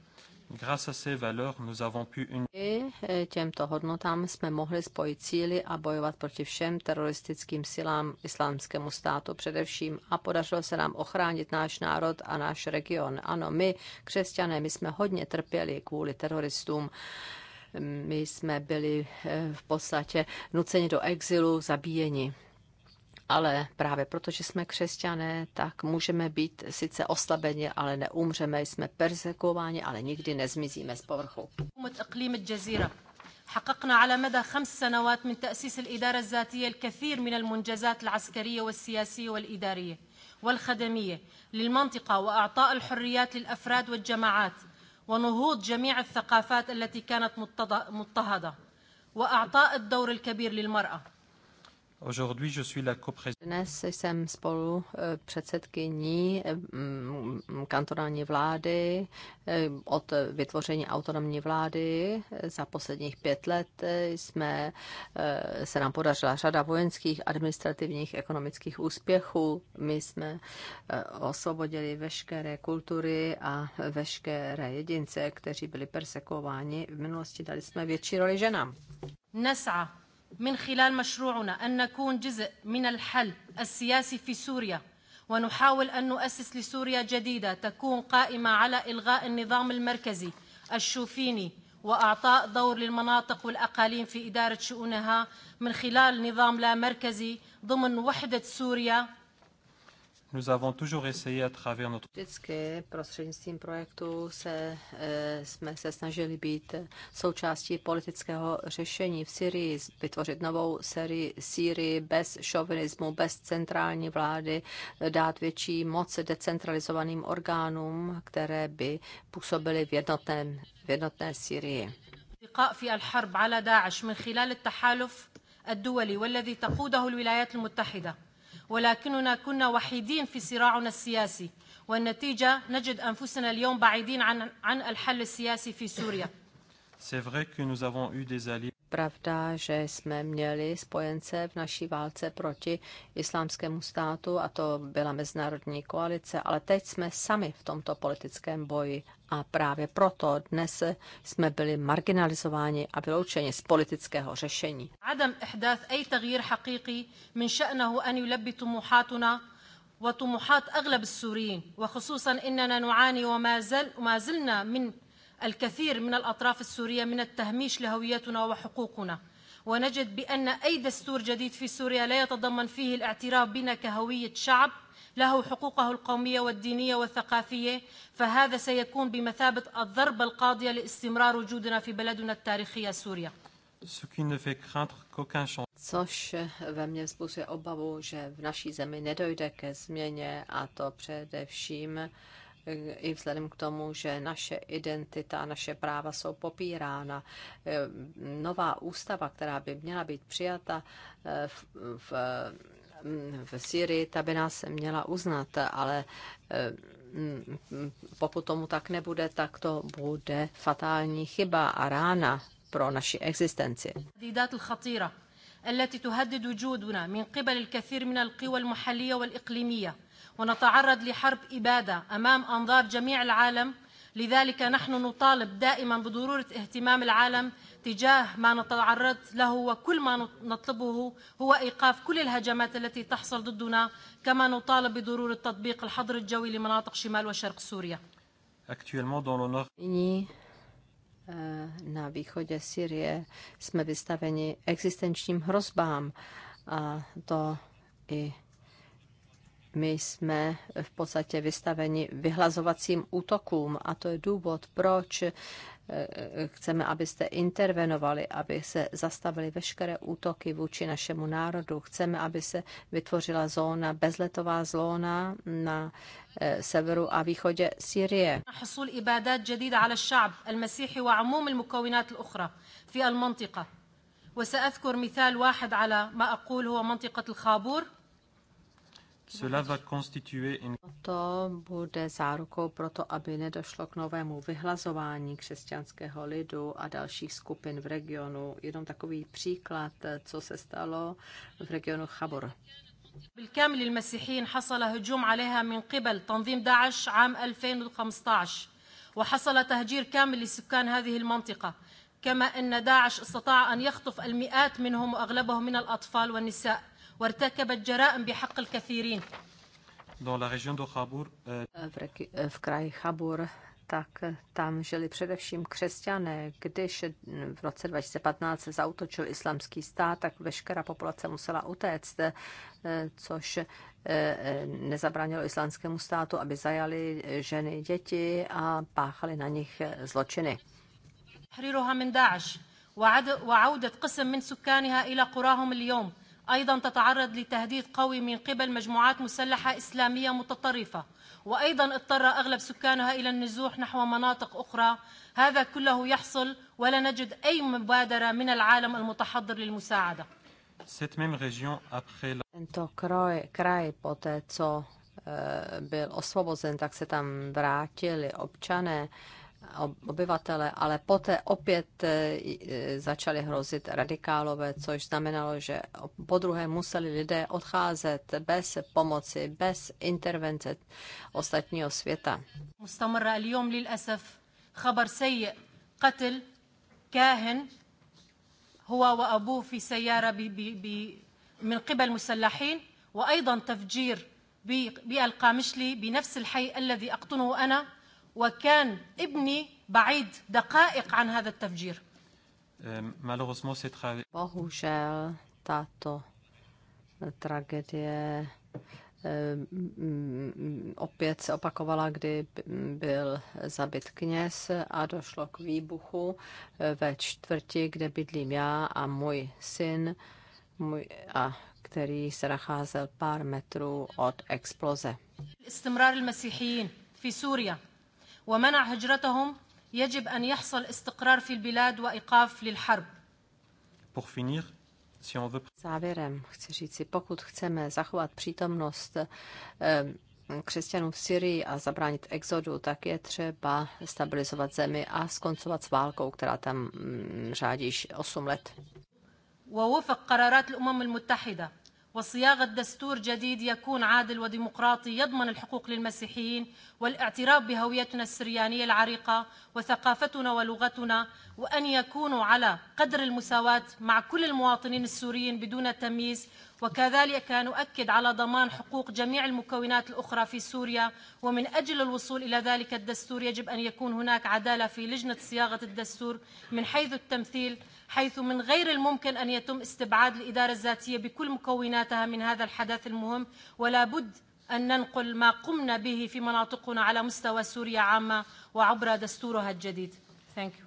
i e, těmto hodnotám jsme mohli spojit síly a bojovat proti všem teroristickým silám islámskému státu především a podařilo se nám ochránit náš národ a náš region. Ano, my, křesťané, my jsme hodně trpěli kvůli teroristům my jsme byli e, v podstatě nuceni do exilu, zabíjeni ale právě protože jsme křesťané, tak můžeme být sice oslabeni, ale neumřeme, jsme persekováni, ale nikdy nezmizíme z povrchu. حققنا على مدى خمس سنوات من تأسيس الإدارة الذاتية الكثير من المنجزات العسكرية والسياسية والإدارية والخدمية للمنطقة وأعطاء الحريات للأفراد والجماعات ونهوض جميع الثقافات التي كانت مضطهدة وأعطاء الدور الكبير للمرأة dnes jsem spolu e, předsedkyní e, kantonální vlády e, od vytvoření autonomní vlády. Za posledních pět let jsme, se nám podařila řada vojenských, administrativních, ekonomických úspěchů. My jsme osvobodili veškeré kultury a veškeré jedince, kteří byli persekováni v minulosti. Dali jsme větší roli ženám. Nesa. من خلال مشروعنا أن نكون جزء من الحل السياسي في سوريا ونحاول أن نؤسس لسوريا جديدة تكون قائمة على إلغاء النظام المركزي الشوفيني وأعطاء دور للمناطق والأقاليم في إدارة شؤونها من خلال نظام لا مركزي ضمن وحدة سوريا Nous avons toujours essayé à travers notre... Vždycky prostřednictvím projektu se, eh, jsme se snažili být součástí politického řešení v Syrii, vytvořit novou sérii Syrii bez šovinismu, bez centrální vlády, dát větší moc decentralizovaným orgánům, které by působily v jednotném, v jednotné Syrii. الدولي والذي تقوده الولايات المتحده ولكننا كنا وحيدين في صراعنا السياسي والنتيجة نجد أنفسنا اليوم بعيدين عن, عن الحل السياسي في سوريا Pravda, že jsme měli spojence v naší válce proti islámskému státu a to byla mezinárodní koalice, ale teď jsme sami v tomto politickém boji a právě proto dnes jsme byli marginalizováni a vyloučeni z politického řešení. عدم إحداث أي تغيير حقيقي من شأنه أن يلبي طموحاتنا وطموحات أغلب السوريين وخصوصا إننا نعاني وما, زل وما زلنا من الكثير من الأطراف السورية من التهميش لهويتنا وحقوقنا ونجد بأن أي دستور جديد في سوريا لا يتضمن فيه الاعتراف بنا كهوية شعب له حقوقه القومية والدينية والثقافية فهذا سيكون بمثابة الضربة القاضية لاستمرار وجودنا في بلدنا التاريخية سوريا Což ve mně vzbuzuje obavu, že v naší zemi nedojde ke změně a to především eh, i vzhledem k tomu, že naše identita a naše práva jsou popírána. Eh, nová ústava, která by měla být přijata eh, v, v v Syrii, ta by nás měla uznat, ale pokud tomu tak nebude, tak to bude fatální chyba a rána pro naši existenci. التي تهدد وجودنا من قبل الكثير من القوى المحلية والإقليمية ونتعرض لحرب إبادة أمام أنظار جميع العالم لذلك نحن نطالب دائما بضرورة اهتمام العالم تجاه ما نتعرض له وكل ما نطلبه هو إيقاف كل الهجمات التي تحصل ضدنا كما نطالب بضرورة تطبيق الحظر الجوي لمناطق شمال وشرق سوريا. Eh, na východě Syrie jsme vystaveni existenčním hrozbám a to i my jsme v podstatě vystaveni vyhlazovacím útokům a to je důvod, proč uh, Eh, chceme, abyste intervenovali, aby se zastavili veškeré útoky vůči našemu národu. Chceme, aby se vytvořila zóna, bezletová zóna na eh, severu a východě Syrie. في المنطقة وسأذكر مثال واحد على ما أقول هو منطقة الخابور to bude zárukou pro to, aby nedošlo k novému vyhlazování křesťanského lidu a dalších skupin v regionu. Jenom takový příklad, co se stalo v regionu Chabor. بالكامل المسيحيين حصل هجوم عليها من قبل تنظيم داعش عام 2015 وحصل تهجير كامل لسكان هذه المنطقة كما أن داعش استطاع أن يخطف المئات منهم وأغلبهم من الأطفال والنساء وارتكبت جرائم بحق الكثيرين euh, v kraji Chabur, tak tam žili především křesťané. Když v roce 2015 zautočil islamský stát, tak veškerá populace musela utéct, eh, což eh, nezabránilo islámskému státu, aby zajali ženy, děti a páchali na nich eh, zločiny. وعودة قسم من سكانها إلى قراهم اليوم أيضا تتعرض لتهديد قوي من قبل مجموعات مسلحة إسلامية متطرفة وأيضا اضطر أغلب سكانها إلى النزوح نحو مناطق أخرى هذا كله يحصل ولا نجد أي مبادرة من العالم المتحضر للمساعدة Tento kraj, kraj poté, co byl osvobozen, tak se tam vrátili občané obyvatele, ale poté opět e, e, začaly hrozit radikálové, což znamenalo, že po druhé museli lidé odcházet bez pomoci, bez intervence ostatního světa. وأيضا تفجير بنفس الحي الذي أقطنه أنا وكان ابني بعيد دقائق عن هذا التفجير. Euh, Bohužel tato tragédie eh, mm, opět se opakovala, kdy byl zabit kněz a došlo k výbuchu eh, ve čtvrti, kde bydlím já a můj syn, můj, a který se nacházel pár metrů od exploze. ومنع هجرتهم يجب أن يحصل استقرار في البلاد وإيقاف للحرب. Pour finir, si on veut... Závěrem chci říct si, pokud chceme zachovat přítomnost eh, křesťanů v Syrii a zabránit exodu, tak je třeba stabilizovat zemi a skoncovat s válkou, která tam mm, řádí již 8 let. ووفق قرارات الأمم المتحدة وصياغة دستور جديد يكون عادل وديمقراطي يضمن الحقوق للمسيحيين والاعتراف بهويتنا السريانية العريقة وثقافتنا ولغتنا وأن يكونوا على قدر المساواة مع كل المواطنين السوريين بدون تمييز وكذلك نؤكد على ضمان حقوق جميع المكونات الأخرى في سوريا ومن أجل الوصول إلى ذلك الدستور يجب أن يكون هناك عدالة في لجنة صياغة الدستور من حيث التمثيل حيث من غير الممكن أن يتم استبعاد الإدارة الذاتية بكل مكوناتها من هذا الحدث المهم ولا بد أن ننقل ما قمنا به في مناطقنا على مستوى سوريا عامة وعبر دستورها الجديد Thank you.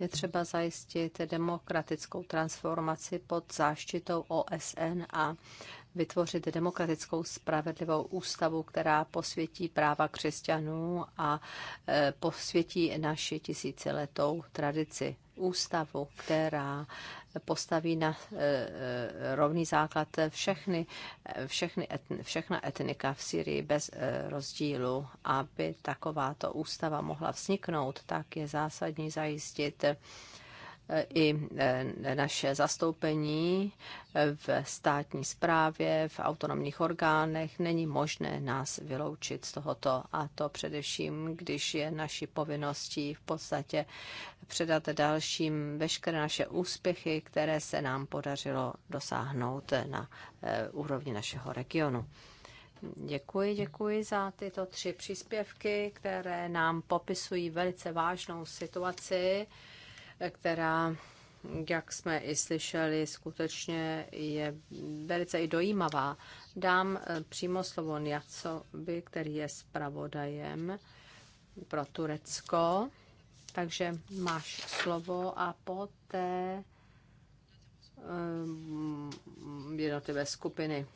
Je třeba zajistit demokratickou transformaci pod záštitou OSN a vytvořit demokratickou spravedlivou ústavu, která posvětí práva křesťanů a e, posvětí naši tisíciletou tradici. Ústavu, která postaví na eh, eh, rovný základ všechny, všechny etn, všechna etnika v Syrii bez eh, rozdílu. Aby takováto ústava mohla vzniknout, tak je zásadní zajistit i e, naše zastoupení e, v státní správě, v autonomních orgánech. Není možné nás vyloučit z tohoto a to především, když je naší povinností v podstatě předat dalším veškeré naše úspěchy, které se nám podařilo dosáhnout na e, úrovni našeho regionu. Děkuji, děkuji za tyto tři příspěvky, které nám popisují velice vážnou situaci která, jak jsme i slyšeli, skutečně je velice i dojímavá. Dám eh, přímo slovo Njacovi, který je zpravodajem pro Turecko. Takže máš slovo a poté eh, jednotlivé skupiny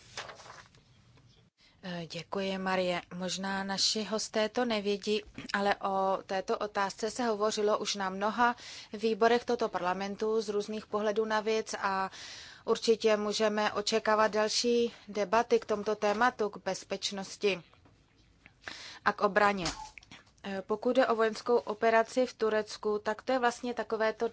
Eh, děkuji, Marie. Možná naši hosté to nevědí, ale o této otázce se hovořilo už na mnoha výborech toto parlamentu z různých pohledů na věc a určitě můžeme očekávat další debaty k tomto tématu, k bezpečnosti a k obraně. Eh, pokud jde o vojenskou operaci v Turecku, tak to je vlastně takovéto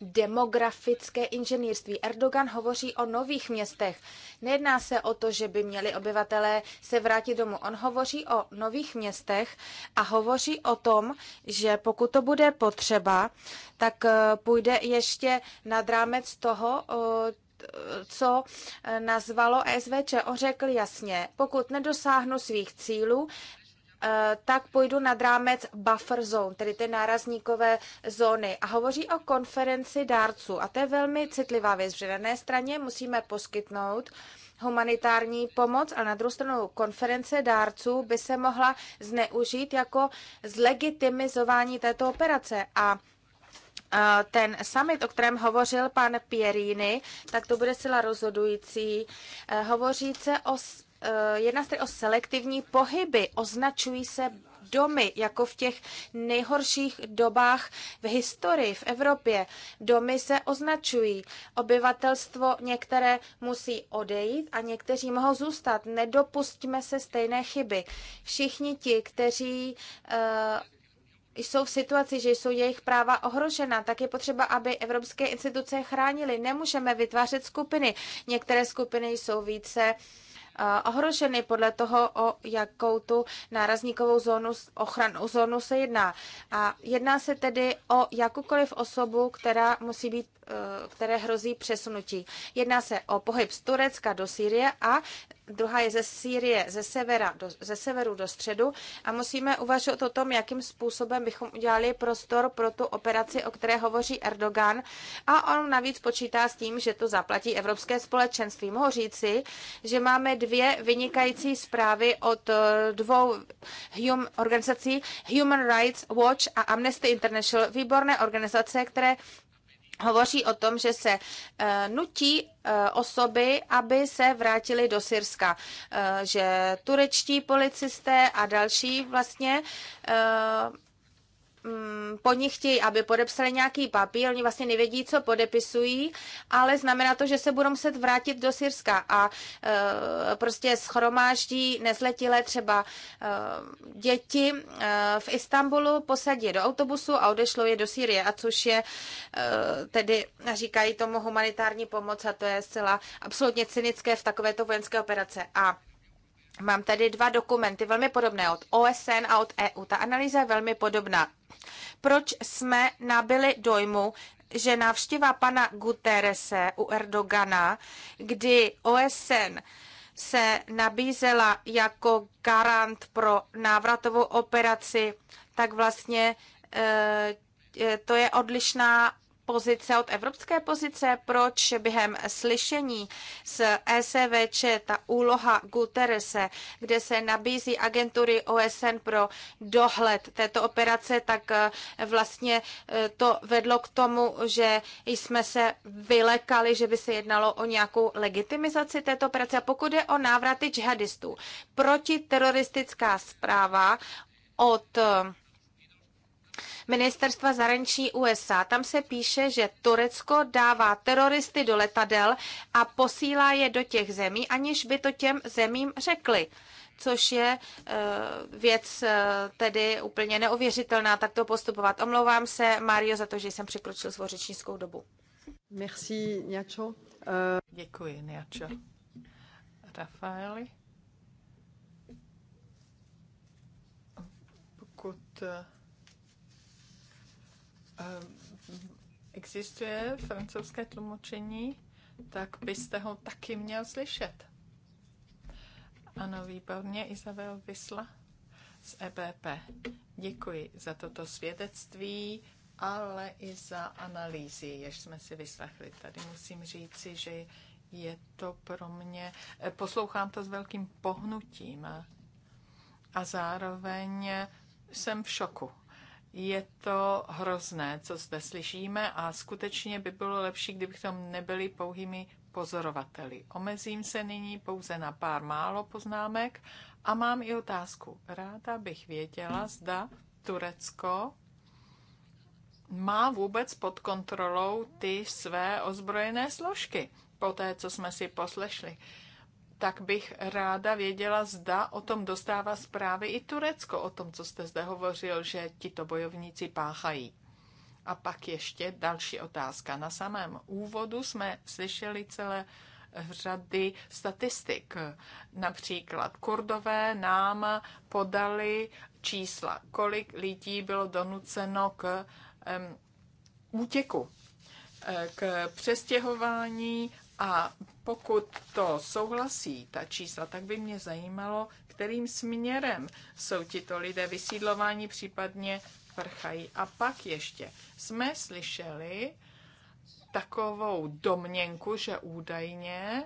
demografické inženýrství. Erdogan hovoří o nových městech. Nejedná se o to, že by měli obyvatelé se vrátit domů. On hovoří o nových městech a hovoří o tom, že pokud to bude potřeba, tak eh, půjde ještě nad rámec toho, eh, co eh, nazvalo SVČ, on řekl jasně, pokud nedosáhnu svých cílů, Eh, tak půjdu nad rámec buffer zone, tedy ty nárazníkové zóny. A hovoří o konferenci dárců. A to je velmi citlivá věc, že na jedné straně musíme poskytnout humanitární pomoc a na druhou stranu konference dárců by se mohla zneužít jako zlegitimizování této operace. A eh, ten summit, o kterém hovořil pan Pierini, tak to bude sila rozhodující. Eh, hovoří se o Eh, jedná se o selektivní pohyby. Označují se domy, jako v těch nejhorších dobách v historii v Evropě. Domy se označují. Obyvatelstvo některé musí odejít a někteří mohou zůstat. Nedopustíme se stejné chyby. Všichni ti, kteří eh, jsou v situaci, že jsou jejich práva ohrožena, tak je potřeba, aby evropské instituce chránily. Nemůžeme vytvářet skupiny. Některé skupiny jsou více uh, ohroženy podle toho, o jakou tu nárazníkovou zónu, ochranou zónu se jedná. A jedná se tedy o jakoukoliv osobu, která musí být, eh, které hrozí přesunutí. Jedná se o pohyb z Turecka do Sýrie a druhá je ze Sýrie, ze, severa do, ze severu do středu a musíme uvažovat o tom, jakým způsobem bychom udělali prostor pro tu operaci, o které hovoří Erdogan a on navíc počítá s tím, že to zaplatí Evropské společenství. Mohu říci, že máme dvě vynikající zprávy od eh, dvou hum, organizací Human Rights Watch a Amnesty International, výborné organizace, které hovoří o tom, že se eh, nutí eh, osoby, aby se vrátili do Syrska. Eh, že turečtí policisté a další vlastně Mm, po nich chtějí, aby podepsali nějaký papír, oni vlastně nevědí, co podepisují, ale znamená to, že se budou muset vrátit do Syrska a e, prostě schromáždí nezletilé třeba e, děti e, v Istanbulu, posadí je do autobusu a odešlo je do Syrie, a což je e, tedy, říkají tomu humanitární pomoc a to je zcela absolutně cynické v takovéto vojenské operace. A Mám tady dva dokumenty velmi podobné od OSN a od EU. Ta analýza je velmi podobná. Proč jsme nabili dojmu, že návštěva pana Guterese u Erdogana, kdy OSN se nabízela jako garant pro návratovou operaci, tak vlastně eh, to je odlišná pozice, od evropské pozice, proč během slyšení s ESVČ ta úloha Guterrese, kde se nabízí agentury OSN pro dohled této operace, tak eh, vlastně eh, to vedlo k tomu, že jsme se vylekali, že by se jednalo o nějakou legitimizaci této operace. A pokud je o návraty džihadistů, protiteroristická zpráva od eh, ministerstva zahraničí USA. Tam se píše, že Turecko dává teroristy do letadel a posílá je do těch zemí, aniž by to těm zemím řekli což je eh, věc eh, tedy úplně neuvěřitelná, tak to postupovat. Omlouvám se, Mario, za to, že jsem překročil svou řečnickou dobu. Merci, Niačo. Uh... Eh. Děkuji, Niačo. Rafaeli? Pokud Eh, existuje francouzské tlumočení, tak byste ho taky měl slyšet. Ano, výborně, Izabel Vysla z EBP. Děkuji za toto svědectví, ale i za analýzy, jež jsme si vyslechli. Tady musím říci, že je to pro mě, eh, poslouchám to s velkým pohnutím a zároveň jsem v šoku je to hrozné, co zde slyšíme a skutečně by bylo lepší, kdybychom nebyli pouhými pozorovateli. Omezím se nyní pouze na pár málo poznámek a mám i otázku. Ráda bych věděla, zda Turecko má vůbec pod kontrolou ty své ozbrojené složky, po té, co jsme si poslešli tak bych ráda věděla, zda o tom dostává zprávy i Turecko, o tom, co jste zde hovořil, že tito bojovníci páchají. A pak ještě další otázka. Na samém úvodu jsme slyšeli celé řady statistik. Například Kurdové nám podali čísla, kolik lidí bylo donuceno k um, útěku, e, k přestěhování a pokud to souhlasí, ta čísla, tak by mě zajímalo, kterým směrem jsou tito lidé vysídlování případně prchají. A pak ještě jsme slyšeli takovou domněnku, že údajně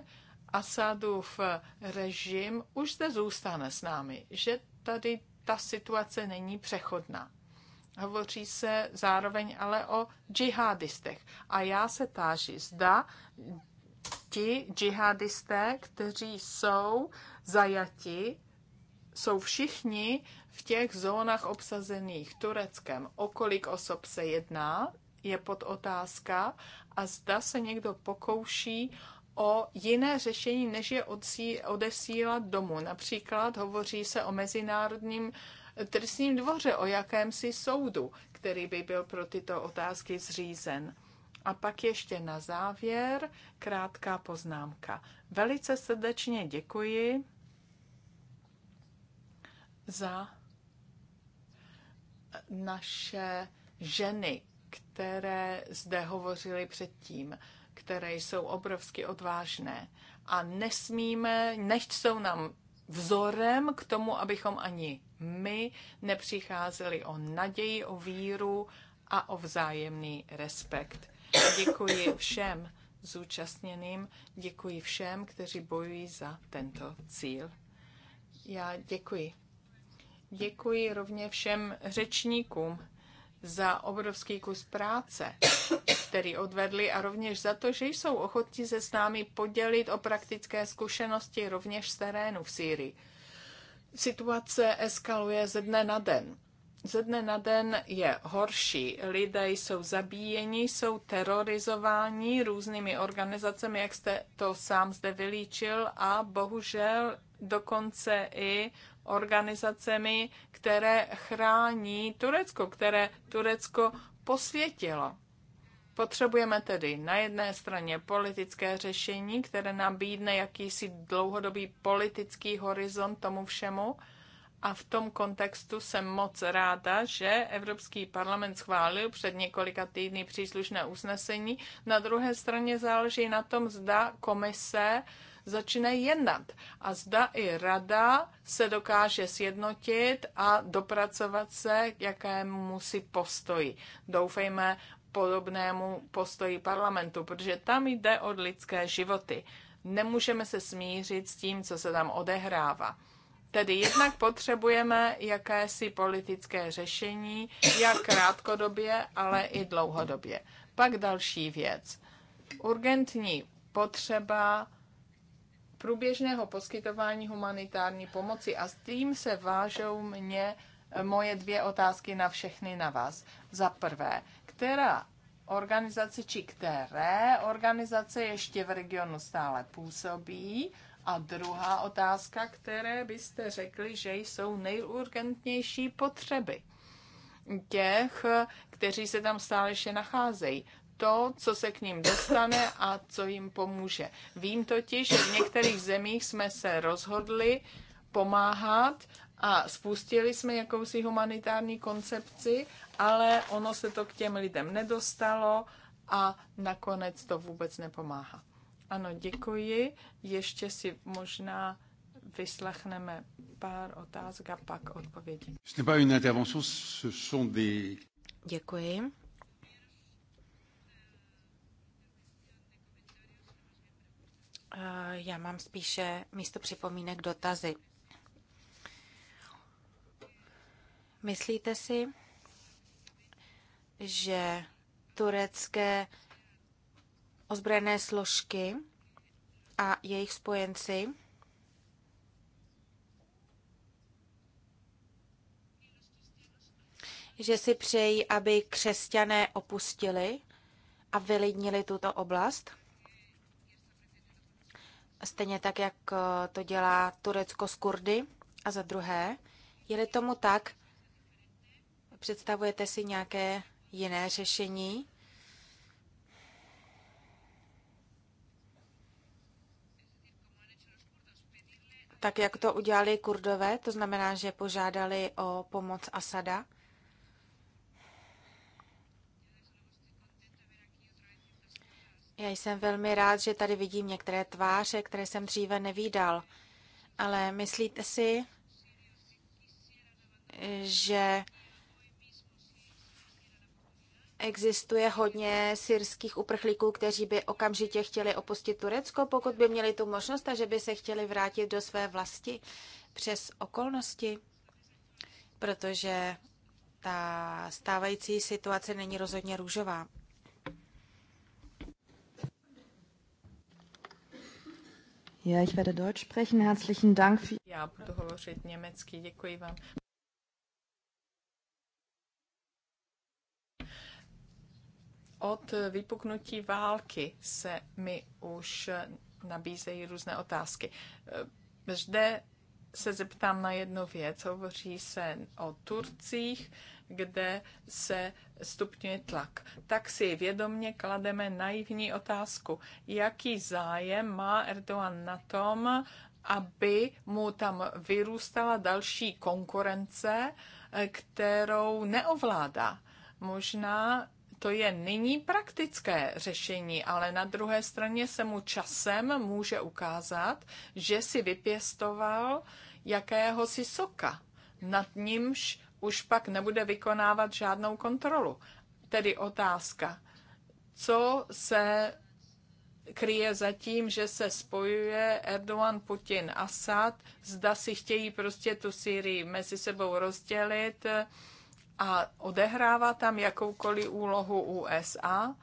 Asadův režim už zde zůstane s námi, že tady ta situace není přechodná. Hovoří se zároveň ale o džihadistech. A já se táži, zda ti džihadisté, kteří jsou zajati, jsou všichni v těch zónách obsazených Tureckem. O kolik osob se jedná, je pod otázka a zda se někdo pokouší o jiné řešení, než je odesílat domů. Například hovoří se o mezinárodním trestním dvoře, o jakémsi soudu, který by byl pro tyto otázky zřízen. A pak ještě na závěr krátká poznámka. Velice srdečně děkuji za naše ženy, které zde hovořily předtím, které jsou obrovsky odvážné. A nesmíme, než jsou nám vzorem k tomu, abychom ani my nepřicházeli o naději, o víru a o vzájemný respekt. Děkuji všem zúčastněným, děkuji všem, kteří bojují za tento cíl. Já děkuji. Děkuji rovně všem řečníkům za obrovský kus práce, který odvedli a rovněž za to, že jsou ochotní se s námi podělit o praktické zkušenosti rovněž z terénu v Sýrii. Situace eskaluje ze dne na den ze dne na den je horší. Lidé jsou zabíjeni, jsou terorizováni různými organizacemi, jak jste to sám zde vylíčil, a bohužel dokonce i organizacemi, které chrání Turecko, které Turecko posvětilo. Potřebujeme tedy na jedné straně politické řešení, které nabídne jakýsi dlouhodobý politický horizont tomu všemu, a v tom kontextu jsem moc ráda, že Evropský parlament schválil před několika týdny příslušné usnesení. Na druhé straně záleží na tom, zda komise začne jednat a zda i rada se dokáže sjednotit a dopracovat se k jakému si postoji. Doufejme podobnému postoji parlamentu, protože tam jde o lidské životy. Nemůžeme se smířit s tím, co se tam odehrává Tedy jednak potřebujeme jakési politické řešení, jak krátkodobě, ale i dlouhodobě. Pak další věc. Urgentní potřeba průběžného poskytování humanitární pomoci a s tím se vážou mě eh, moje dvě otázky na všechny na vás. Za prvé, která organizace či které organizace ještě v regionu stále působí a druhá otázka, které byste řekli, že jsou nejurgentnější potřeby těch, kteří se tam stále ještě nacházejí to, co se k ním dostane a co jim pomůže. Vím totiž, že v některých zemích jsme se rozhodli pomáhat a spustili jsme jakousi humanitární koncepci, ale ono se to k těm lidem nedostalo a nakonec to vůbec nepomáhá. Ano, děkuji. Ještě si možná vyslechneme pár otázek a pak odpovědi. Děkuji. Eh, já mám spíše místo připomínek dotazy. Myslíte si, že turecké ozbrojené složky a jejich spojenci. Že si přejí, aby křesťané opustili a vylidnili tuto oblast. Stejně tak, jak eh, to dělá Turecko s Kurdy. A za druhé, je tomu tak, představujete si nějaké jiné řešení? tak jak to udělali kurdové, to znamená, že požádali o pomoc Asada. Já jsem velmi rád, že tady vidím některé tváře, které jsem dříve nevídal. Ale myslíte si, že Existuje hodně syrských uprchlíků, kteří by okamžitě chtěli opustit Turecko, pokud by měli tu možnost a že by se chtěli vrátit do své vlasti přes okolnosti, protože ta stávající situace není rozhodně růžová. ich Herzlichen Dank. Für... Já budu hovořit německy, děkuji vám. od vypuknutí války se mi už nabízejí různé otázky. Zde se zeptám na jednu věc. Hovoří se o Turcích, kde se stupňuje tlak. Tak si vědomně klademe naivní otázku, jaký zájem má Erdogan na tom, aby mu tam vyrůstala další konkurence, kterou neovládá. Možná to je nyní praktické řešení, ale na druhé straně se mu časem může ukázat, že si vypěstoval jakéhosi soka, nad nímž už pak nebude vykonávat žádnou kontrolu. Tedy otázka, co se kryje za tím, že se spojuje Erdogan, Putin, Assad, zda si chtějí prostě tu Syrii mezi sebou rozdělit, a odehrává tam jakoukoliv úlohu USA.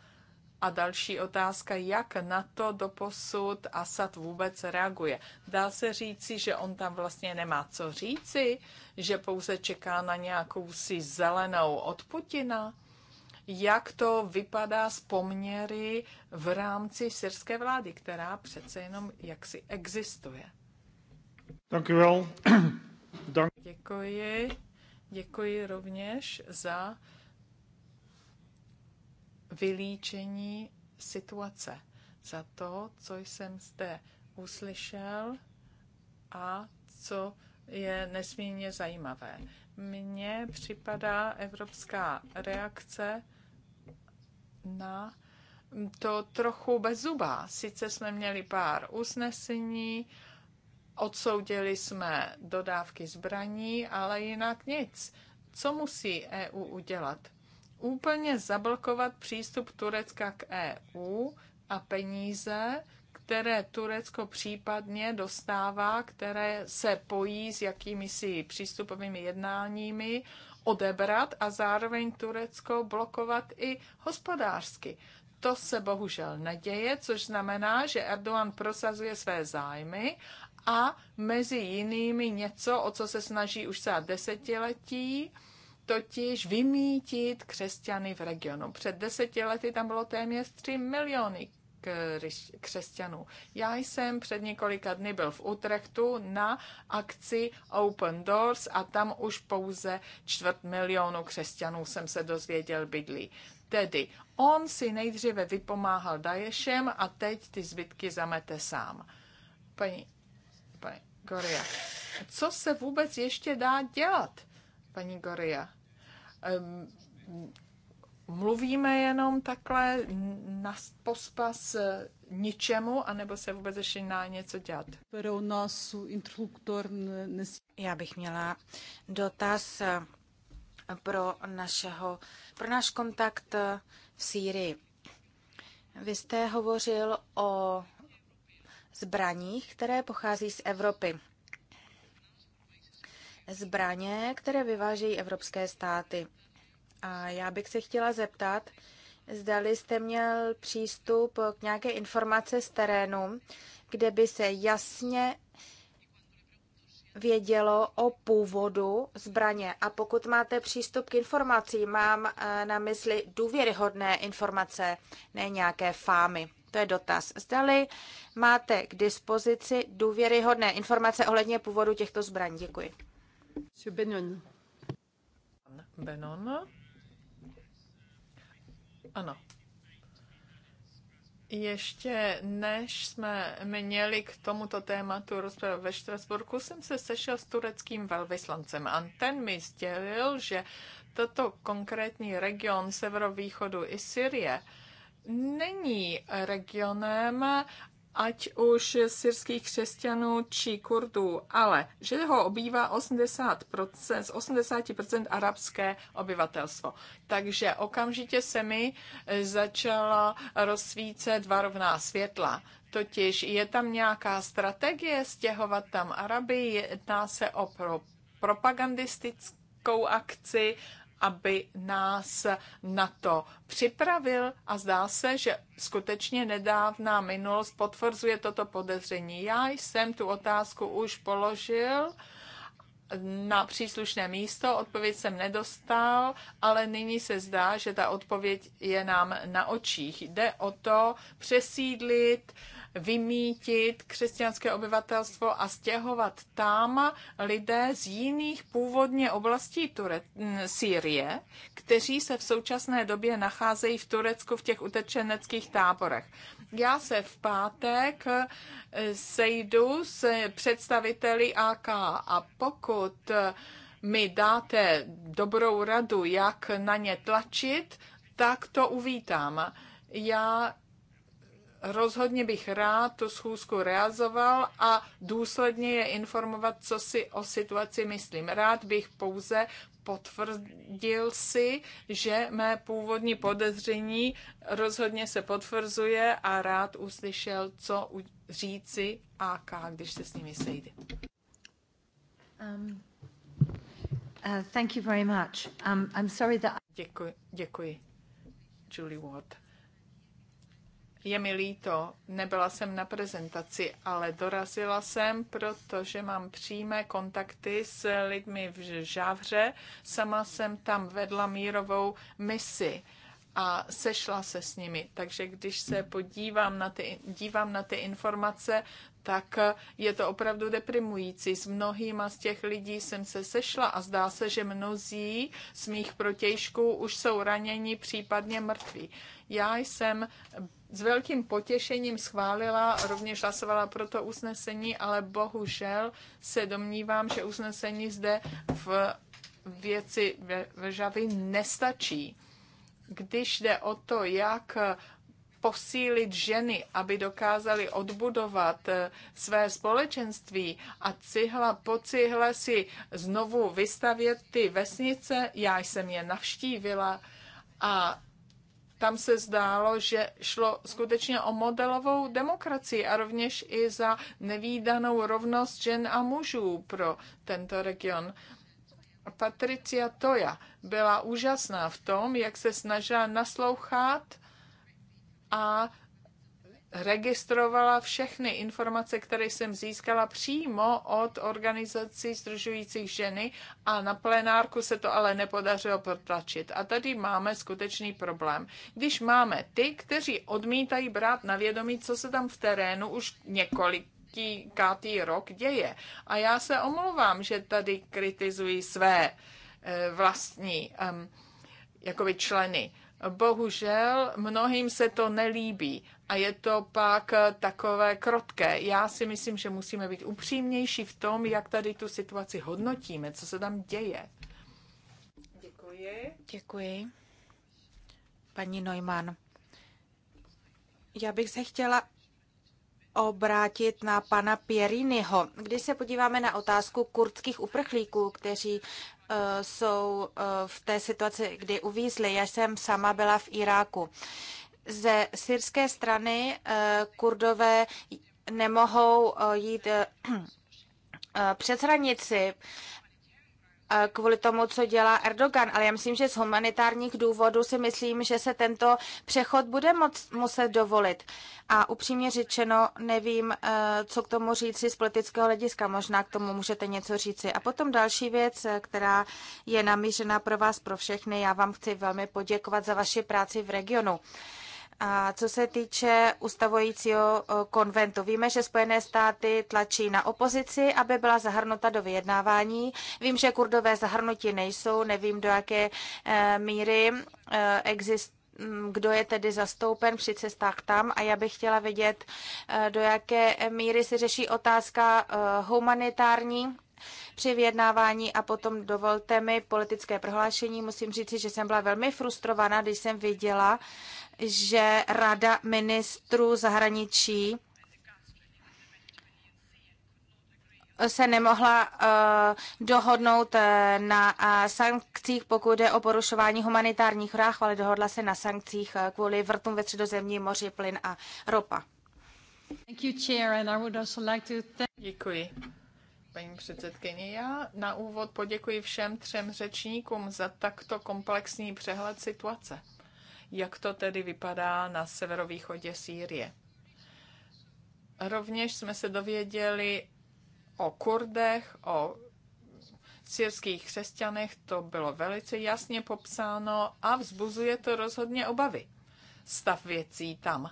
A další otázka, jak na to doposud Asad vůbec reaguje. Dá se říci, že on tam vlastně nemá co říci, že pouze čeká na nějakou si zelenou od Putina? Jak to vypadá s poměry v rámci syrské vlády, která přece jenom jaksi existuje? Děkuji. Děkuji. Děkuji rovněž za vylíčení situace, za to, co jsem zde uslyšel a co je nesmírně zajímavé. Mně připadá evropská reakce na to trochu bezzubá. Sice jsme měli pár usnesení, Odsoudili jsme dodávky zbraní, ale jinak nic. Co musí EU udělat? Úplně zablokovat přístup Turecka k EU a peníze, které Turecko případně dostává, které se pojí s jakými si přístupovými jednáními, odebrat a zároveň Turecko blokovat i hospodářsky. To se bohužel neděje, což znamená, že Erdogan prosazuje své zájmy a mezi jinými něco, o co se snaží už za desetiletí, totiž vymítit křesťany v regionu. Před deseti lety tam bylo téměř 3 miliony křesťanů. Já jsem před několika dny byl v Utrechtu na akci Open Doors a tam už pouze čtvrt milionu křesťanů jsem se dozvěděl bydlí. Tedy on si nejdříve vypomáhal Daješem a teď ty zbytky zamete sám. Paní pani Goria. Co se vůbec ještě dá dělat, paní Goria? Mluvíme jenom takhle na pospas ničemu, anebo se vůbec ještě dá něco dělat? Já bych měla dotaz eh, pro, našeho, pro náš kontakt eh, v Sýrii. Vy jste hovořil o zbraních, které pochází z Evropy. Zbraně, které vyvážejí evropské státy. A já bych se chtěla zeptat, zdali jste měl přístup k nějaké informace z terénu, kde by se jasně vědělo o původu zbraně. A pokud máte přístup k informacím, mám eh, na mysli důvěryhodné informace, ne nějaké fámy. To je dotaz. Zdali máte k dispozici důvěryhodné informace ohledně původu těchto zbraní. Děkuji. Benon. Benon. Ano. Ještě než jsme měli k tomuto tématu rozprávu ve Štrasburku, jsem se sešel s tureckým velvyslancem a ten mi sdělil, že toto konkrétní region severovýchodu i Syrie není regionem ať už syrských křesťanů či kurdů, ale že ho obývá 80%, z 80% arabské obyvatelstvo. Takže okamžitě se mi začala rozsvícet dva rovná světla. Totiž je tam nějaká strategie stěhovat tam Araby, jedná se o pro propagandistickou akci aby nás na to připravil a zdá se, že skutečně nedávná minulost potvrzuje toto podezření. Já jsem tu otázku už položil na příslušné místo, odpověď jsem nedostal, ale nyní se zdá, že ta odpověď je nám na očích. Jde o to přesídlit uh, vymítit křesťanské obyvatelstvo a stěhovat tam lidé z jiných původně oblastí Ture- Sýrie, kteří se v současné době nacházejí v Turecku v těch utečeneckých táborech. Já se v pátek eh, sejdu s představiteli AK a pokud eh, mi dáte dobrou radu, jak na ně tlačit, tak to uvítám. Já Rozhodně bych rád tu schůzku realizoval a důsledně je informovat, co si o situaci myslím. Rád bych pouze potvrdil si, že mé původní podezření rozhodně se potvrzuje a rád uslyšel, co říci AK, když se s nimi sejde. Um, uh, thank you very much. Um, I'm sorry that... Děkuji, děkuji. Julie Ward. Je mi líto, nebyla jsem na prezentaci, ale dorazila jsem, protože mám přímé kontakty s lidmi v Žávře. Sama jsem tam vedla mírovou misi a sešla se s nimi. Takže když se podívám na ty, dívám na ty informace, tak je to opravdu deprimující. S mnohýma z těch lidí jsem se sešla a zdá se, že mnozí z mých protějšků už jsou raněni, případně mrtví. Já jsem s velkým potěšením schválila, rovněž hlasovala pro to usnesení, ale bohužel se domnívám, že usnesení zde v věci Vržavy nestačí. Když jde o to, jak posílit ženy, aby dokázali odbudovat eh, své společenství a cihla po cihle si znovu vystavět ty vesnice. Já jsem je navštívila a tam se zdálo, že šlo skutečně o modelovou demokracii a rovněž i za nevýdanou rovnost žen a mužů pro tento region. Patricia Toja byla úžasná v tom, jak se snažila naslouchat a registrovala všechny informace, které jsem získala přímo od organizací združujících ženy a na plenárku se to ale nepodařilo protlačit. A tady máme skutečný problém. Když máme ty, kteří odmítají brát na vědomí, co se tam v terénu už několik kátý rok děje. A já se omlouvám, že tady kritizuji své eh, vlastní jakoby členy. Bohužel mnohým se to nelíbí a je to pak eh, takové krotké. Já si myslím, že musíme být upřímnější v tom, jak tady tu situaci hodnotíme, co se tam děje. Děkuji. Děkuji. Paní Neumann, já bych se chtěla obrátit na pana Pieriniho. Když se podíváme na otázku kurdských uprchlíků, kteří uh, jsou uh, v té situaci, kdy uvízli, já jsem sama byla v Iráku. Uh, ze syrské strany eh, kurdové nemohou eh, jít eh, přes hranici kvůli tomu, co dělá Erdogan, ale já myslím, že z humanitárních důvodů si myslím, že se tento přechod bude moc, muset dovolit. A upřímně řečeno, nevím, co k tomu říci z politického hlediska. Možná k tomu můžete něco říci. A potom další věc, která je namířena pro vás, pro všechny. Já vám chci velmi poděkovat za vaši práci v regionu. A co se týče ustavujícího eh, konventu, víme, že Spojené státy tlačí na opozici, aby byla zahrnuta do vyjednávání. Vím, že kurdové zahrnutí nejsou, nevím, do jaké eh, míry eh, existují mm, kdo je tedy zastoupen při cestách tam a já bych chtěla vědět, do jaké míry se řeší otázka humanitární při vyjednávání a potom dovolte mi politické prohlášení. Musím říci, že jsem byla velmi frustrovaná, když jsem viděla, že Rada ministrů zahraničí se nemohla uh, dohodnout uh, na uh, sankcích, pokud jde o porušování humanitárních práv, ale dohodla se na sankcích uh, kvůli vrtům ve středozemní moři, plyn a ropa. Děkuji. Paní předsedkyně, já na úvod poděkuji všem třem řečníkům za takto komplexní přehled situace jak to tedy vypadá na severovýchodě Sýrie. Rovněž jsme se dověděli o Kurdech, o syrských křesťanech, to bylo velice jasně popsáno a vzbuzuje to rozhodně obavy. Stav věcí tam.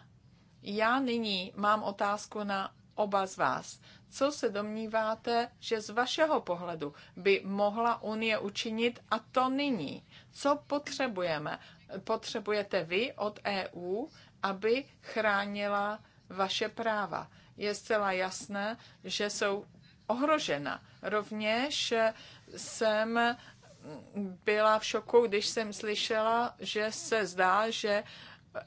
Já nyní mám otázku na oba z vás. Co se domníváte, že z vašeho pohledu by mohla Unie učinit a to nyní? Co potřebujeme, potřebujete vy od EU, aby chránila vaše práva. Je zcela jasné, že jsou ohrožena. Rovněž jsem byla v šoku, když jsem slyšela, že se zdá, že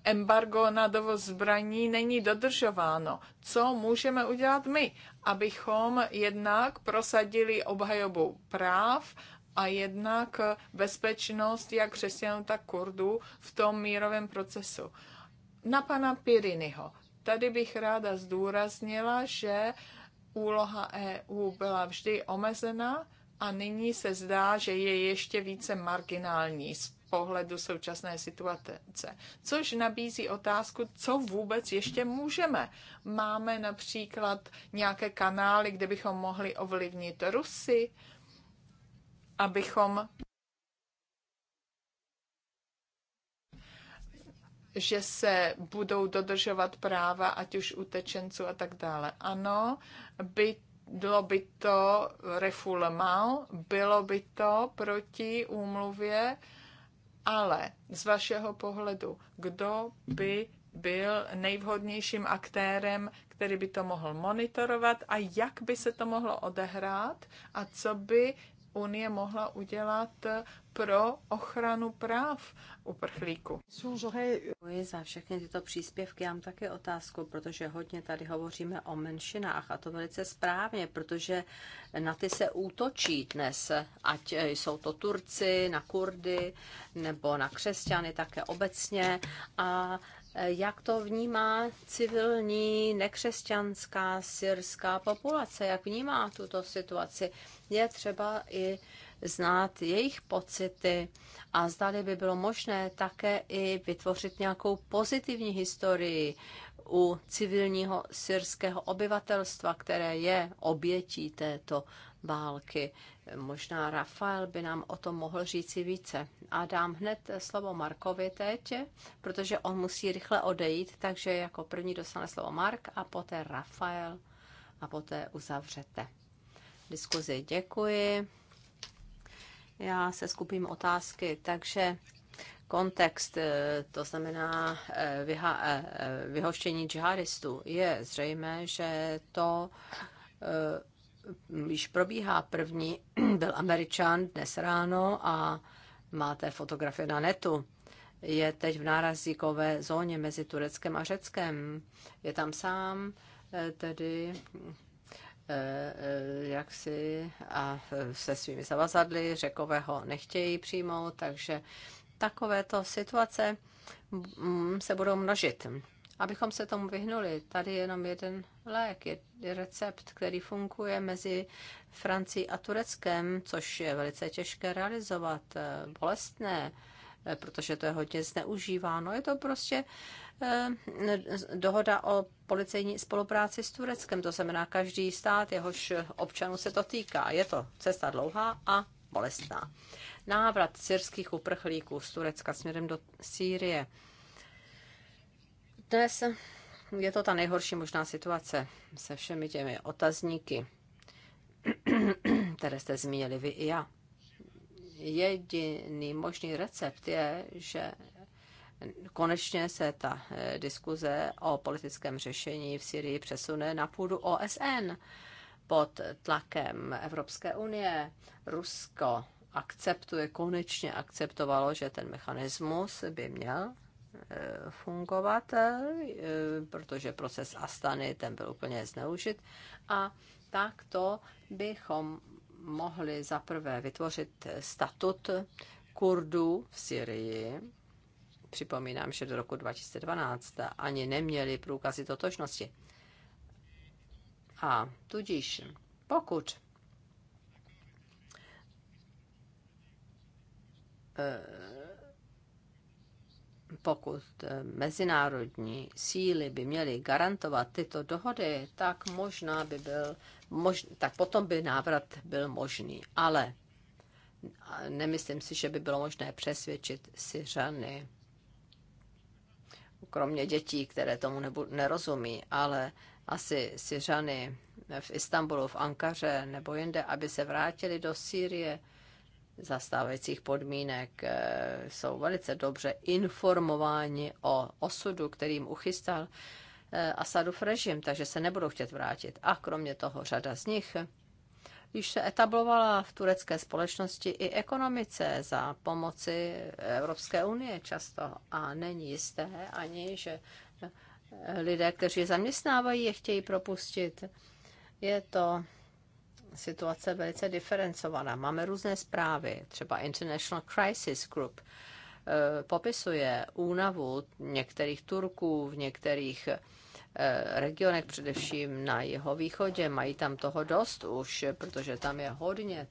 embargo na dovoz zbraní není dodržováno. Co můžeme udělat my, abychom jednak prosadili obhajobu práv a jednak bezpečnost jak křesťanů, tak Kurdů v tom mírovém procesu. Na pana Pirinyho. Tady bych ráda zdůraznila, že úloha EU byla vždy omezená a nyní se zdá, že je ještě více marginální z pohledu současné situace. Což nabízí otázku, co vůbec ještě můžeme. Máme například nějaké kanály, kde bychom mohli ovlivnit Rusy, abychom že se budou dodržovat práva, ať už utečenců a tak dále. Ano, by, bylo by to refoulement, bylo by to proti úmluvě, ale z vašeho pohledu, kdo by byl nejvhodnějším aktérem, který by to mohl monitorovat a jak by se to mohlo odehrát a co by Unie mohla udělat pro ochranu práv uprchlíků. Děkuji za všechny tyto příspěvky. Já mám také otázku, protože hodně tady hovoříme o menšinách a to velice správně, protože na ty se útočí dnes, ať jsou to Turci, na Kurdy nebo na křesťany také obecně a jak to vnímá civilní nekřesťanská syrská populace, jak vnímá tuto situaci. Je třeba i znát jejich pocity a zdali by bylo možné také i vytvořit nějakou pozitivní historii u civilního syrského obyvatelstva, které je obětí této války. Možná Rafael by nám o tom mohl říci více. A dám hned slovo Markovi teď, protože on musí rychle odejít, takže jako první dostane slovo Mark a poté Rafael a poté uzavřete diskuzi. Děkuji. Já se skupím otázky, takže kontext, eh, to znamená eh, vyha- eh, vyhoštění džihadistů, je zřejmé, že to již probíhá. První byl Američan dnes ráno a máte fotografie na netu. Je teď v nárazíkové zóně mezi Tureckem a Řeckem. Je tam sám, eh, tedy eh, eh, jak si a se svými zavazadly řekového nechtějí přijmout, takže takovéto situace mm, se budou množit. Abychom se tomu vyhnuli, tady je jenom jeden lék, je recept, který funguje mezi Francií a Tureckem, což je velice těžké realizovat, eh, bolestné, eh, protože to je hodně zneužíváno. Je to prostě eh, dohoda o policejní spolupráci s Tureckem, to znamená každý stát, jehož občanů se to týká. Je to cesta dlouhá a bolestná. Návrat syrských uprchlíků z Turecka směrem do Sýrie dnes je to ta nejhorší možná situace se všemi těmi otazníky, které jste zmínili vy i já. Jediný možný recept je, že konečně se ta eh, diskuze o politickém řešení v Syrii přesune na půdu OSN pod tlakem Evropské unie. Rusko akceptuje, konečně akceptovalo, že ten mechanismus by měl fungovat, e, protože proces Astany ten byl úplně zneužit a takto bychom mohli zaprvé vytvořit statut Kurdů v Syrii. Připomínám, že do roku 2012 ani neměli průkazy totožnosti. A tudíž, pokud e, pokud eh, mezinárodní síly by měly garantovat tyto dohody, tak možná by byl, mož, tak potom by návrat byl možný. Ale nemyslím si, že by bylo možné přesvědčit Syřany, kromě dětí, které tomu nebu, nerozumí, ale asi Syřany v Istanbulu, v Ankaře nebo jinde, aby se vrátili do Sýrie, zastávajících podmínek eh, jsou velice dobře informováni o osudu, kterým uchystal eh, Asadův režim, takže se nebudou chtět vrátit. A kromě toho řada z nich již se etablovala v turecké společnosti i ekonomice za pomoci Evropské unie často. A není jisté ani, že eh, lidé, kteří je zaměstnávají, je chtějí propustit. Je to situace velice diferencovaná. Máme různé zprávy, třeba International Crisis Group eh, popisuje únavu některých Turků v některých eh, regionech, především na jeho východě. Mají tam toho dost už, protože tam je hodně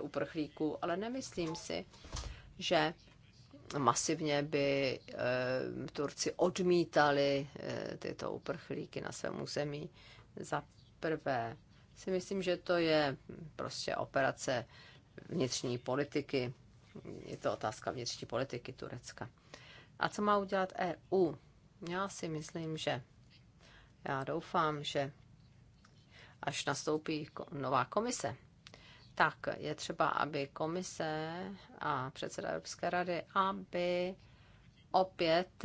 uprchlíků, ale nemyslím si, že masivně by eh, Turci odmítali tyto uprchlíky na svém území. Za prvé, si myslím, že to je prostě operace vnitřní politiky. Je to otázka vnitřní politiky Turecka. A co má udělat EU? Já si myslím, že já doufám, že až nastoupí nová komise, tak je třeba, aby komise a předseda Evropské rady, aby opět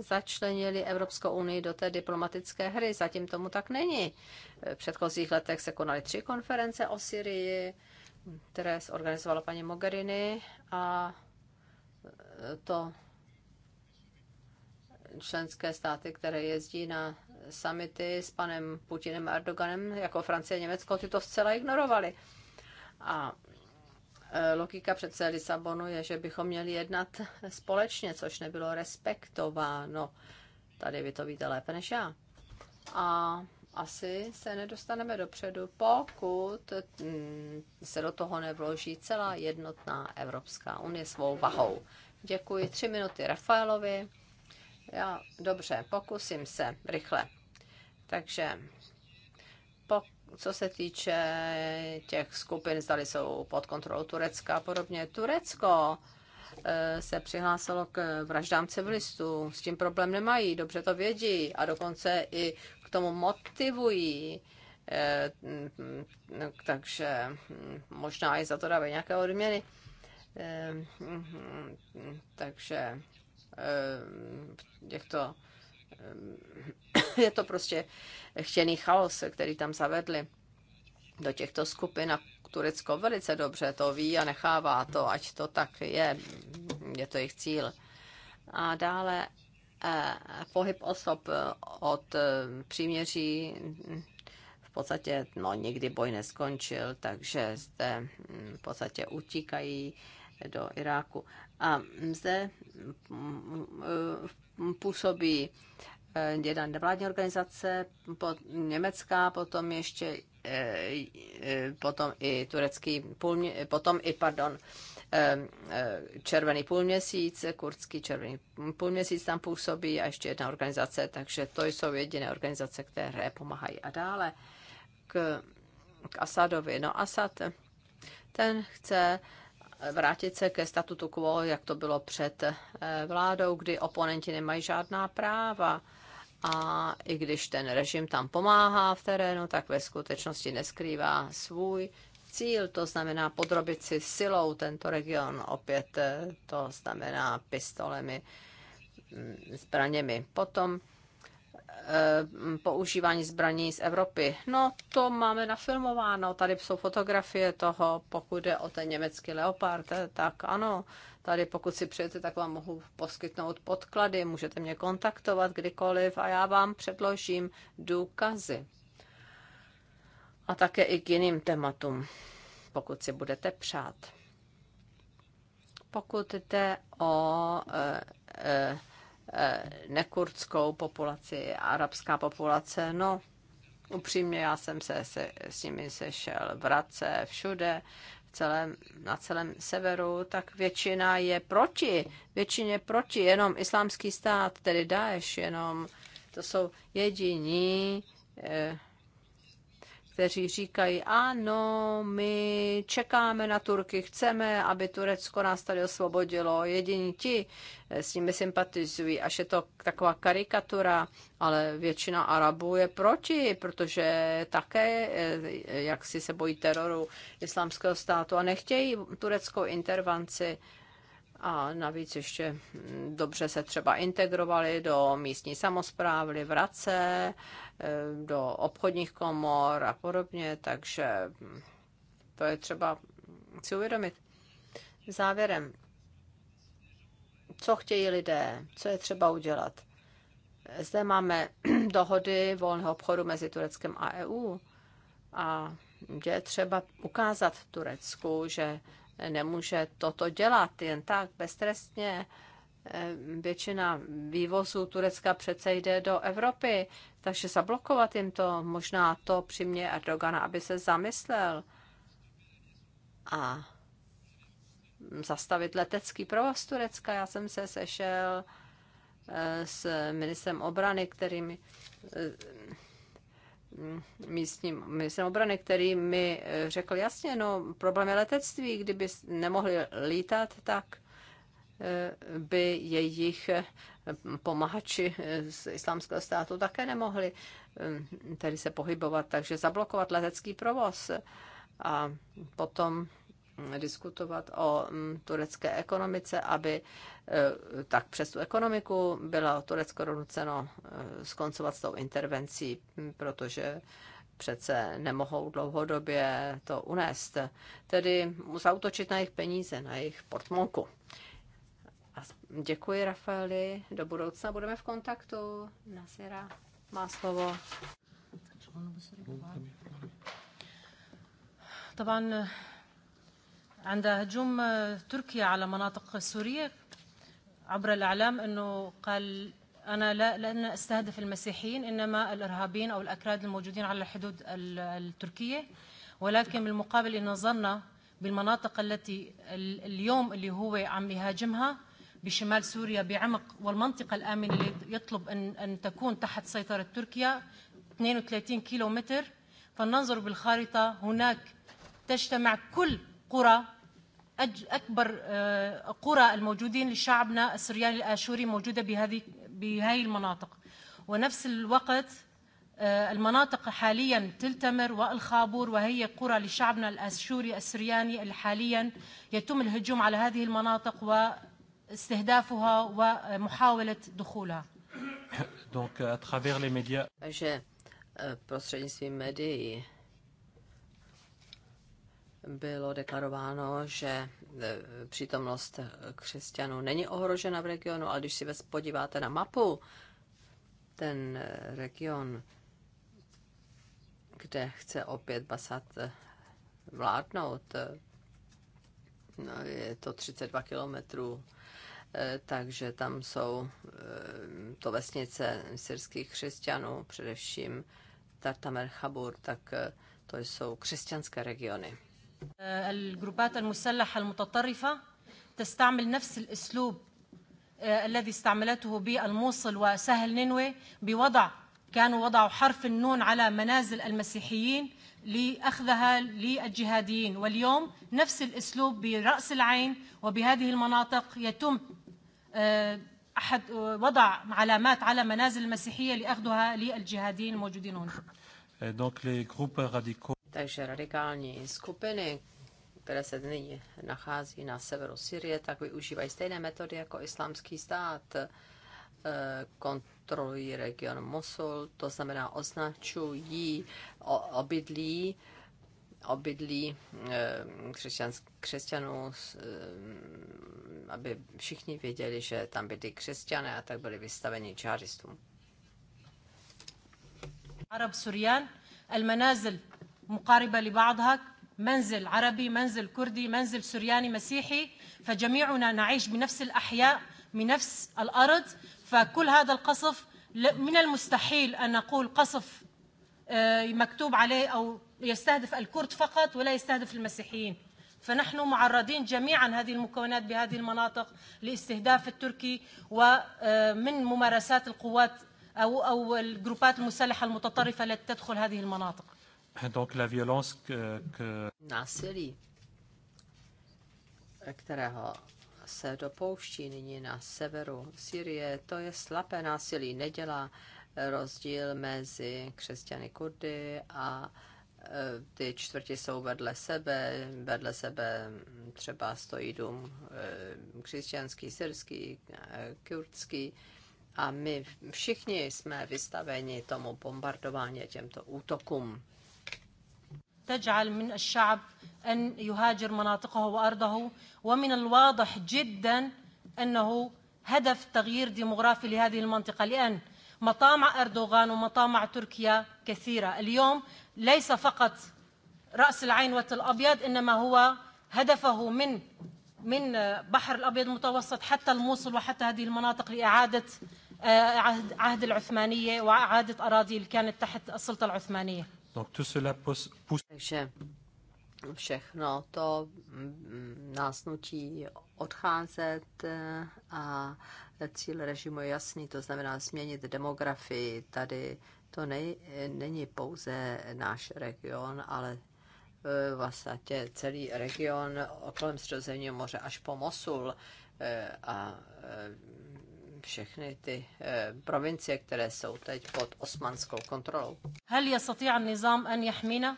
začlenili Evropskou unii do té diplomatické hry. Zatím tomu tak není. V předchozích letech se konaly tři konference o Syrii, které zorganizovala paní Mogherini a to členské státy, které jezdí na samity s panem Putinem a Erdoganem, jako Francie a Německo, ty to zcela ignorovali. A Eh, logika přece Lisabonu je, že bychom měli jednat společně, což nebylo respektováno. Tady vy to víte lépe než já. A asi se nedostaneme dopředu, pokud mm, se do toho nevloží celá jednotná Evropská unie svou vahou. Děkuji. Tři minuty Rafaelovi. Já, dobře, pokusím se rychle. Takže co se týče těch skupin, zdali jsou pod kontrolou Turecka a podobně. Turecko eh, se přihlásilo k vraždám civilistů. S tím problém nemají, dobře to vědí a dokonce i k tomu motivují. Eh, mm, takže mm, možná i za to dávají nějaké odměny. Eh, mm, takže v těchto Ehm, je to prostě chtěný chaos, který tam zavedli do těchto skupin a Turecko velice dobře to ví a nechává to, ať to tak je, je to jejich cíl. A dále eh, pohyb osob od eh, příměří v podstatě, no nikdy boj neskončil, takže zde hm, v podstatě utíkají do Iráku. A zde mm, mm, působí jedna eh, nevládní organizace, pot, německá, potom ještě eh, eh, potom i turecký půlmě, potom i, pardon, červený půlměsíc, kurdský červený půlměsíc tam působí a ještě jedna organizace, takže to jsou jediné organizace, které pomáhají. A dále k, k Asadovi. No Asad, ten chce vrátit se ke statutu quo, jak to bylo před eh, vládou, kdy oponenti nemají žádná práva. A i když ten režim tam pomáhá v terénu, tak ve skutečnosti neskrývá svůj cíl, to znamená podrobit si silou tento region, opět eh, to znamená pistolemi, mm, zbraněmi. Potom Eh, používání zbraní z Evropy. No, to máme nafilmováno, tady jsou fotografie toho, pokud je o ten německý leopard, eh, tak ano, tady pokud si přijete, tak vám mohu poskytnout podklady, můžete mě kontaktovat kdykoliv a já vám předložím důkazy. A také i k jiným tématům, pokud si budete přát. Pokud jde o e, e, Eh, nekurdskou populaci, arabská populace. No, upřímně, já jsem se, se s nimi sešel v Radce, všude, v celém, na celém severu, tak většina je proti. Většině proti, jenom islámský stát, tedy Daesh, jenom to jsou jediní, eh, kteří říkají, ano, my čekáme na Turky, chceme, aby Turecko nás tady osvobodilo. Jediní ti eh, s nimi sympatizují, až je to taková karikatura, ale většina Arabů je proti, protože také, eh, jak si se bojí teroru islámského státu a nechtějí tureckou intervenci a navíc ještě mm, dobře se třeba integrovali do místní samozprávy, vrace, eh, do obchodních komor a podobně, takže mm, to je třeba si uvědomit. Závěrem, co chtějí lidé, co je třeba udělat. Zde máme dohody volného obchodu mezi Tureckem a EU a je třeba ukázat Turecku, že nemůže toto dělat jen tak beztrestně. Eh, většina vývozů Turecka přece jde do Evropy, takže zablokovat jim to možná to přimě Erdogana, aby se zamyslel a zastavit letecký provoz Turecka. Já jsem se sešel eh, s ministrem obrany, kterým eh, Mm, místním ministrem obrany, který mi eh, řekl jasně, no problém je letectví, kdyby nemohli lítat, tak eh, by jejich eh, pomahači z islámského státu také nemohli tedy se pohybovat, takže zablokovat letecký provoz. A potom diskutovat o mm, turecké ekonomice, aby e, tak přes tu ekonomiku bylo Turecko donuceno e, skoncovat s tou intervencí, protože přece nemohou dlouhodobě to unést. Tedy zautočit na jejich peníze, na jejich portmonku. A děkuji, Rafaeli. Do budoucna budeme v kontaktu. Nasira má slovo. Tovan عند هجوم تركيا على مناطق سوريا عبر الإعلام انه قال أنا لا لأن استهدف المسيحيين إنما الإرهابيين أو الأكراد الموجودين على الحدود التركية ولكن بالمقابل إن نظرنا بالمناطق التي اليوم اللي هو عم يهاجمها بشمال سوريا بعمق والمنطقة الآمنة اللي يطلب أن, أن تكون تحت سيطرة تركيا 32 كيلو متر فلننظر هناك تجتمع كل قرى أكبر قرى الموجودين لشعبنا السرياني الآشوري موجودة بهذه بهاي المناطق ونفس الوقت المناطق حاليا تلتمر والخابور وهي قرى لشعبنا الآشوري السرياني اللي حاليا يتم الهجوم على هذه المناطق واستهدافها ومحاولة دخولها. Donc, à travers les médias. prostřednictvím médií bylo deklarováno, že e, přítomnost křesťanů není ohrožena v regionu, ale když si podíváte na mapu, ten e, region, kde chce opět Basat e, vládnout, no je to 32 kilometrů, takže tam jsou to vesnice syrských křesťanů, především Tartamer Chabur, tak to jsou křesťanské regiony. الجروبات المسلحة المتطرفة تستعمل نفس الأسلوب الذي استعملته بالموصل وسهل نينوي بوضع كانوا وضعوا حرف النون على منازل المسيحيين لأخذها للجهاديين واليوم نفس الأسلوب برأس العين وبهذه المناطق يتم أحد وضع علامات على منازل المسيحية لأخذها للجهاديين الموجودين هنا. Donc les groupes radicaux takže radikální skupiny, které se nyní nachází na severu Syrie, tak využívají stejné metody jako islámský stát. E, kontrolují region Mosul, to znamená označují obydlí obydlí e, křesťanů, e, aby všichni věděli, že tam byli křesťané a tak byli vystaveni čáristům. Arab Surian, المنازل مقاربة لبعضها منزل عربي منزل كردي منزل سرياني مسيحي فجميعنا نعيش بنفس الأحياء بنفس الأرض فكل هذا القصف من المستحيل أن نقول قصف مكتوب عليه أو يستهدف الكرد فقط ولا يستهدف المسيحيين فنحن معرضين جميعا هذه المكونات بهذه المناطق لاستهداف التركي ومن ممارسات القوات أو أو الجروبات المسلحة المتطرفة التي تدخل هذه المناطق Donc la violence que, que... Násilí, kterého se dopouští nyní na severu Syrie, to je slabé násilí, nedělá rozdíl mezi křesťany Kurdy a e, ty čtvrti jsou vedle sebe, vedle sebe třeba stojí dům e, křesťanský, syrský, e, kurdský a my všichni jsme vystaveni tomu bombardování těmto útokům. تجعل من الشعب أن يهاجر مناطقه وأرضه ومن الواضح جدا أنه هدف تغيير ديموغرافي لهذه المنطقة لأن مطامع أردوغان ومطامع تركيا كثيرة اليوم ليس فقط رأس العين والأبيض إنما هو هدفه من من بحر الأبيض المتوسط حتى الموصل وحتى هذه المناطق لإعادة عهد العثمانية وإعادة أراضي اللي كانت تحت السلطة العثمانية takže všechno to mm, nás nutí odcházet eh, a cíl režimu je jasný, to znamená změnit demografii. Tady to nej, není pouze náš region, ale eh, vlastně celý region kolem Středozemního moře až po Mosul eh, a všechny ty eh, provincie, které jsou teď pod osmanskou kontrolou. هل يستطيع النظام أن يحمينا؟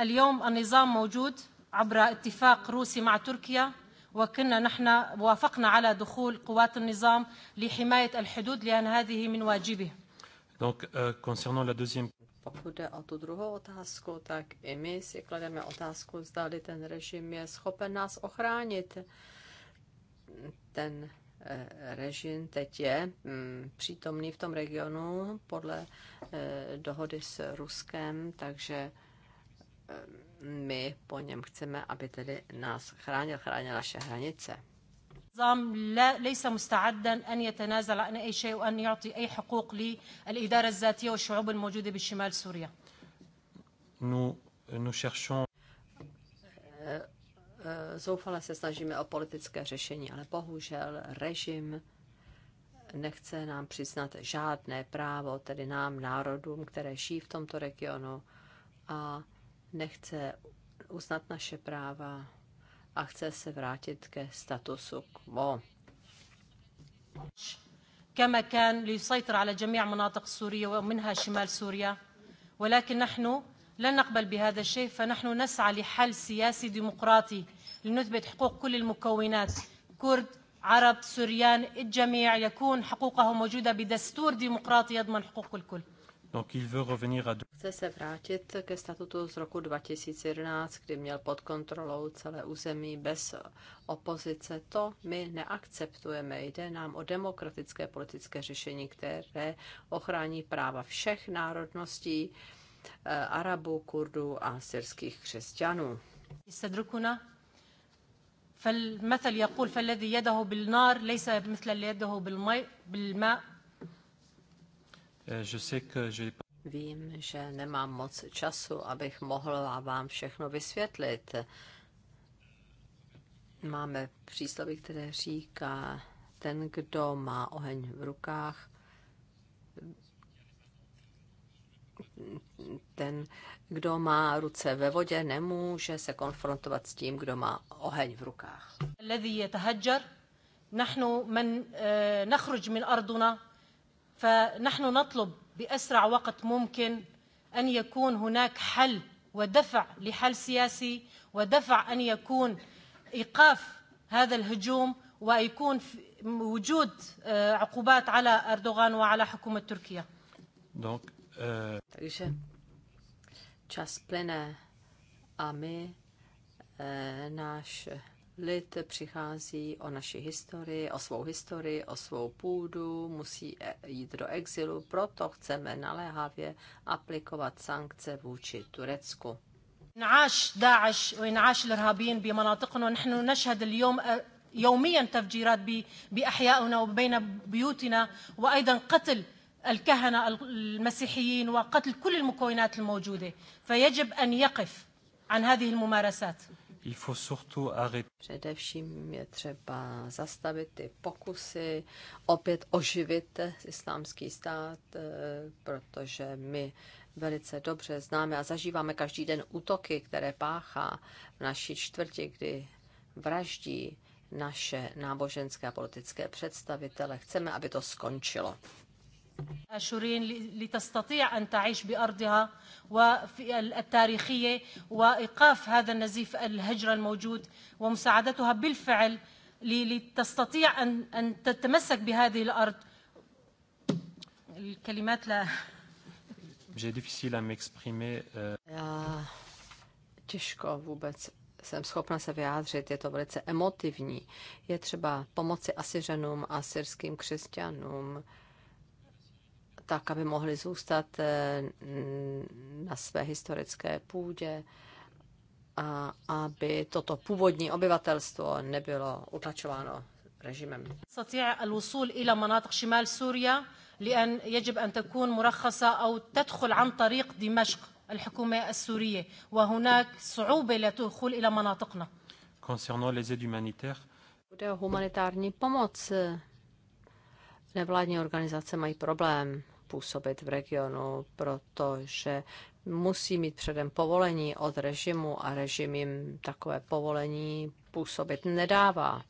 اليوم النظام موجود عبر اتفاق روسي مع تركيا وكنا نحن وافقنا على دخول قوات النظام لحماية الحدود لأن هذه من واجبه. Donc, euh, concernant la deuxième... Pokud jde o tu druhou otázku, tak i my si klademe otázku, zda ten režim je schopen nás ochránit. Ten Eh, režim teď je mm, přítomný v tom regionu podle eh, dohody s Ruskem, takže eh, my po něm chceme, aby tedy nás chránil, chránil naše hranice. النظام لا ليس مستعدا ان يتنازل عن اي شيء وان يعطي اي حقوق للاداره الذاتيه والشعوب الموجوده بالشمال سوريا. Nous, nous cherchons Eh, zoufale se snažíme o politické řešení, ale bohužel režim nechce nám přiznat žádné právo, tedy nám, národům, které žijí v tomto regionu a nechce uznat naše práva a chce se vrátit ke statusu quo. كما كان ليسيطر على جميع مناطق سوريا ومنها شمال سوريا ولكن نحن لن نقبل بهذا الشيء فنحن نسعى لحل سياسي ديمقراطي لنثبت حقوق كل المكونات كرد عرب سوريان الجميع يكون حقوقهم موجودة بدستور ديمقراطي يضمن حقوق الكل Chce se vrátit ke statutu z roku 2011, kdy měl pod kontrolou celé území bez opozice. To my neakceptujeme. Jde nám o demokratické politické řešení, které ochrání práva všech národností Eh, Arabů, Kurdů a syrských křesťanů. Eh, Vím, že nemám moc času, abych mohla vám všechno vysvětlit. Máme přísloví, které říká, ten, kdo má oheň v rukách, ten, kdo má ruce ve vodě, nemůže se konfrontovat s tím, kdo má oheň v rukách. نحن من نخرج من أرضنا فنحن نطلب بأسرع وقت ممكن أن يكون هناك حل ودفع لحل سياسي ودفع أن يكون إيقاف هذا الهجوم ويكون وجود عقوبات على أردوغان وعلى حكومة تركيا. Donc, takže čas plyne a my, eh, náš lid přichází o naši historii, o svou historii, o svou půdu, musí eh, jít do exilu, proto chceme naléhavě aplikovat sankce vůči Turecku. انعاش داعش وانعاش الارهابيين بمناطقنا ونحن نشهد اليوم يوميا تفجيرات باحيائنا وبين بيوتنا وايضا قتل الكهنة المسيحيين وقتل كل المكونات الموجودة فيجب أن يقف عن هذه الممارسات Především je třeba zastavit ty pokusy opět oživit islámský stát, eh, protože my velice dobře známe a zažíváme každý den útoky, které páchá v naší čtvrti, kdy vraždí naše náboženské a politické představitele. Chceme, aby to skončilo. أشورين لتستطيع أن تعيش بأرضها وفي التاريخية وإيقاف هذا النزيف الهجرة الموجود ومساعدتها بالفعل لتستطيع أن أن تتمسك بهذه الأرض الكلمات لا J'ai difficile à m'exprimer. těžko vůbec jsem schopna se vyjádřit, je to velice emotivní. Je třeba pomoci Asiřanům a syrským křesťanům. Uh, tak, aby mohli zůstat eh, na své historické půdě a aby toto původní obyvatelstvo nebylo utlačováno režimem. Concernant les aides humanitaires, Bude o humanitární pomoc. Nevládní organizace mají problém působit v regionu, protože musí mít předem povolení od režimu a režim jim takové povolení působit nedává.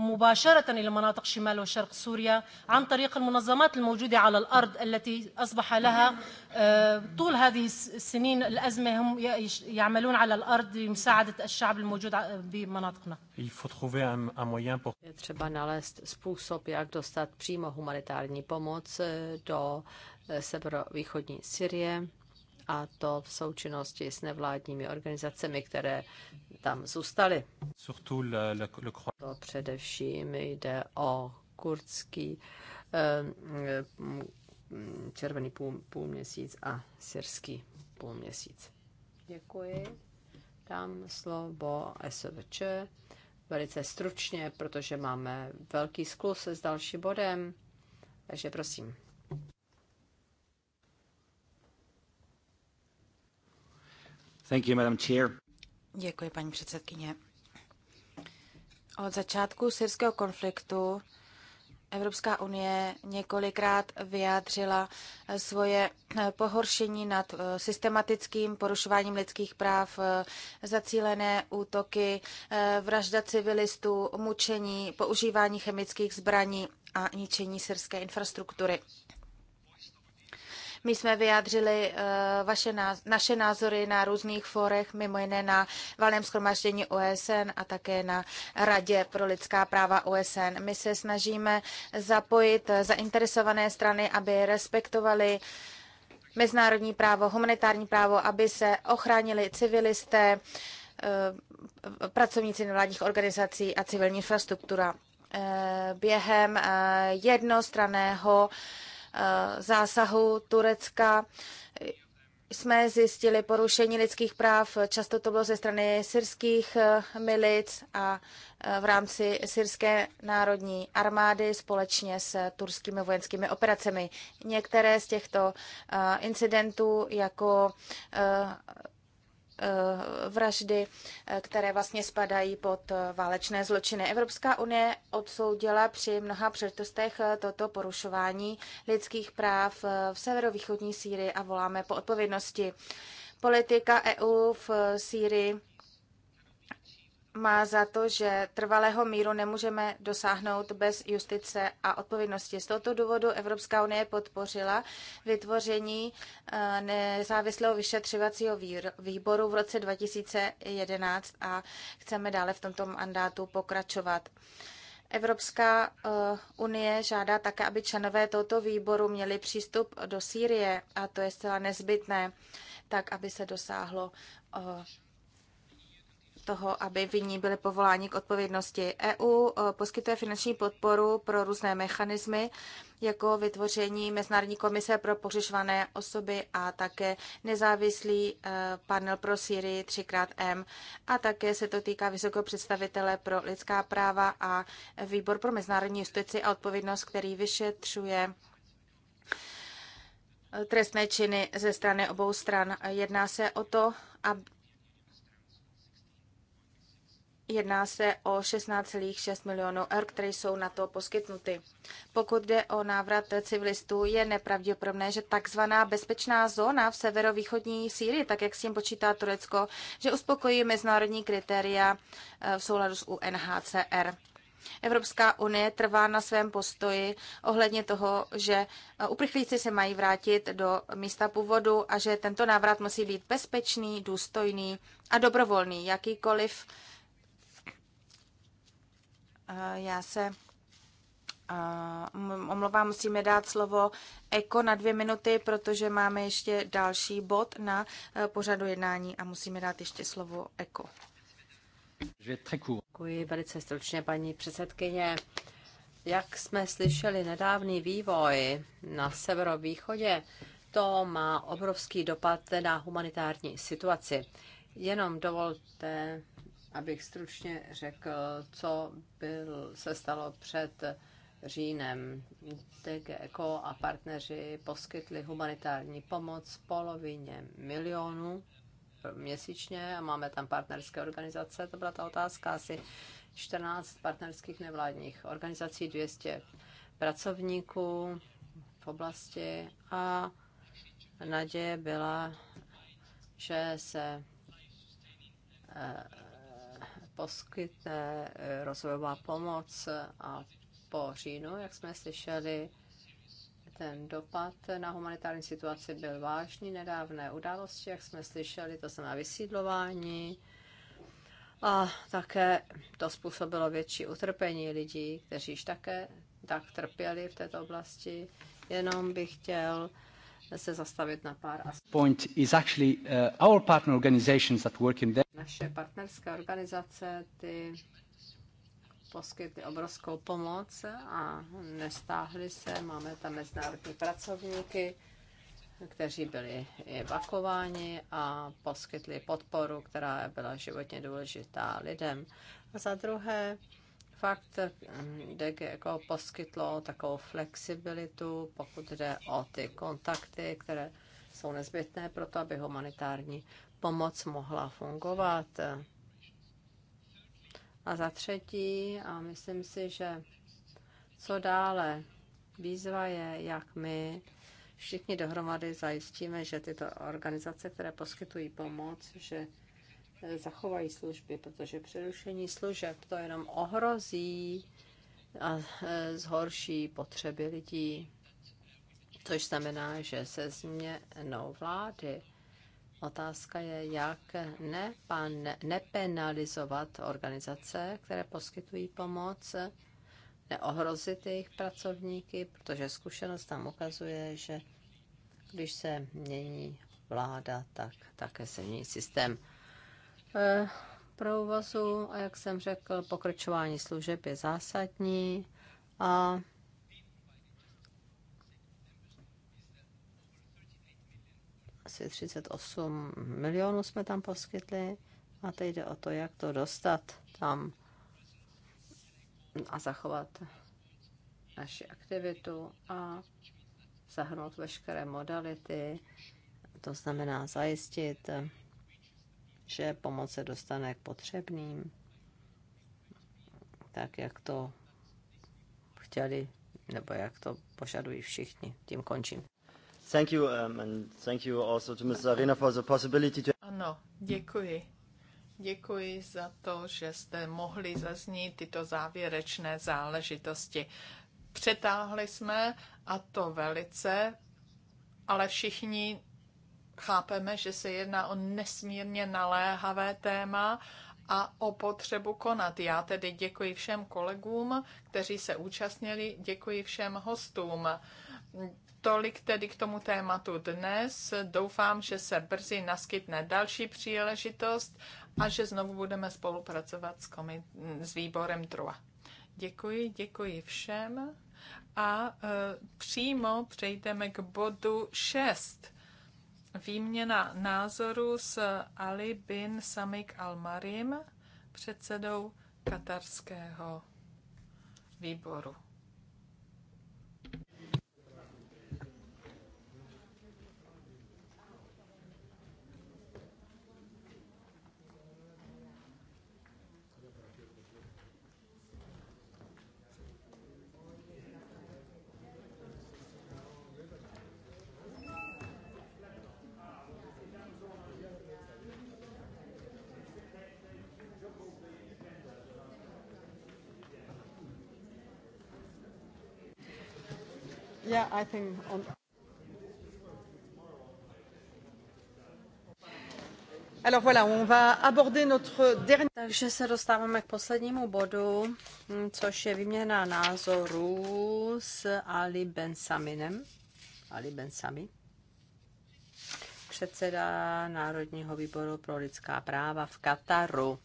مباشرة إلى مناطق شمال وشرق سوريا عن طريق المنظمات الموجودة على الأرض التي أصبح لها طول هذه السنين الأزمة هم يعملون على الأرض لمساعدة الشعب الموجود بمناطقنا třeba nalézt způsob, jak dostat přímo humanitární pomoc do severovýchodní Syrie a to v součinnosti s nevládními organizacemi, které tam zůstaly. To především jde o kurdský eh, červený půl, půlměsíc a syrský půlměsíc. Děkuji. Dám slovo SVČ velice stručně, protože máme velký sklus s dalším bodem. Takže prosím. Děkuji, paní předsedkyně. Od začátku syrského konfliktu Evropská unie několikrát vyjádřila svoje pohoršení nad eh, systematickým porušováním lidských práv, eh, zacílené útoky, eh, vražda civilistů, mučení, používání chemických zbraní a ničení syrské infrastruktury. My jsme vyjádřili eh, vaše, naše názory na různých fórech, mimo jiné na valném schromáždění OSN a také na Radě pro lidská práva OSN. My se snažíme zapojit eh, zainteresované strany, aby respektovali mezinárodní právo, humanitární právo, aby se ochránili civilisté, eh, pracovníci nevládních organizací a civilní infrastruktura. Během jednostraného Eh, zásahu Turecka jsme zjistili porušení lidských práv, často to bylo ze strany syrských eh, milic a eh, v rámci syrské národní armády společně s turskými vojenskými operacemi. Některé z těchto incidentů, jako Eh, vraždy, eh, které vlastně spadají pod eh, válečné zločiny. Evropská unie odsoudila při mnoha předtostech toto porušování lidských práv v severovýchodní Sýrii a voláme po odpovědnosti. Politika EU v Sýrii má za to, že trvalého míru nemůžeme dosáhnout bez justice a odpovědnosti. Z tohoto důvodu Evropská unie podpořila vytvoření eh, nezávislého vyšetřovacího výboru v roce 2011 a chceme dále v tomto mandátu pokračovat. Evropská eh, unie žádá také, aby členové tohoto výboru měli přístup do Sýrie a to je zcela nezbytné, tak aby se dosáhlo eh, toho, aby vinní byli povoláni k odpovědnosti. EU e, poskytuje finanční podporu pro různé mechanismy, jako vytvoření Mezinárodní komise pro pohřešované osoby a také nezávislý e, panel pro Syrii 3xM. A také se to týká vysokého představitele pro lidská práva a výbor pro mezinárodní justici a odpovědnost, který vyšetřuje e, trestné činy ze strany obou stran. Jedná se o to, Jedná se o 16,6 milionů eur, které jsou na to poskytnuty. Pokud jde o návrat civilistů, je nepravděpodobné, že takzvaná bezpečná zóna v severovýchodní Sýrii, tak jak s tím počítá Turecko, že uspokojí mezinárodní kritéria eh, v souladu s UNHCR. Evropská unie trvá na svém postoji ohledně toho, že eh, uprchlíci se mají vrátit do místa původu a že tento návrat musí být bezpečný, důstojný a dobrovolný. Jakýkoliv Eh, já se eh, omlouvám, musíme dát slovo Eko na dvě minuty, protože máme ještě další bod na eh, pořadu jednání a musíme dát ještě slovo Eko. Děkuji velice stručně, paní předsedkyně. Jak jsme slyšeli, nedávný vývoj na severovýchodě, to má obrovský dopad na humanitární situaci. Jenom dovolte, abych stručně řekl, co byl, se stalo před říjnem. TGECO a partneři poskytli humanitární pomoc polovině milionu měsíčně a máme tam partnerské organizace, to byla ta otázka, asi 14 partnerských nevládních organizací, 200 pracovníků v oblasti a naděje byla, že se eh, poskytne eh, rozvojová pomoc eh, a po říjnu, jak jsme slyšeli, ten dopad na humanitární situaci byl vážný. Nedávné události, jak jsme slyšeli, to znamená vysídlování. A také to způsobilo větší utrpení lidí, kteří již také tak trpěli v této oblasti. Jenom bych chtěl se zastavit na pár aspektů. Point is actually uh, our partner organizations that work in there. Naše partnerské organizace, ty poskytly obrovskou pomoc a nestáhly se. Máme tam mezinárodní pracovníky, kteří byli evakováni a poskytli podporu, která byla životně důležitá lidem. A za druhé, fakt DG jako poskytlo takovou flexibilitu, pokud jde o ty kontakty, které jsou nezbytné pro to, aby humanitární pomoc mohla fungovat. A za třetí, a myslím si, že co dále, výzva je, jak my všichni dohromady zajistíme, že tyto organizace, které poskytují pomoc, že zachovají služby, protože přerušení služeb to jenom ohrozí a e, zhorší potřeby lidí. Což znamená, že se změnou vlády Otázka je, jak nepan, nepenalizovat organizace, které poskytují pomoc, neohrozit jejich pracovníky, protože zkušenost tam ukazuje, že když se mění vláda, tak také se mění systém e, provozu. A jak jsem řekl, pokračování služeb je zásadní a asi 38 milionů jsme tam poskytli a teď jde o to, jak to dostat tam a zachovat naši aktivitu a zahrnout veškeré modality, to znamená zajistit, že pomoc se dostane k potřebným, tak jak to chtěli, nebo jak to požadují všichni. Tím končím. Thank you, um, and thank you also to Arena for the possibility to... Ano, děkuji. Děkuji za to, že jste mohli zaznít tyto závěrečné záležitosti. Přetáhli jsme, a to velice, ale všichni chápeme, že se jedná o nesmírně naléhavé téma a o potřebu konat. Já tedy děkuji všem kolegům, kteří se účastnili, děkuji všem hostům Tolik tedy k tomu tématu dnes. Doufám, že se brzy naskytne další příležitost a že znovu budeme spolupracovat s, komi- s výborem TRUA. Děkuji, děkuji všem a e, přímo přejdeme k bodu 6. Výměna názoru s Ali bin Samik Almarim, předsedou katarského výboru. Takže se dostáváme k poslednímu bodu, hm, což je výměna názorů s Ali Ben Saminem, Ali Ben Sami, předseda Národního výboru pro lidská práva v Kataru.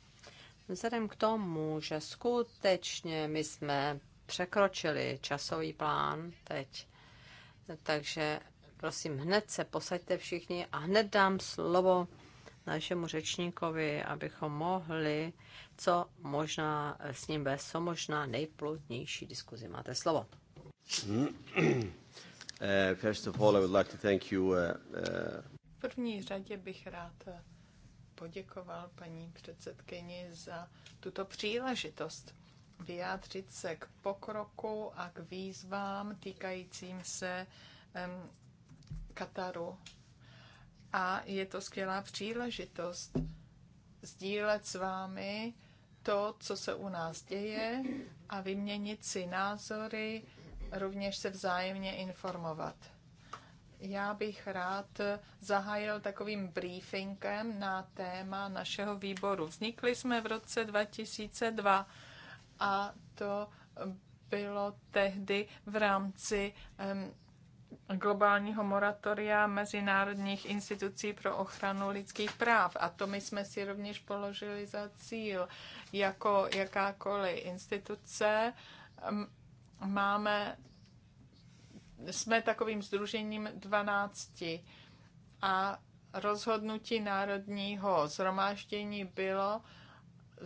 Vzhledem k tomu, že skutečně my jsme překročili časový plán teď, takže prosím, hned se posaďte všichni a hned dám slovo našemu řečníkovi, abychom mohli co možná s ním bez co možná nejplodnější diskuzi. Máte slovo. Eh, first of all, I would like to thank you. Eh, eh. V první řadě bych rád poděkoval paní předsedkyni za tuto příležitost vyjádřit se k pokroku a k výzvám týkajícím se um, Kataru. A je to skvělá příležitost sdílet s vámi to, co se u nás děje a vyměnit si názory, rovněž se vzájemně informovat. Já bych rád zahájil takovým briefingem na téma našeho výboru. Vznikli jsme v roce 2002 a to bylo tehdy v rámci globálního moratoria mezinárodních institucí pro ochranu lidských práv. A to my jsme si rovněž položili za cíl. Jako jakákoliv instituce máme, jsme takovým združením 12 a rozhodnutí národního zhromáždění bylo,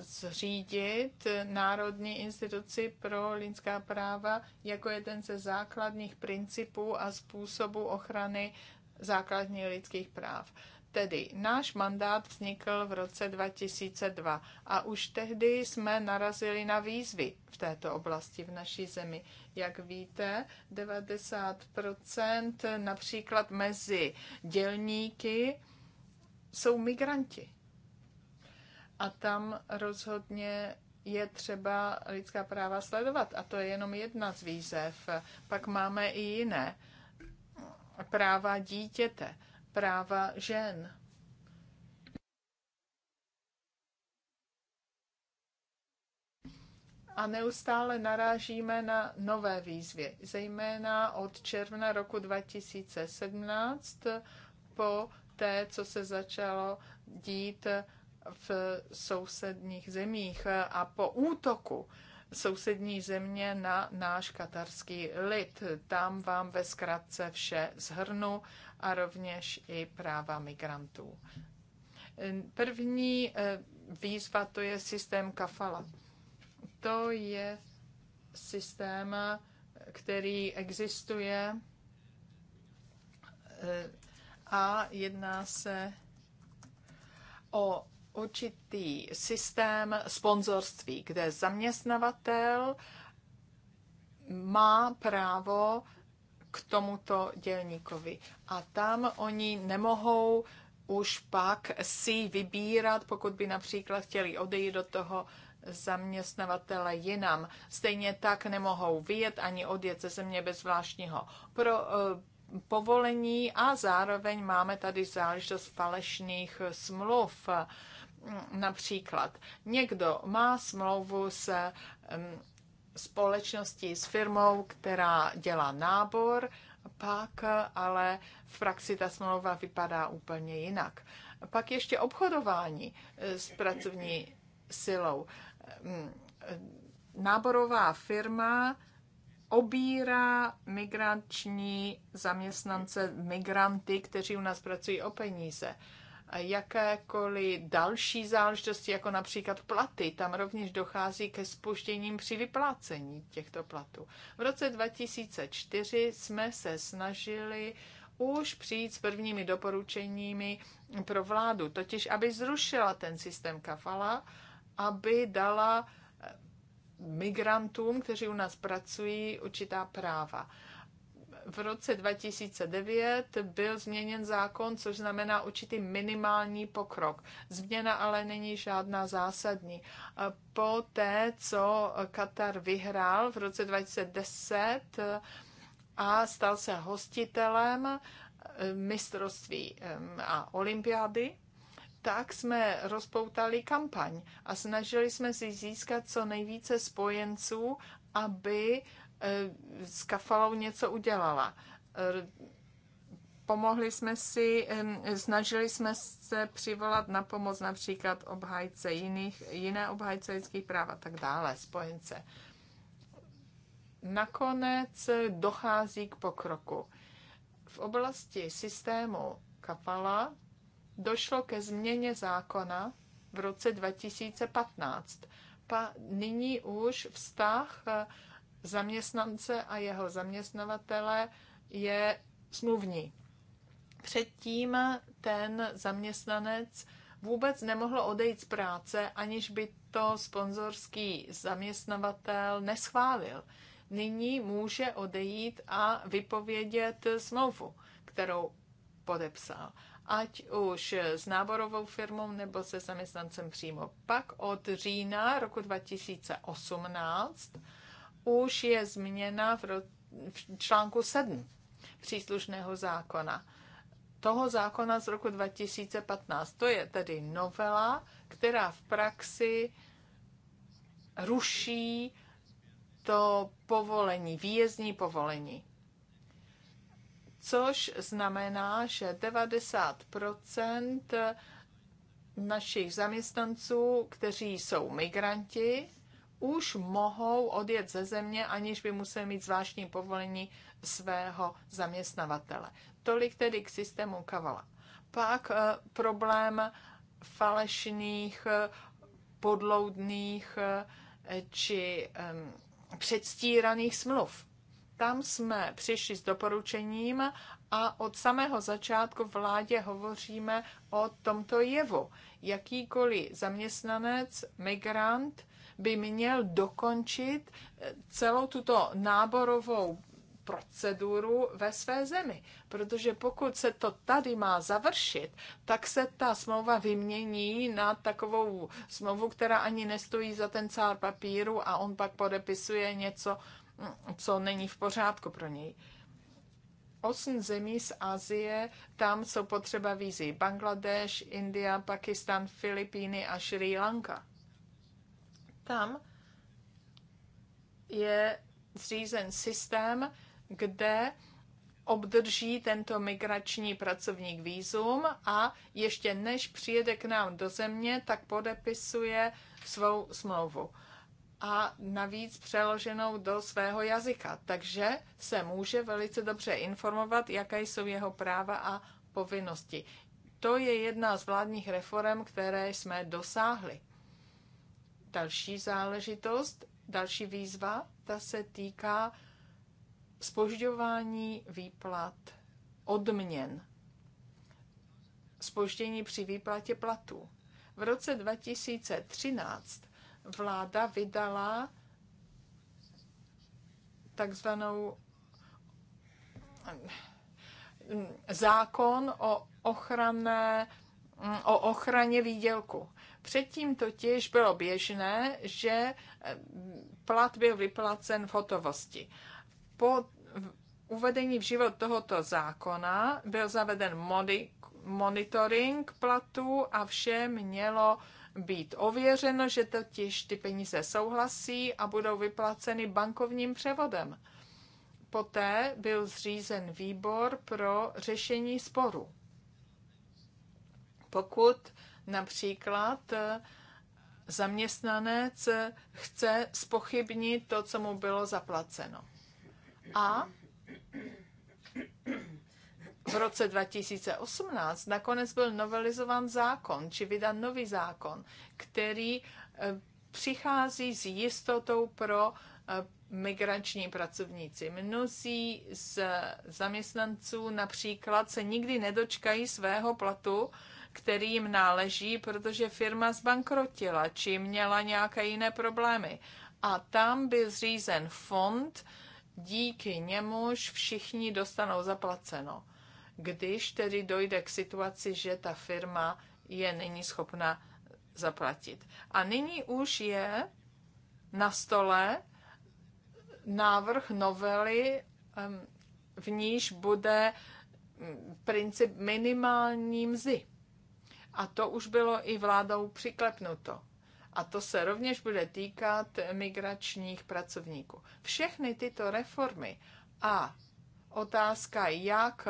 zřídit Národní instituci pro lidská práva jako jeden ze základních principů a způsobů ochrany základních lidských práv. Tedy náš mandát vznikl v roce 2002 a už tehdy jsme narazili na výzvy v této oblasti v naší zemi. Jak víte, 90% například mezi dělníky jsou migranti a tam rozhodně je třeba lidská práva sledovat. A to je jenom jedna z výzev. Pak máme i jiné. Práva dítěte, práva žen. A neustále narážíme na nové výzvy, zejména od června roku 2017 po té, co se začalo dít v sousedních zemích a po útoku sousední země na náš katarský lid. Tam vám ve zkratce vše zhrnu a rovněž i práva migrantů. První eh, výzva to je systém kafala. To je systém, který existuje eh, a jedná se o určitý systém sponzorství, kde zaměstnavatel má právo k tomuto dělníkovi. A tam oni nemohou už pak si vybírat, pokud by například chtěli odejít do toho zaměstnavatele jinam. Stejně tak nemohou vyjet ani odjet ze země bez zvláštního pro, eh, povolení a zároveň máme tady záležitost falešných smluv. Například někdo má smlouvu s společností, s firmou, která dělá nábor, pak ale v praxi ta smlouva vypadá úplně jinak. Pak ještě obchodování eh, s pracovní silou. Náborová firma obírá migrační zaměstnance, migranty, kteří u nás pracují o peníze jakékoliv další záležitosti, jako například platy, tam rovněž dochází ke spuštěním při vyplácení těchto platů. V roce 2004 jsme se snažili už přijít s prvními doporučeními pro vládu, totiž aby zrušila ten systém kafala, aby dala migrantům, kteří u nás pracují, určitá práva v roce 2009 byl změněn zákon, což znamená určitý minimální pokrok. Změna ale není žádná zásadní. Po té, co Katar vyhrál v roce 2010 a stal se hostitelem eh, mistrovství eh, a olympiády, tak jsme rozpoutali kampaň a snažili jsme si získat co nejvíce spojenců, aby s eh, kafalou něco udělala. Eh, pomohli jsme si, eh, snažili jsme se přivolat na pomoc například obhájce jiných, jiné obhájce lidských práv a tak dále, spojence. Nakonec dochází k pokroku. V oblasti systému Kapala došlo ke změně zákona v roce 2015. Pa, nyní už vztah zaměstnance a jeho zaměstnavatele je smluvní. Předtím ten zaměstnanec vůbec nemohl odejít z práce, aniž by to sponzorský zaměstnavatel neschválil. Nyní může odejít a vypovědět smlouvu, kterou podepsal. Ať už s náborovou firmou nebo se zaměstnancem přímo. Pak od října roku 2018 už je změna v, ro- v článku 7 příslušného zákona. Toho zákona z roku 2015. To je tedy novela, která v praxi ruší to povolení, výjezdní povolení. Což znamená, že 90 našich zaměstnanců, kteří jsou migranti, už mohou odjet ze země, aniž by museli mít zvláštní povolení svého zaměstnavatele. Tolik tedy k systému Kavala. Pak eh, problém falešných, eh, podloudných eh, či ehm, předstíraných smluv. Tam jsme přišli s doporučením a od samého začátku vládě hovoříme o tomto jevu. Jakýkoliv zaměstnanec, migrant, by měl dokončit eh, celou tuto náborovou proceduru ve své zemi. Protože pokud se to tady má završit, tak se ta smlouva vymění na takovou smlouvu, která ani nestojí za ten cár papíru a on pak podepisuje něco, mm, co není v pořádku pro něj. Osm zemí z Asie, tam jsou potřeba vízy. Bangladeš, India, Pakistan, Filipíny a Sri Lanka tam je zřízen systém, kde obdrží tento migrační pracovník výzum a ještě než přijede k nám do země, tak podepisuje svou smlouvu a navíc přeloženou do svého jazyka. Takže se může velice dobře informovat, jaké jsou jeho práva a povinnosti. To je jedna z vládních reform, které jsme dosáhli. Další záležitost, další výzva, ta se týká spožďování výplat odměn. Spoždění při výplatě platů. V roce 2013 vláda vydala takzvanou mm, zákon o ochranné mm, o ochraně výdělku. Předtím totiž bylo běžné, že eh, plat byl vyplacen v hotovosti. Po uvedení v život tohoto zákona byl zaveden modi, monitoring platů a vše mělo být ověřeno, že totiž ty peníze souhlasí a budou vyplaceny bankovním převodem. Poté byl zřízen výbor pro řešení sporu. Pokud Například eh, zaměstnanec eh, chce spochybnit to, co mu bylo zaplaceno. A v roce 2018 nakonec byl novelizován zákon, či vydan nový zákon, který eh, přichází s jistotou pro migrační pracovníci. Mnozí z zaměstnanců například se nikdy nedočkají svého platu který jim náleží, protože firma zbankrotila či měla nějaké jiné problémy. A tam byl zřízen fond, díky němuž všichni dostanou zaplaceno. Když tedy dojde k situaci, že ta firma je není schopna zaplatit. A nyní už je na stole návrh novely, v níž bude mm, princip minimální mzdy. A to už bylo i vládou přiklepnuto. A to se rovněž bude týkat migračních pracovníků. Všechny tyto reformy a otázka, jak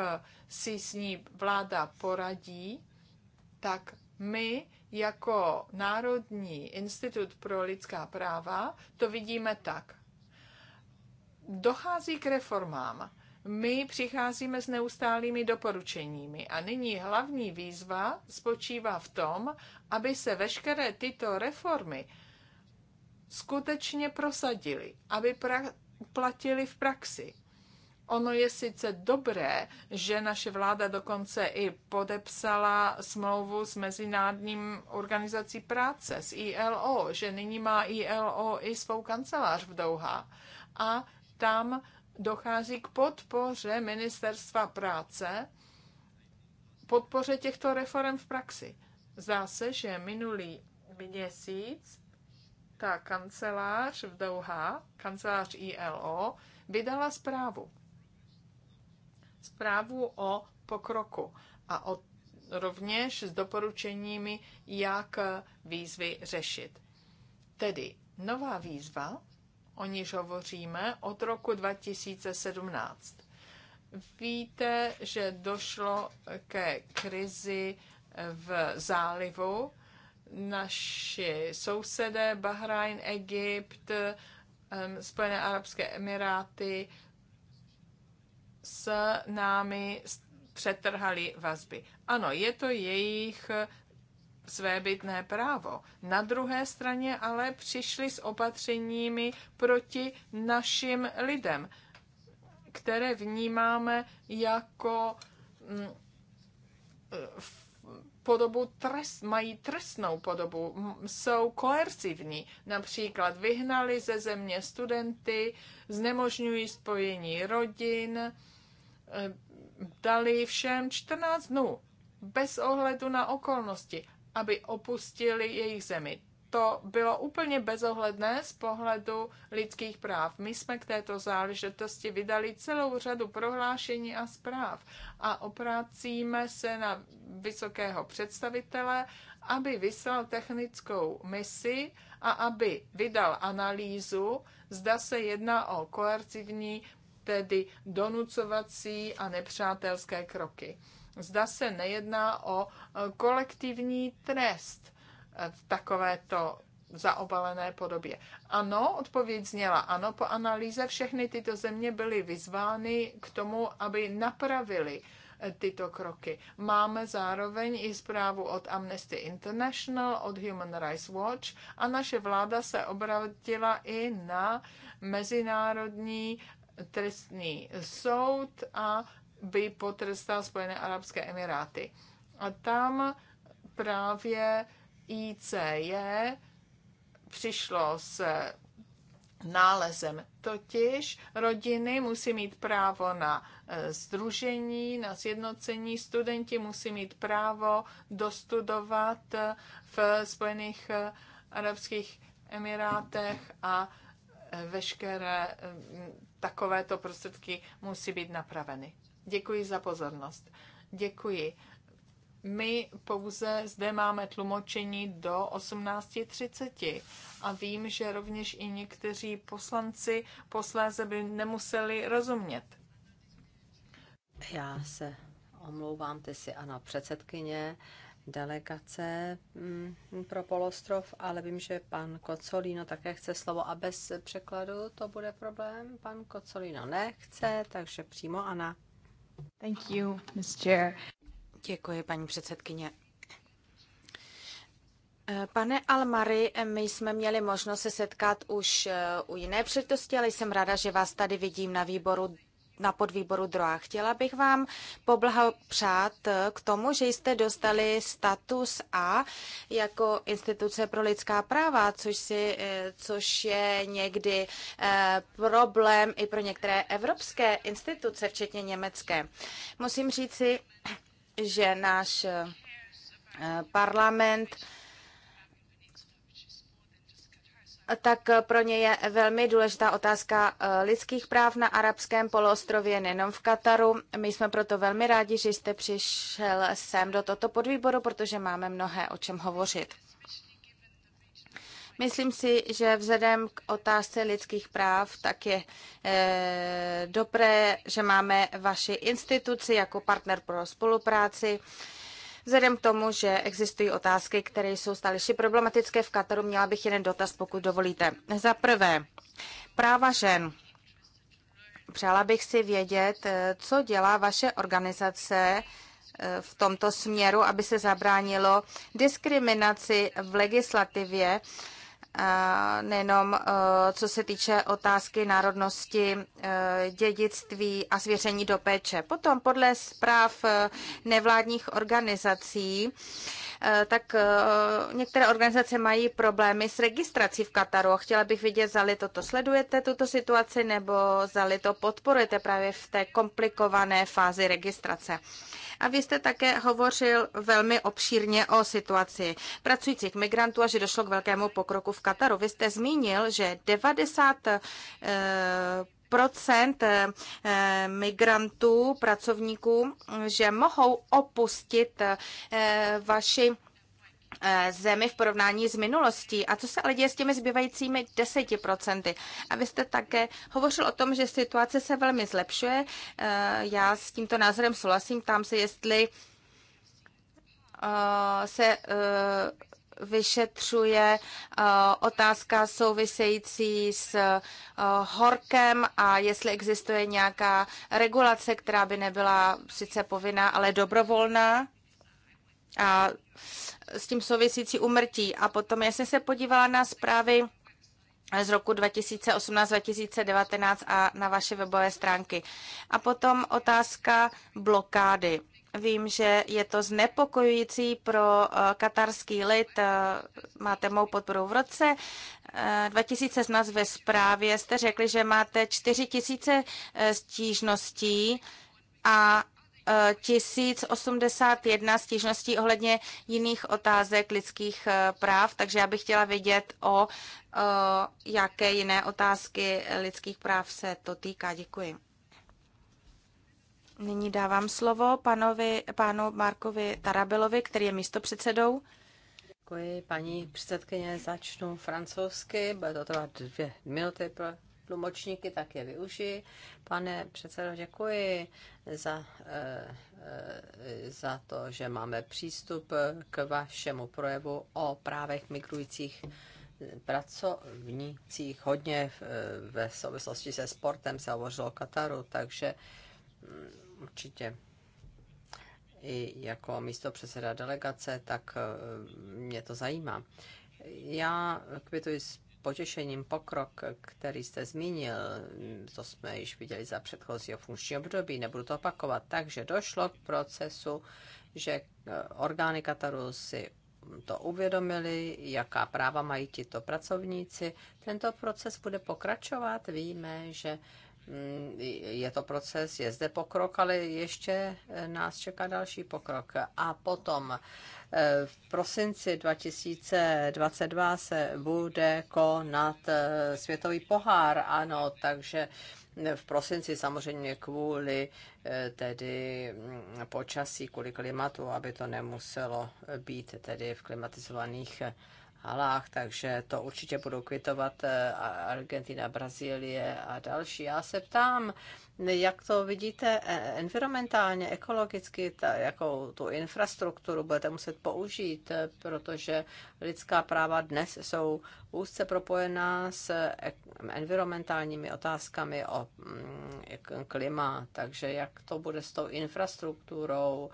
si s ní vláda poradí, tak my jako Národní institut pro lidská práva to vidíme tak. Dochází k reformám, my přicházíme s neustálými doporučeními a nyní hlavní výzva spočívá v tom, aby se veškeré tyto reformy skutečně prosadily, aby pra- platily v praxi. Ono je sice dobré, že naše vláda dokonce i podepsala smlouvu s Mezinárodním organizací práce, s ILO, že nyní má ILO i svou kancelář v Douha. A tam dochází k podpoře Ministerstva práce, podpoře těchto reform v praxi. Zdá se, že minulý měsíc ta kancelář v Doha, kancelář ILO, vydala zprávu. Zprávu o pokroku a o, rovněž s doporučeními, jak výzvy řešit. Tedy nová výzva o níž hovoříme, od roku 2017. Víte, že došlo ke krizi v zálivu. Naši sousedé Bahrajn, Egypt, Spojené arabské emiráty s námi přetrhali vazby. Ano, je to jejich svébytné právo. Na druhé straně ale přišli s opatřeními proti našim lidem, které vnímáme jako mm, eh, podobu trest, mají trestnou podobu, jsou koercivní. Například vyhnali ze země studenty, znemožňují spojení rodin, eh, dali všem 14 dnů bez ohledu na okolnosti aby opustili jejich zemi. To bylo úplně bezohledné z pohledu lidských práv. My jsme k této záležitosti vydali celou řadu prohlášení a zpráv a oprácíme se na vysokého představitele, aby vyslal technickou misi a aby vydal analýzu, zda se jedná o koercivní, tedy donucovací a nepřátelské kroky Zda se nejedná o e, kolektivní trest v e, takovéto zaobalené podobě. Ano, odpověď zněla ano. Po analýze všechny tyto země byly vyzvány k tomu, aby napravili e, tyto kroky. Máme zároveň i zprávu od Amnesty International, od Human Rights Watch a naše vláda se obratila i na Mezinárodní trestní soud a by potrestal Spojené Arabské Emiráty. A tam právě ICJ přišlo s nálezem. Totiž rodiny musí mít právo na združení, e, na sjednocení, studenti musí mít právo dostudovat e, v Spojených e, Arabských Emirátech a veškeré takovéto prostředky musí být napraveny. Děkuji za pozornost. Děkuji. My pouze zde máme tlumočení do 18.30 a vím, že rovněž i někteří poslanci posléze by nemuseli rozumět. Já se omlouvám, ty si Ana předsedkyně delegace mm, pro polostrov, ale vím, že pan Kocolino také chce slovo a bez překladu to bude problém. Pan Kocolino nechce, takže přímo Ana. Thank you, Ms. Chair. Děkuji, paní předsedkyně. Pane Almary, my jsme měli možnost se setkat už eh, u jiné příležitosti, ale jsem ráda, že vás tady vidím na výboru na podvýboru DROA. Chtěla bych vám poblahopřát k tomu, že jste dostali status A jako instituce pro lidská práva, což, si, eh, což je někdy eh, problém i pro některé evropské instituce, včetně německé. Musím říci, že náš eh, parlament tak eh, pro ně je velmi důležitá otázka eh, lidských práv na arabském poloostrově, nejenom v Kataru. My jsme proto velmi rádi, že jste přišel sem do toto podvýboru, protože máme mnohé o čem hovořit. Myslím si, že vzhledem k otázce lidských práv, tak je e, dobré, že máme vaši instituci jako partner pro spolupráci. E, Vzhledem k tomu, že existují otázky, které jsou stále problematické v Kataru, měla bych jeden dotaz, pokud dovolíte. Za prvé, práva žen. Přála bych si vědět, eh, co dělá vaše organizace eh, v tomto směru, aby se zabránilo diskriminaci v legislativě nejenom eh, co se týče otázky národnosti, eh, dědictví a svěření do péče. Potom podle zpráv eh, nevládních organizací, tak některé organizace mají problémy s registrací v Kataru. Chtěla bych vidět, zali toto sledujete, tuto situaci, nebo zali to podporujete právě v té komplikované fázi registrace. A vy jste také hovořil velmi obšírně o situaci pracujících migrantů a že došlo k velkému pokroku v Kataru. Vy jste zmínil, že 90 eh, procent eh, migrantů, pracovníků, že mohou opustit eh, vaši Eh, zemi v porovnání s minulostí. A co se ale děje s těmi zbývajícími 10%? A vy jste také hovořil o tom, že situace se velmi zlepšuje. Eh, já s tímto názorem souhlasím. Tam se, jestli eh, se vyšetřuje otázka související s horkem a jestli existuje nějaká regulace, která by nebyla sice povinná, ale dobrovolná a s tím souvisící umrtí. A potom, já jsem se podívala na zprávy z roku 2018-2019 a na vaše webové stránky. A potom otázka blokády. Vím, že je to znepokojující pro eh, katarský lid. Eh, máte mou podporu v roce 2016 eh, ve zprávě. Jste řekli, že máte 4 000 stížností a 1081 stížností ohledně jiných otázek lidských eh, práv, takže já bych chtěla vědět, o eh, jaké jiné otázky lidských práv se to týká. Děkuji. Nyní dávám slovo panovi, pánu Markovi Tarabilovi, který je místopředsedou. Děkuji, paní předsedkyně. Začnu francouzsky, bude to trvat dvě minuty, pro tlumočníky, tak je využiji. Pane předsedo, děkuji za, eh, eh, za to, že máme přístup k vašemu projevu o právech migrujících pracovnících. Hodně eh, ve souvislosti se sportem se hovořilo o Kataru, takže mm, určitě i jako místo předseda delegace, tak mě to zajímá. Já kvituji potěšením pokrok, který jste zmínil, to jsme již viděli za předchozího funkčního období, nebudu to opakovat, takže došlo k procesu, že orgány Kataru si to uvědomili, jaká práva mají tito pracovníci. Tento proces bude pokračovat. Víme, že je to proces, je zde pokrok, ale ještě nás čeká další pokrok. A potom eh, v prosinci 2022 se bude konat eh, světový pohár, ano, takže eh, v prosinci samozřejmě kvůli tedy mm, počasí, kvůli klimatu, aby to nemuselo být tedy v klimatizovaných halách, takže to určitě budou kvitovat eh, Argentina, Brazílie a další. Já se ptám, jak to vidíte eh, environmentálně, ekologicky, ta, jako tu infrastrukturu budete muset použít, eh, protože lidská práva dnes jsou úzce propojená s environmentálními otázkami o mm, klima, takže jak to bude s tou infrastrukturou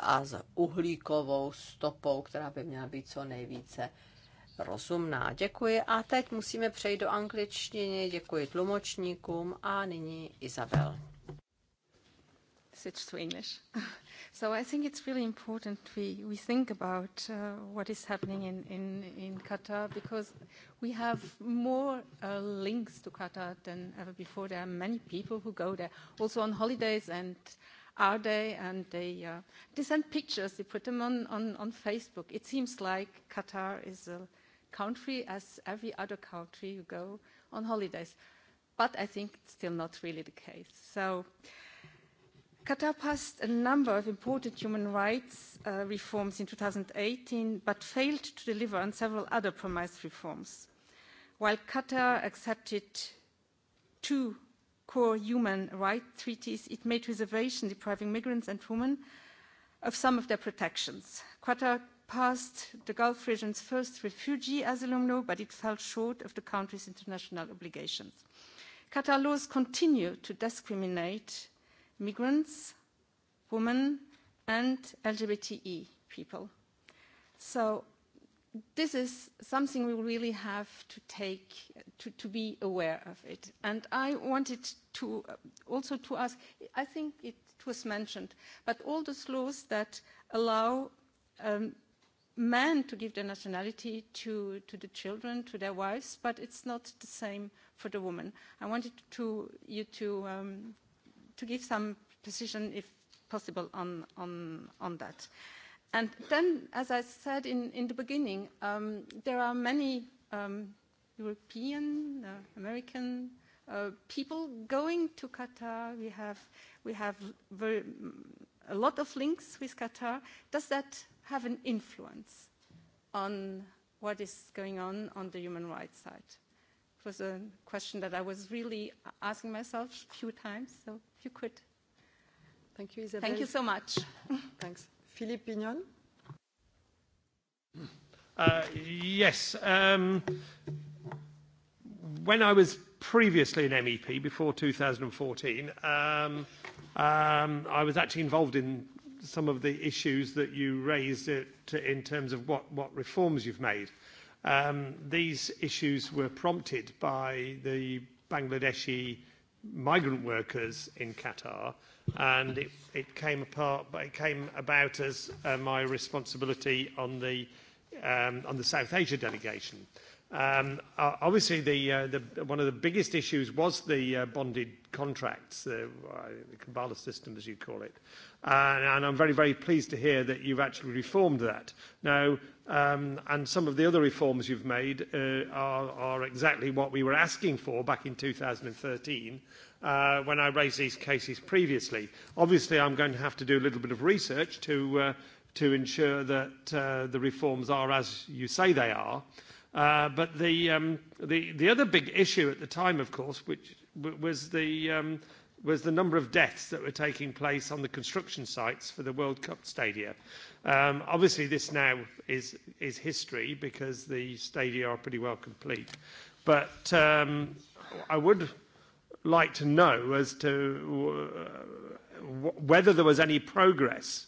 a s uhlíkovou stopou, která by měla být co nejvíce rozumná. Děkuji a teď musíme přejít do angličtiny. Děkuji tlumočníkům a nyní Izabel. Switch to English. So I think it's really important we, we think about uh, what is happening in, in, in Qatar because we have more uh, links to Qatar than ever before. There are many people who go there also on holidays and are they and they uh, they send pictures they put them on on on facebook it seems like qatar is a country as every other country you go on holidays. But I think it's still not really the case. So Qatar passed a number of important human rights uh, reforms in 2018, but failed to deliver on several other promised reforms. While Qatar accepted two core human rights treaties, it made reservations depriving migrants and women of some of their protections. Qatar passed the Gulf region's first refugee asylum law, but it fell short of the country's international obligations. Qatar laws continue to discriminate migrants, women, and LGBTE people. So this is something we really have to take, to, to be aware of it. And I wanted to also to ask, I think it was mentioned, but all those laws that allow um, Man to give the nationality to, to the children, to their wives, but it's not the same for the woman. I wanted to, you to, um, to give some precision, if possible, on, on, on that. And then, as I said in, in the beginning, um, there are many um, European, uh, American uh, people going to Qatar. We have, we have very, a lot of links with Qatar. Does that have an influence on what is going on on the human rights side? It was a question that I was really asking myself a few times, so if you could. Thank you, Isabel. Thank you so much. Thanks. Philippe Pignon? Uh, yes. Um, when I was previously an MEP, before 2014, um, um, I was actually involved in some of the issues that you raised it to, in terms of what, what reforms you've made. Um, these issues were prompted by the Bangladeshi migrant workers in Qatar, and it, it came apart, but it came about as uh, my responsibility on the um, on the South Asia delegation. Um, obviously, the, uh, the, one of the biggest issues was the uh, bonded contracts, the, uh, the Kambala system, as you call it. Uh, and I'm very, very pleased to hear that you've actually reformed that. Now, um, and some of the other reforms you've made uh, are, are exactly what we were asking for back in 2013 uh, when I raised these cases previously. Obviously, I'm going to have to do a little bit of research to, uh, to ensure that uh, the reforms are as you say they are. Uh, but the, um, the, the other big issue at the time, of course, which was the, um, was the number of deaths that were taking place on the construction sites for the World Cup stadia. Um, obviously, this now is, is history because the stadia are pretty well complete. But um, I would like to know as to uh, w- whether there was any progress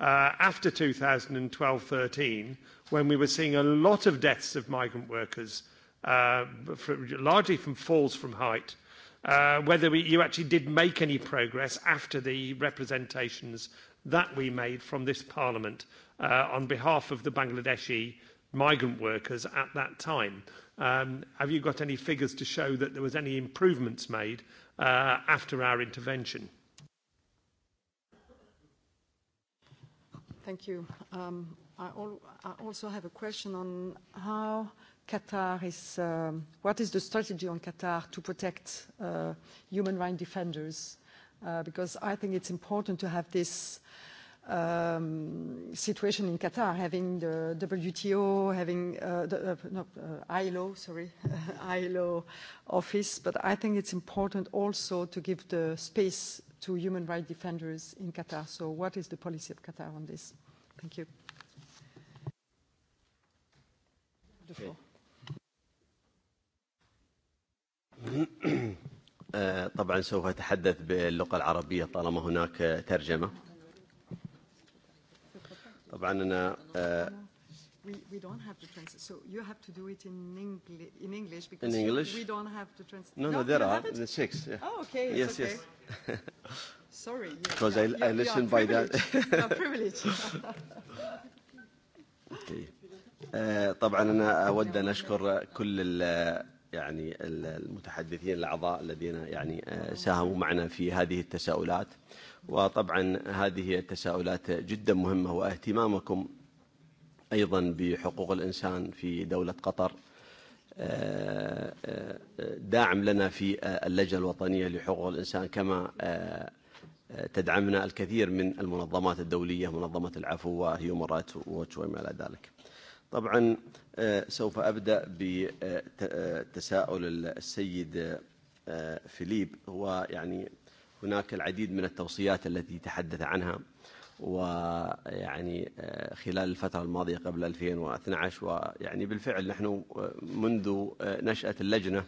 uh, after 2012-13 when we were seeing a lot of deaths of migrant workers, uh, for, largely from falls from height, uh, whether we, you actually did make any progress after the representations that we made from this Parliament uh, on behalf of the Bangladeshi migrant workers at that time. Um, have you got any figures to show that there was any improvements made uh, after our intervention? Thank you. Um, I, al I also have a question on how Qatar is, um, what is the strategy on Qatar to protect uh, human rights defenders? Uh, because I think it's important to have this um, situation in Qatar, having the WTO, having uh, the no, ILO, sorry, ILO office, but I think it's important also to give the space to human rights defenders in Qatar. So what is the policy of Qatar on this? Thank you. The floor. طبعا سوف أتحدث باللغة العربية طالما هناك ترجمة طبعا أنا We, we don't have to translate, so you have to do it in, in English because in English? we don't have to translate. No, no, no there are the six. Yeah. Oh, okay. Yes, okay. yes. Sorry. Because I, I by that. okay. طبعا انا اود ان اشكر كل يعني المتحدثين الأعضاء الذين يعني ساهموا معنا في هذه التساؤلات وطبعا هذه التساؤلات جدا مهمة واهتمامكم أيضا بحقوق الإنسان في دولة قطر داعم لنا في اللجنة الوطنية لحقوق الإنسان كما تدعمنا الكثير من المنظمات الدولية منظمة العفو وهيومن رايتس ووتش وما إلى ذلك طبعا سوف أبدأ بتساؤل السيد فيليب هو يعني هناك العديد من التوصيات التي تحدث عنها ويعني خلال الفترة الماضية قبل 2012 ويعني بالفعل نحن منذ نشأة اللجنة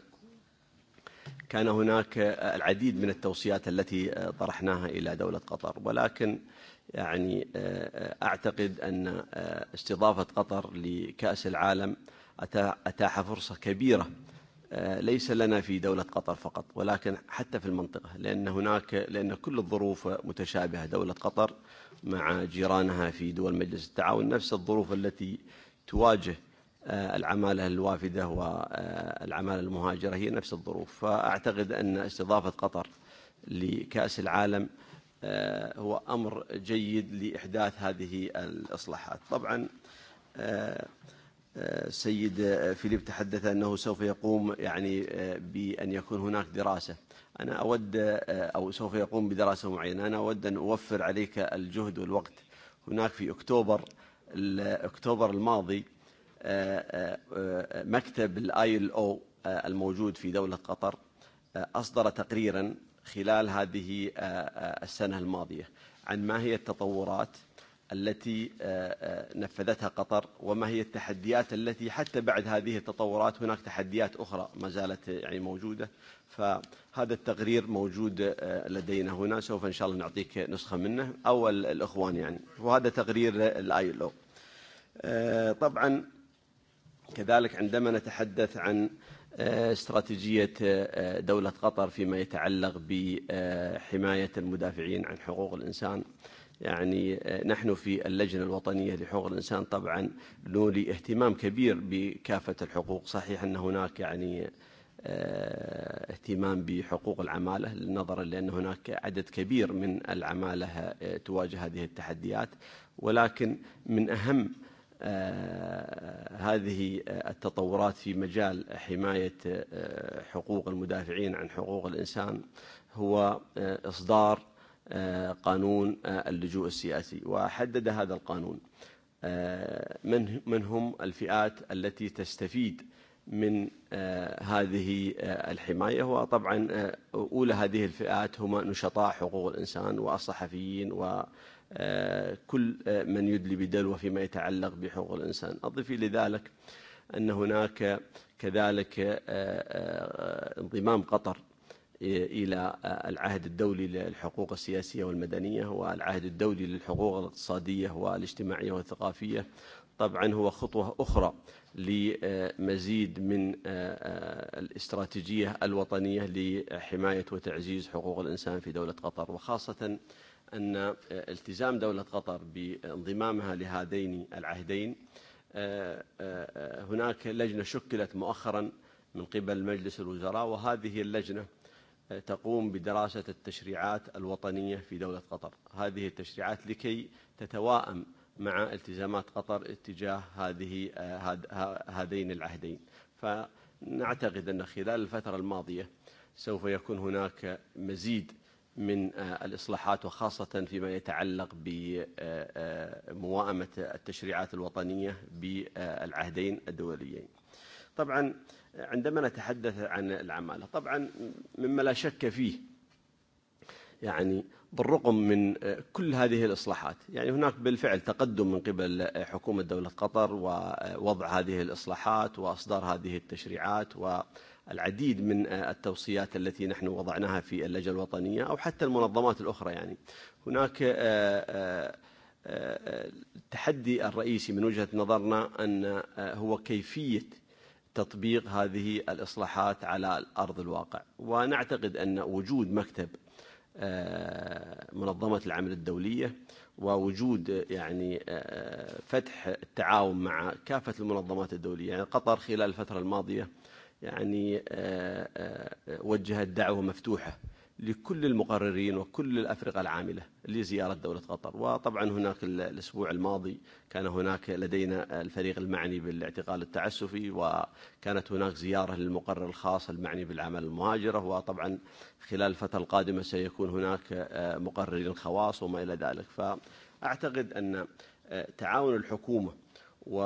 كان هناك العديد من التوصيات التي طرحناها إلى دولة قطر ولكن يعني أعتقد أن استضافة قطر لكأس العالم أتاح فرصة كبيرة ليس لنا في دولة قطر فقط ولكن حتى في المنطقة لأن هناك لأن كل الظروف متشابهة دولة قطر مع جيرانها في دول مجلس التعاون نفس الظروف التي تواجه العمالة الوافدة والعمالة المهاجرة هي نفس الظروف فأعتقد أن استضافة قطر لكأس العالم هو أمر جيد لإحداث هذه الإصلاحات طبعا سيد فيليب تحدث أنه سوف يقوم يعني بأن يكون هناك دراسة أنا أود أو سوف يقوم بدراسة معينة أنا أود أن أوفر عليك الجهد والوقت هناك في أكتوبر اكتوبر الماضي مكتب الاي ال او الموجود في دوله قطر اصدر تقريرا خلال هذه السنه الماضيه عن ما هي التطورات التي نفذتها قطر وما هي التحديات التي حتى بعد هذه التطورات هناك تحديات أخرى ما زالت يعني موجودة فهذا التقرير موجود لدينا هنا سوف إن شاء الله نعطيك نسخة منه أو الإخوان يعني وهذا تقرير الاي ال او طبعا كذلك عندما نتحدث عن استراتيجية دولة قطر فيما يتعلق بحماية المدافعين عن حقوق الإنسان يعني نحن في اللجنة الوطنية لحقوق الإنسان طبعا نولي اهتمام كبير بكافة الحقوق صحيح أن هناك يعني اهتمام بحقوق العمالة نظرا لأن هناك عدد كبير من العمالة تواجه هذه التحديات ولكن من أهم هذه التطورات في مجال حماية حقوق المدافعين عن حقوق الإنسان هو إصدار قانون اللجوء السياسي وحدد هذا القانون من هم الفئات التي تستفيد من هذه الحماية وطبعا أولى هذه الفئات هما نشطاء حقوق الإنسان والصحفيين والصحفيين كل من يدلي بدلوه فيما يتعلق بحقوق الإنسان أضف لذلك ذلك أن هناك كذلك انضمام قطر إلى العهد الدولي للحقوق السياسية والمدنية والعهد الدولي للحقوق الاقتصادية والاجتماعية والثقافية طبعا هو خطوة أخرى لمزيد من الاستراتيجية الوطنية لحماية وتعزيز حقوق الإنسان في دولة قطر وخاصة أن التزام دولة قطر بانضمامها لهذين العهدين هناك لجنة شكلت مؤخرا من قبل مجلس الوزراء وهذه اللجنة تقوم بدراسة التشريعات الوطنية في دولة قطر هذه التشريعات لكي تتواءم مع التزامات قطر اتجاه هذه هذين العهدين فنعتقد أن خلال الفترة الماضية سوف يكون هناك مزيد من الإصلاحات وخاصة فيما يتعلق بمواءمة التشريعات الوطنية بالعهدين الدوليين طبعا عندما نتحدث عن العمالة طبعا مما لا شك فيه يعني بالرقم من كل هذه الإصلاحات يعني هناك بالفعل تقدم من قبل حكومة دولة قطر ووضع هذه الإصلاحات وإصدار هذه التشريعات و العديد من التوصيات التي نحن وضعناها في اللجنة الوطنية أو حتى المنظمات الأخرى يعني هناك التحدي الرئيسي من وجهة نظرنا أن هو كيفية تطبيق هذه الإصلاحات على الأرض الواقع ونعتقد أن وجود مكتب منظمة العمل الدولية ووجود يعني فتح التعاون مع كافة المنظمات الدولية يعني قطر خلال الفترة الماضية يعني وجهت دعوة مفتوحة لكل المقررين وكل الأفرقة العاملة لزيارة دولة قطر وطبعا هناك الأسبوع الماضي كان هناك لدينا الفريق المعني بالاعتقال التعسفي وكانت هناك زيارة للمقرر الخاص المعني بالعمل المهاجرة وطبعا خلال الفترة القادمة سيكون هناك مقررين خواص وما إلى ذلك فأعتقد أن تعاون الحكومة و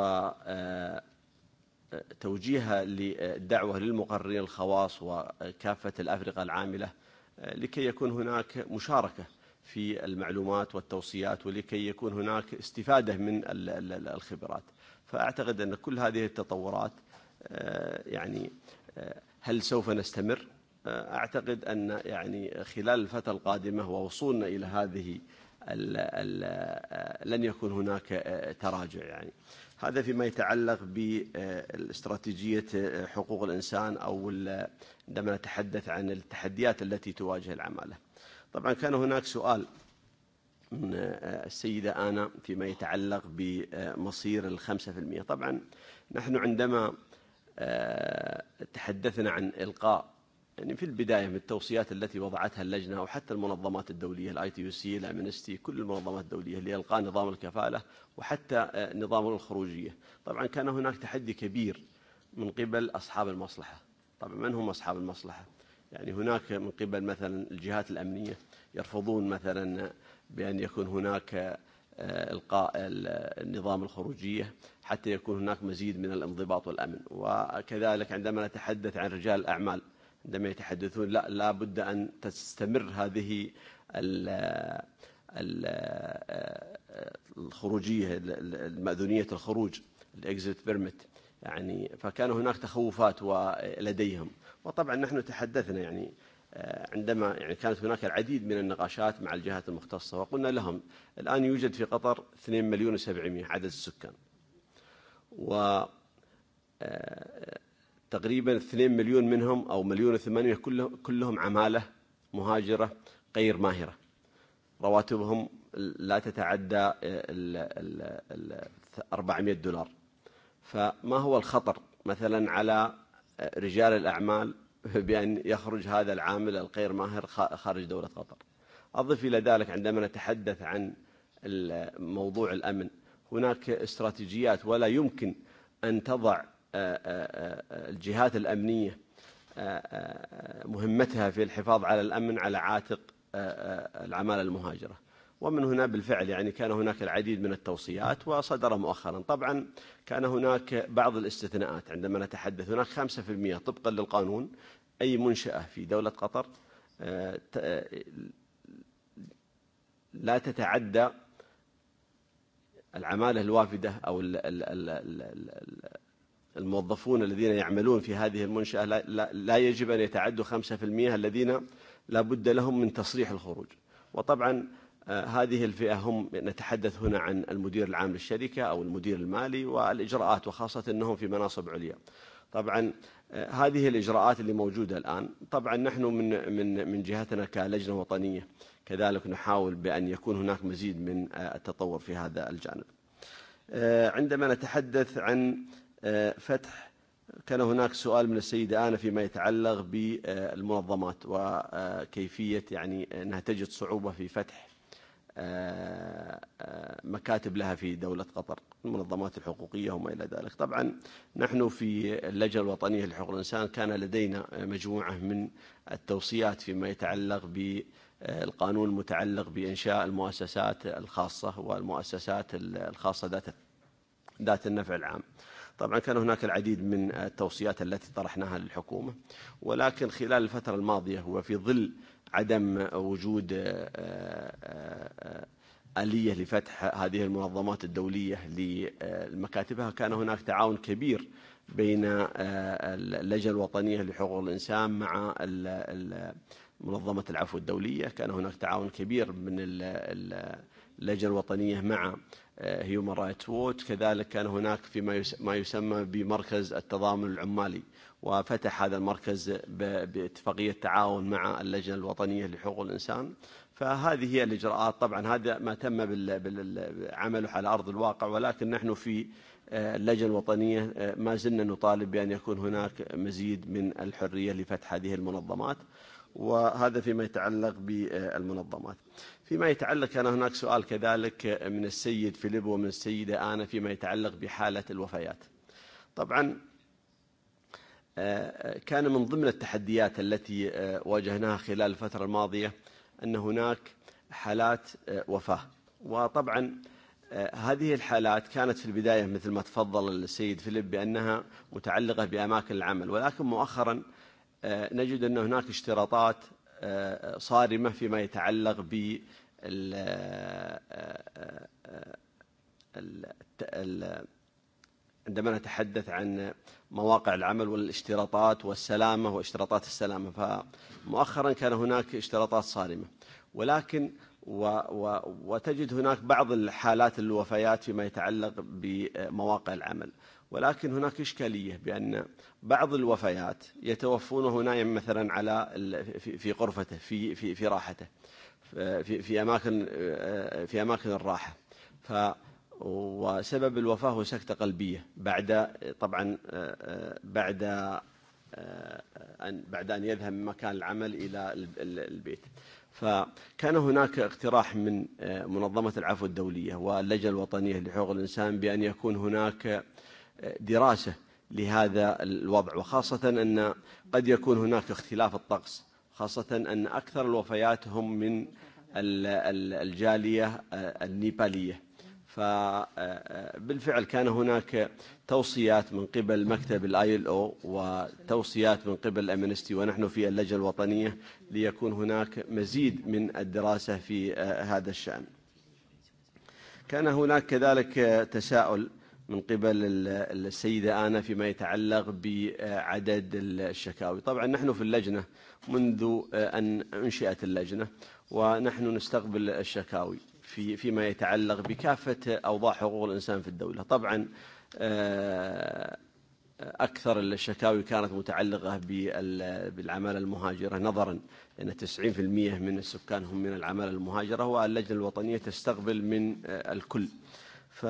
توجيهها للدعوة للمقررين الخواص وكافة الأفرقة العاملة لكي يكون هناك مشاركة في المعلومات والتوصيات ولكي يكون هناك استفادة من الخبرات فأعتقد أن كل هذه التطورات يعني هل سوف نستمر؟ أعتقد أن يعني خلال الفترة القادمة ووصولنا إلى هذه الـ الـ لن يكون هناك تراجع يعني هذا فيما يتعلق باستراتيجية حقوق الإنسان أو عندما نتحدث عن التحديات التي تواجه العمالة طبعا كان هناك سؤال من السيدة آنا فيما يتعلق بمصير الخمسة في المئة طبعا نحن عندما تحدثنا عن إلقاء يعني في البداية من التوصيات التي وضعتها اللجنة أو حتى المنظمات الدولية الاي تي سي الامنستي كل المنظمات الدولية اللي لإلقاء نظام الكفالة وحتى نظام الخروجية طبعا كان هناك تحدي كبير من قبل أصحاب المصلحة طبعا من هم أصحاب المصلحة يعني هناك من قبل مثلا الجهات الأمنية يرفضون مثلا بأن يكون هناك إلقاء النظام الخروجية حتى يكون هناك مزيد من الانضباط والأمن وكذلك عندما نتحدث عن رجال الأعمال عندما يتحدثون لا لا بد أن تستمر هذه ال ال الخروجية مأذونية الخروج الإكزيت بيرمت يعني فكان هناك تخوفات لديهم وطبعا نحن تحدثنا يعني عندما يعني كانت هناك العديد من النقاشات مع الجهات المختصة وقلنا لهم الآن يوجد في قطر 2 مليون و700 عدد السكان و تقريبا 2 مليون منهم أو مليون وثمانية كله كلهم عمالة مهاجرة غير ماهرة رواتبهم لا تتعدى ال ال 400 دولار فما هو الخطر مثلا على رجال الأعمال بأن يخرج هذا العامل الغير ماهر خارج دولة قطر أضف إلى ذلك عندما نتحدث عن موضوع الأمن هناك استراتيجيات ولا يمكن أن تضع الجهات الأمنية مهمتها في الحفاظ على الأمن على عاتق العمالة المهاجرة ومن هنا بالفعل يعني كان هناك العديد من التوصيات وصدر مؤخرا طبعا كان هناك بعض الاستثناءات عندما نتحدث هناك 5% طبقا للقانون أي منشأة في دولة قطر لا تتعدى العمالة الوافدة أو الموظفون الذين يعملون في هذه المنشأة لا, لا, يجب أن يتعدوا خمسة في المئة الذين لا بد لهم من تصريح الخروج وطبعا هذه الفئة هم نتحدث هنا عن المدير العام للشركة أو المدير المالي والإجراءات وخاصة أنهم في مناصب عليا طبعا هذه الإجراءات اللي موجودة الآن طبعا نحن من, من, من جهتنا كلجنة وطنية كذلك نحاول بأن يكون هناك مزيد من التطور في هذا الجانب عندما نتحدث عن فتح كان هناك سؤال من السيدة آنا فيما يتعلق بالمنظمات وكيفية يعني أنها تجد صعوبة في فتح مكاتب لها في دولة قطر المنظمات الحقوقية وما إلى ذلك طبعا نحن في اللجنة الوطنية لحقوق الإنسان كان لدينا مجموعة من التوصيات فيما يتعلق بالقانون المتعلق بإنشاء المؤسسات الخاصة والمؤسسات الخاصة ذات ذات النفع العام طبعا كان هناك العديد من التوصيات التي طرحناها للحكومة ولكن خلال الفترة الماضية وفي ظل عدم وجود آلية لفتح هذه المنظمات الدولية لمكاتبها كان هناك تعاون كبير بين اللجنة الوطنية لحقوق الإنسان مع منظمة العفو الدولية كان هناك تعاون كبير من اللجنة الوطنية مع هيومن رايتس ووتش كذلك كان هناك في ما يسمى بمركز التضامن العمالي وفتح هذا المركز باتفاقية تعاون مع اللجنة الوطنية لحقوق الإنسان فهذه هي الإجراءات طبعا هذا ما تم بالعمل على أرض الواقع ولكن نحن في اللجنة الوطنية ما زلنا نطالب بأن يكون هناك مزيد من الحرية لفتح هذه المنظمات وهذا فيما يتعلق بالمنظمات فيما يتعلق أنا هناك سؤال كذلك من السيد فيليب ومن السيدة آنا فيما يتعلق بحالة الوفيات طبعا كان من ضمن التحديات التي واجهناها خلال الفترة الماضية أن هناك حالات وفاة وطبعا هذه الحالات كانت في البداية مثل ما تفضل السيد فيليب بأنها متعلقة بأماكن العمل ولكن مؤخرا نجد أن هناك اشتراطات صارمة فيما يتعلق ب عندما نتحدث عن مواقع العمل والاشتراطات والسلامة واشتراطات السلامة فمؤخرا كان هناك اشتراطات صارمة ولكن و و وتجد هناك بعض الحالات الوفيات فيما يتعلق بمواقع العمل ولكن هناك إشكالية بأن بعض الوفيات يتوفون هنا مثلا على في غرفته في في في راحته في في اماكن في اماكن الراحه ف وسبب الوفاه هو سكته قلبيه بعد طبعا بعد ان بعد ان يذهب من مكان العمل الى البيت فكان هناك اقتراح من منظمه العفو الدوليه واللجنه الوطنيه لحقوق الانسان بان يكون هناك دراسه لهذا الوضع وخاصه ان قد يكون هناك اختلاف الطقس خاصة أن أكثر الوفيات هم من الجالية النيبالية فبالفعل كان هناك توصيات من قبل مكتب الاي ال او وتوصيات من قبل الامنستي ونحن في اللجنه الوطنيه ليكون هناك مزيد من الدراسه في هذا الشان. كان هناك كذلك تساؤل من قبل السيده انا فيما يتعلق بعدد الشكاوي، طبعا نحن في اللجنه منذ أن أنشئت اللجنة ونحن نستقبل الشكاوي في فيما يتعلق بكافة أوضاع حقوق الإنسان في الدولة طبعا أكثر الشكاوي كانت متعلقة بالعمالة المهاجرة نظرا أن 90% من السكان هم من العمالة المهاجرة واللجنة الوطنية تستقبل من الكل ف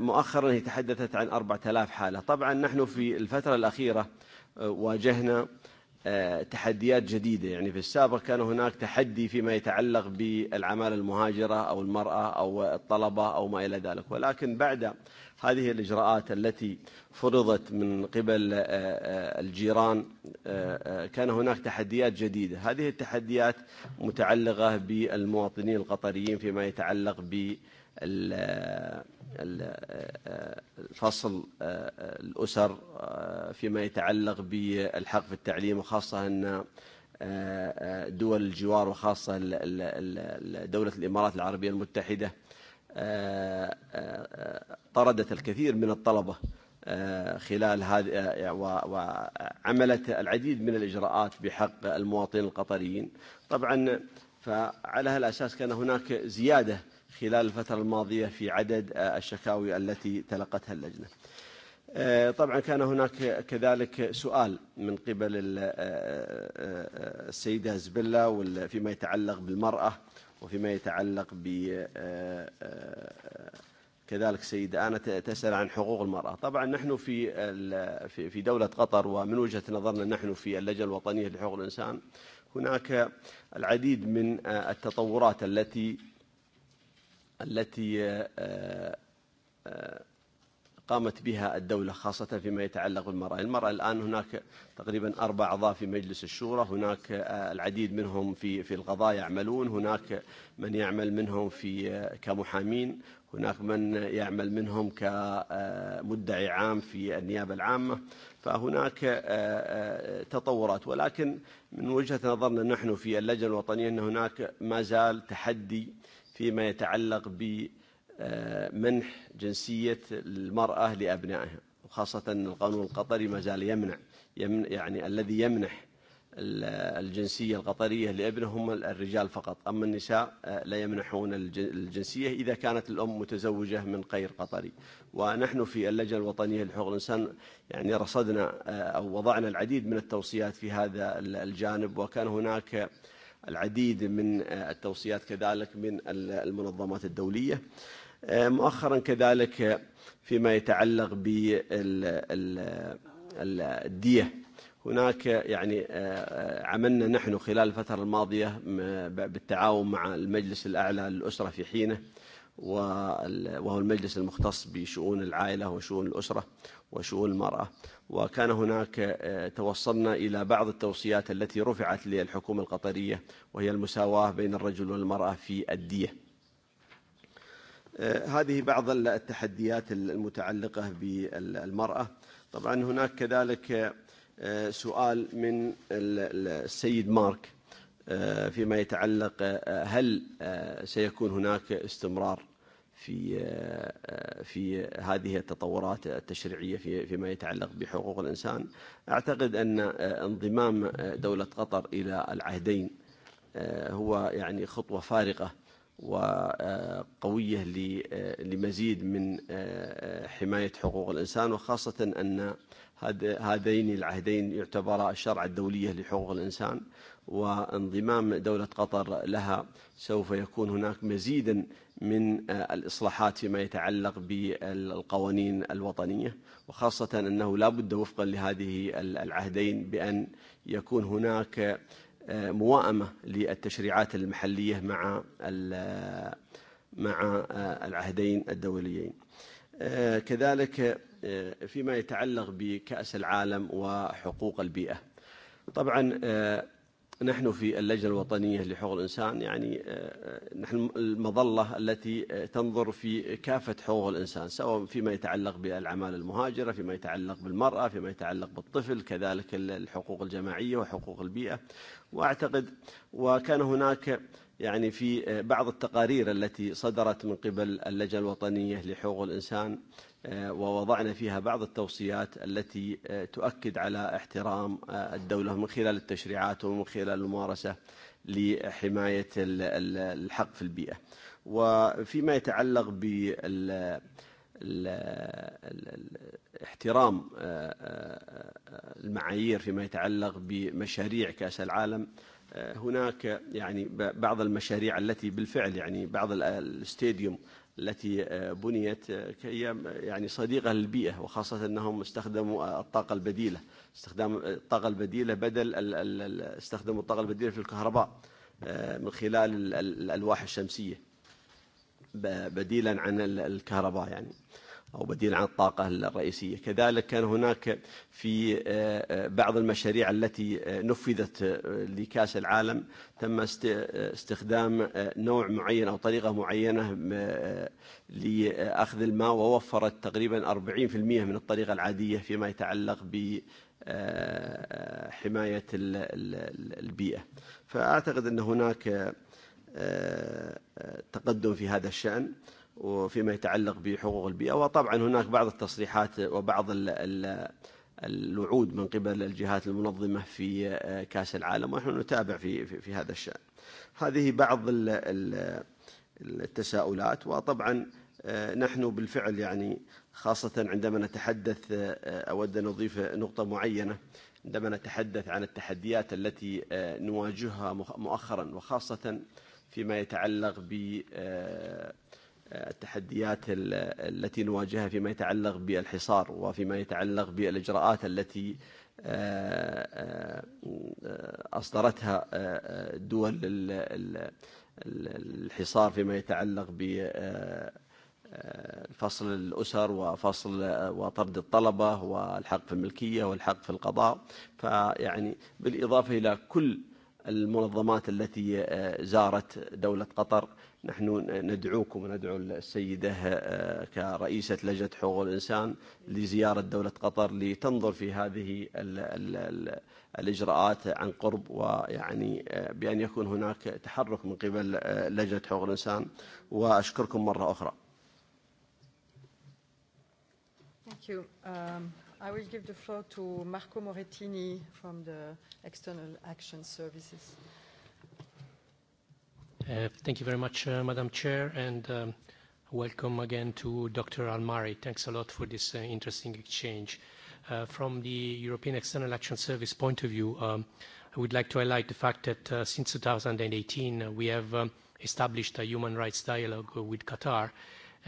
مؤخرا هي تحدثت عن 4000 حالة طبعا نحن في الفترة الأخيرة واجهنا تحديات جديدة يعني في السابق كان هناك تحدي فيما يتعلق بالعمالة المهاجرة أو المرأة أو الطلبة أو ما إلى ذلك ولكن بعد هذه الإجراءات التي فرضت من قبل الجيران كان هناك تحديات جديدة هذه التحديات متعلقة بالمواطنين القطريين فيما يتعلق بالمواطنين فصل الأسر فيما يتعلق بالحق في التعليم وخاصة أن دول الجوار وخاصة دولة الإمارات العربية المتحدة طردت الكثير من الطلبة خلال هذه وعملت العديد من الإجراءات بحق المواطنين القطريين طبعا فعلى هالأساس كان هناك زيادة خلال الفترة الماضية في عدد الشكاوي التي تلقتها اللجنة طبعا كان هناك كذلك سؤال من قبل السيدة زبلة فيما يتعلق بالمرأة وفيما يتعلق ب كذلك سيدة أنا تسأل عن حقوق المرأة طبعا نحن في في دولة قطر ومن وجهة نظرنا نحن في اللجنة الوطنية لحقوق الإنسان هناك العديد من التطورات التي التي قامت بها الدولة خاصة فيما يتعلق بالمرأة المرأة الآن هناك تقريبا أربع أعضاء في مجلس الشورى هناك العديد منهم في في القضاء يعملون هناك من يعمل منهم في كمحامين هناك من يعمل منهم كمدعي عام في النيابة العامة فهناك تطورات ولكن من وجهة نظرنا نحن في اللجنة الوطنية أن هناك ما زال تحدي فيما يتعلق بمنح جنسية المرأة لأبنائها وخاصة القانون القطري ما زال يمنع يعني الذي يمنح الجنسية القطرية لابنه هم الرجال فقط أما النساء لا يمنحون الجنسية إذا كانت الأم متزوجة من غير قطري ونحن في اللجنة الوطنية لحقوق الإنسان يعني رصدنا أو وضعنا العديد من التوصيات في هذا الجانب وكان هناك العديد من التوصيات كذلك من المنظمات الدولية مؤخرا كذلك فيما يتعلق بالدية هناك يعني عملنا نحن خلال الفترة الماضية بالتعاون مع المجلس الأعلى للأسرة في حينه وهو المجلس المختص بشؤون العائلة وشؤون الأسرة وشؤون المرأة وكان هناك توصلنا إلى بعض التوصيات التي رفعت للحكومة القطرية وهي المساواة بين الرجل والمرأة في الدية هذه بعض التحديات المتعلقة بالمرأة طبعا هناك كذلك سؤال من السيد مارك فيما يتعلق هل سيكون هناك استمرار في في هذه التطورات التشريعيه في فيما يتعلق بحقوق الانسان اعتقد ان انضمام دوله قطر الى العهدين هو يعني خطوه فارقه وقويه لمزيد من حمايه حقوق الانسان وخاصه ان هذين العهدين يعتبرا الشرع الدوليه لحقوق الانسان وانضمام دولة قطر لها سوف يكون هناك مزيدا من الإصلاحات فيما يتعلق بالقوانين الوطنية وخاصة أنه لا بد وفقا لهذه العهدين بأن يكون هناك موائمة للتشريعات المحلية مع مع العهدين الدوليين كذلك فيما يتعلق بكأس العالم وحقوق البيئة طبعا نحن في اللجنة الوطنية لحقوق الإنسان يعني نحن المظلة التي تنظر في كافة حقوق الإنسان سواء فيما يتعلق بالعمال المهاجرة فيما يتعلق بالمرأة فيما يتعلق بالطفل كذلك الحقوق الجماعية وحقوق البيئة وأعتقد وكان هناك يعني في بعض التقارير التي صدرت من قبل اللجنة الوطنية لحقوق الإنسان ووضعنا فيها بعض التوصيات التي تؤكد على احترام الدولة من خلال التشريعات ومن خلال الممارسة لحماية الحق في البيئة وفيما يتعلق بال احترام المعايير فيما يتعلق بمشاريع كأس العالم هناك يعني بعض المشاريع التي بالفعل يعني بعض الاستاديوم التي بنيت كي يعني صديقة للبيئة وخاصة أنهم استخدموا الطاقة البديلة استخدام الطاقة البديلة بدل استخدموا الطاقة البديلة في الكهرباء من خلال الألواح الشمسية بديلا عن الكهرباء يعني أو بديل عن الطاقة الرئيسية كذلك كان هناك في بعض المشاريع التي نفذت لكاس العالم تم استخدام نوع معين أو طريقة معينة لأخذ الماء ووفرت تقريبا 40% من الطريقة العادية فيما يتعلق ب حماية البيئة فأعتقد أن هناك تقدم في هذا الشأن وفيما يتعلق بحقوق البيئة وطبعا هناك بعض التصريحات وبعض ال ال الوعود من قبل الجهات المنظمة في كأس العالم ونحن نتابع في, في, في هذا الشأن هذه بعض التساؤلات وطبعا نحن بالفعل يعني خاصة عندما نتحدث أود أن أضيف نقطة معينة عندما نتحدث عن التحديات التي نواجهها مؤخرا وخاصة فيما يتعلق ب التحديات التي نواجهها فيما يتعلق بالحصار وفيما يتعلق بالإجراءات التي أصدرتها دول الحصار فيما يتعلق بفصل الأسر وفصل وطرد الطلبة والحق في الملكية والحق في القضاء فيعني بالإضافة إلى كل المنظمات التي زارت دولة قطر نحن ندعوكم وندعو السيدة كرئيسة لجنة حقوق الإنسان لزيارة دولة قطر لتنظر في هذه الـ الـ الـ الإجراءات عن قرب ويعني بأن يكون هناك تحرك من قبل لجنة حقوق الإنسان وأشكركم مرة أخرى Thank you. Um, I will give the floor to Marco Morettini from the External Action Services. Uh, thank you very much, uh, Madam Chair, and um, welcome again to Dr. Almari. Thanks a lot for this uh, interesting exchange. Uh, from the European External Action Service point of view, um, I would like to highlight the fact that uh, since 2018, uh, we have um, established a human rights dialogue with Qatar, uh,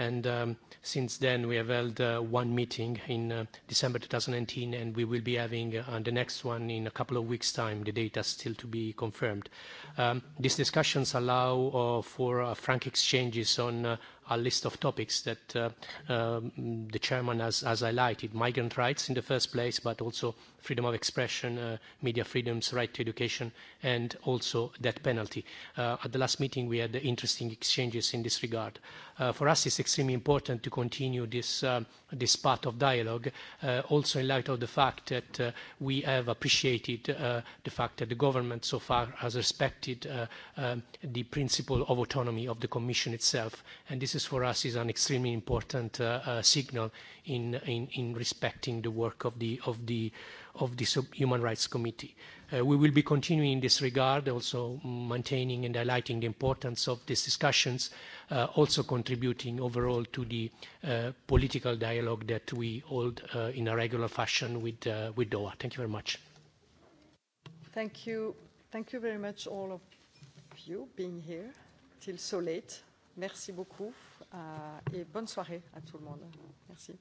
and um, since then we have held uh, one meeting in uh, December 2019 and we will be having uh, the next one in a couple of weeks time the data is still to be confirmed um, these discussions allow for frank exchanges on a list of topics that uh, um, the chairman has, has highlighted. Migrant rights in the first place, but also freedom of expression, uh, media freedoms, right to education, and also death penalty. Uh, at the last meeting, we had interesting exchanges in this regard. Uh, for us, it's extremely important to continue this, um, this path of dialogue, uh, also in light of the fact that uh, we have appreciated uh, the fact that the government so far has respected uh, um, the principle of autonomy of the Commission itself. And this is is for us is an extremely important uh, uh, signal in, respecting the work of the, of the, of Human Rights Committee. Uh, we will be continuing in this regard, also maintaining and highlighting the importance of these discussions, also contributing overall to the political dialogue that we hold in a regular fashion with, with Doha. Thank you very much. Thank you. Thank you very much, all of you, being here till so late. Merci beaucoup euh, et bonne soirée à tout le monde. Merci.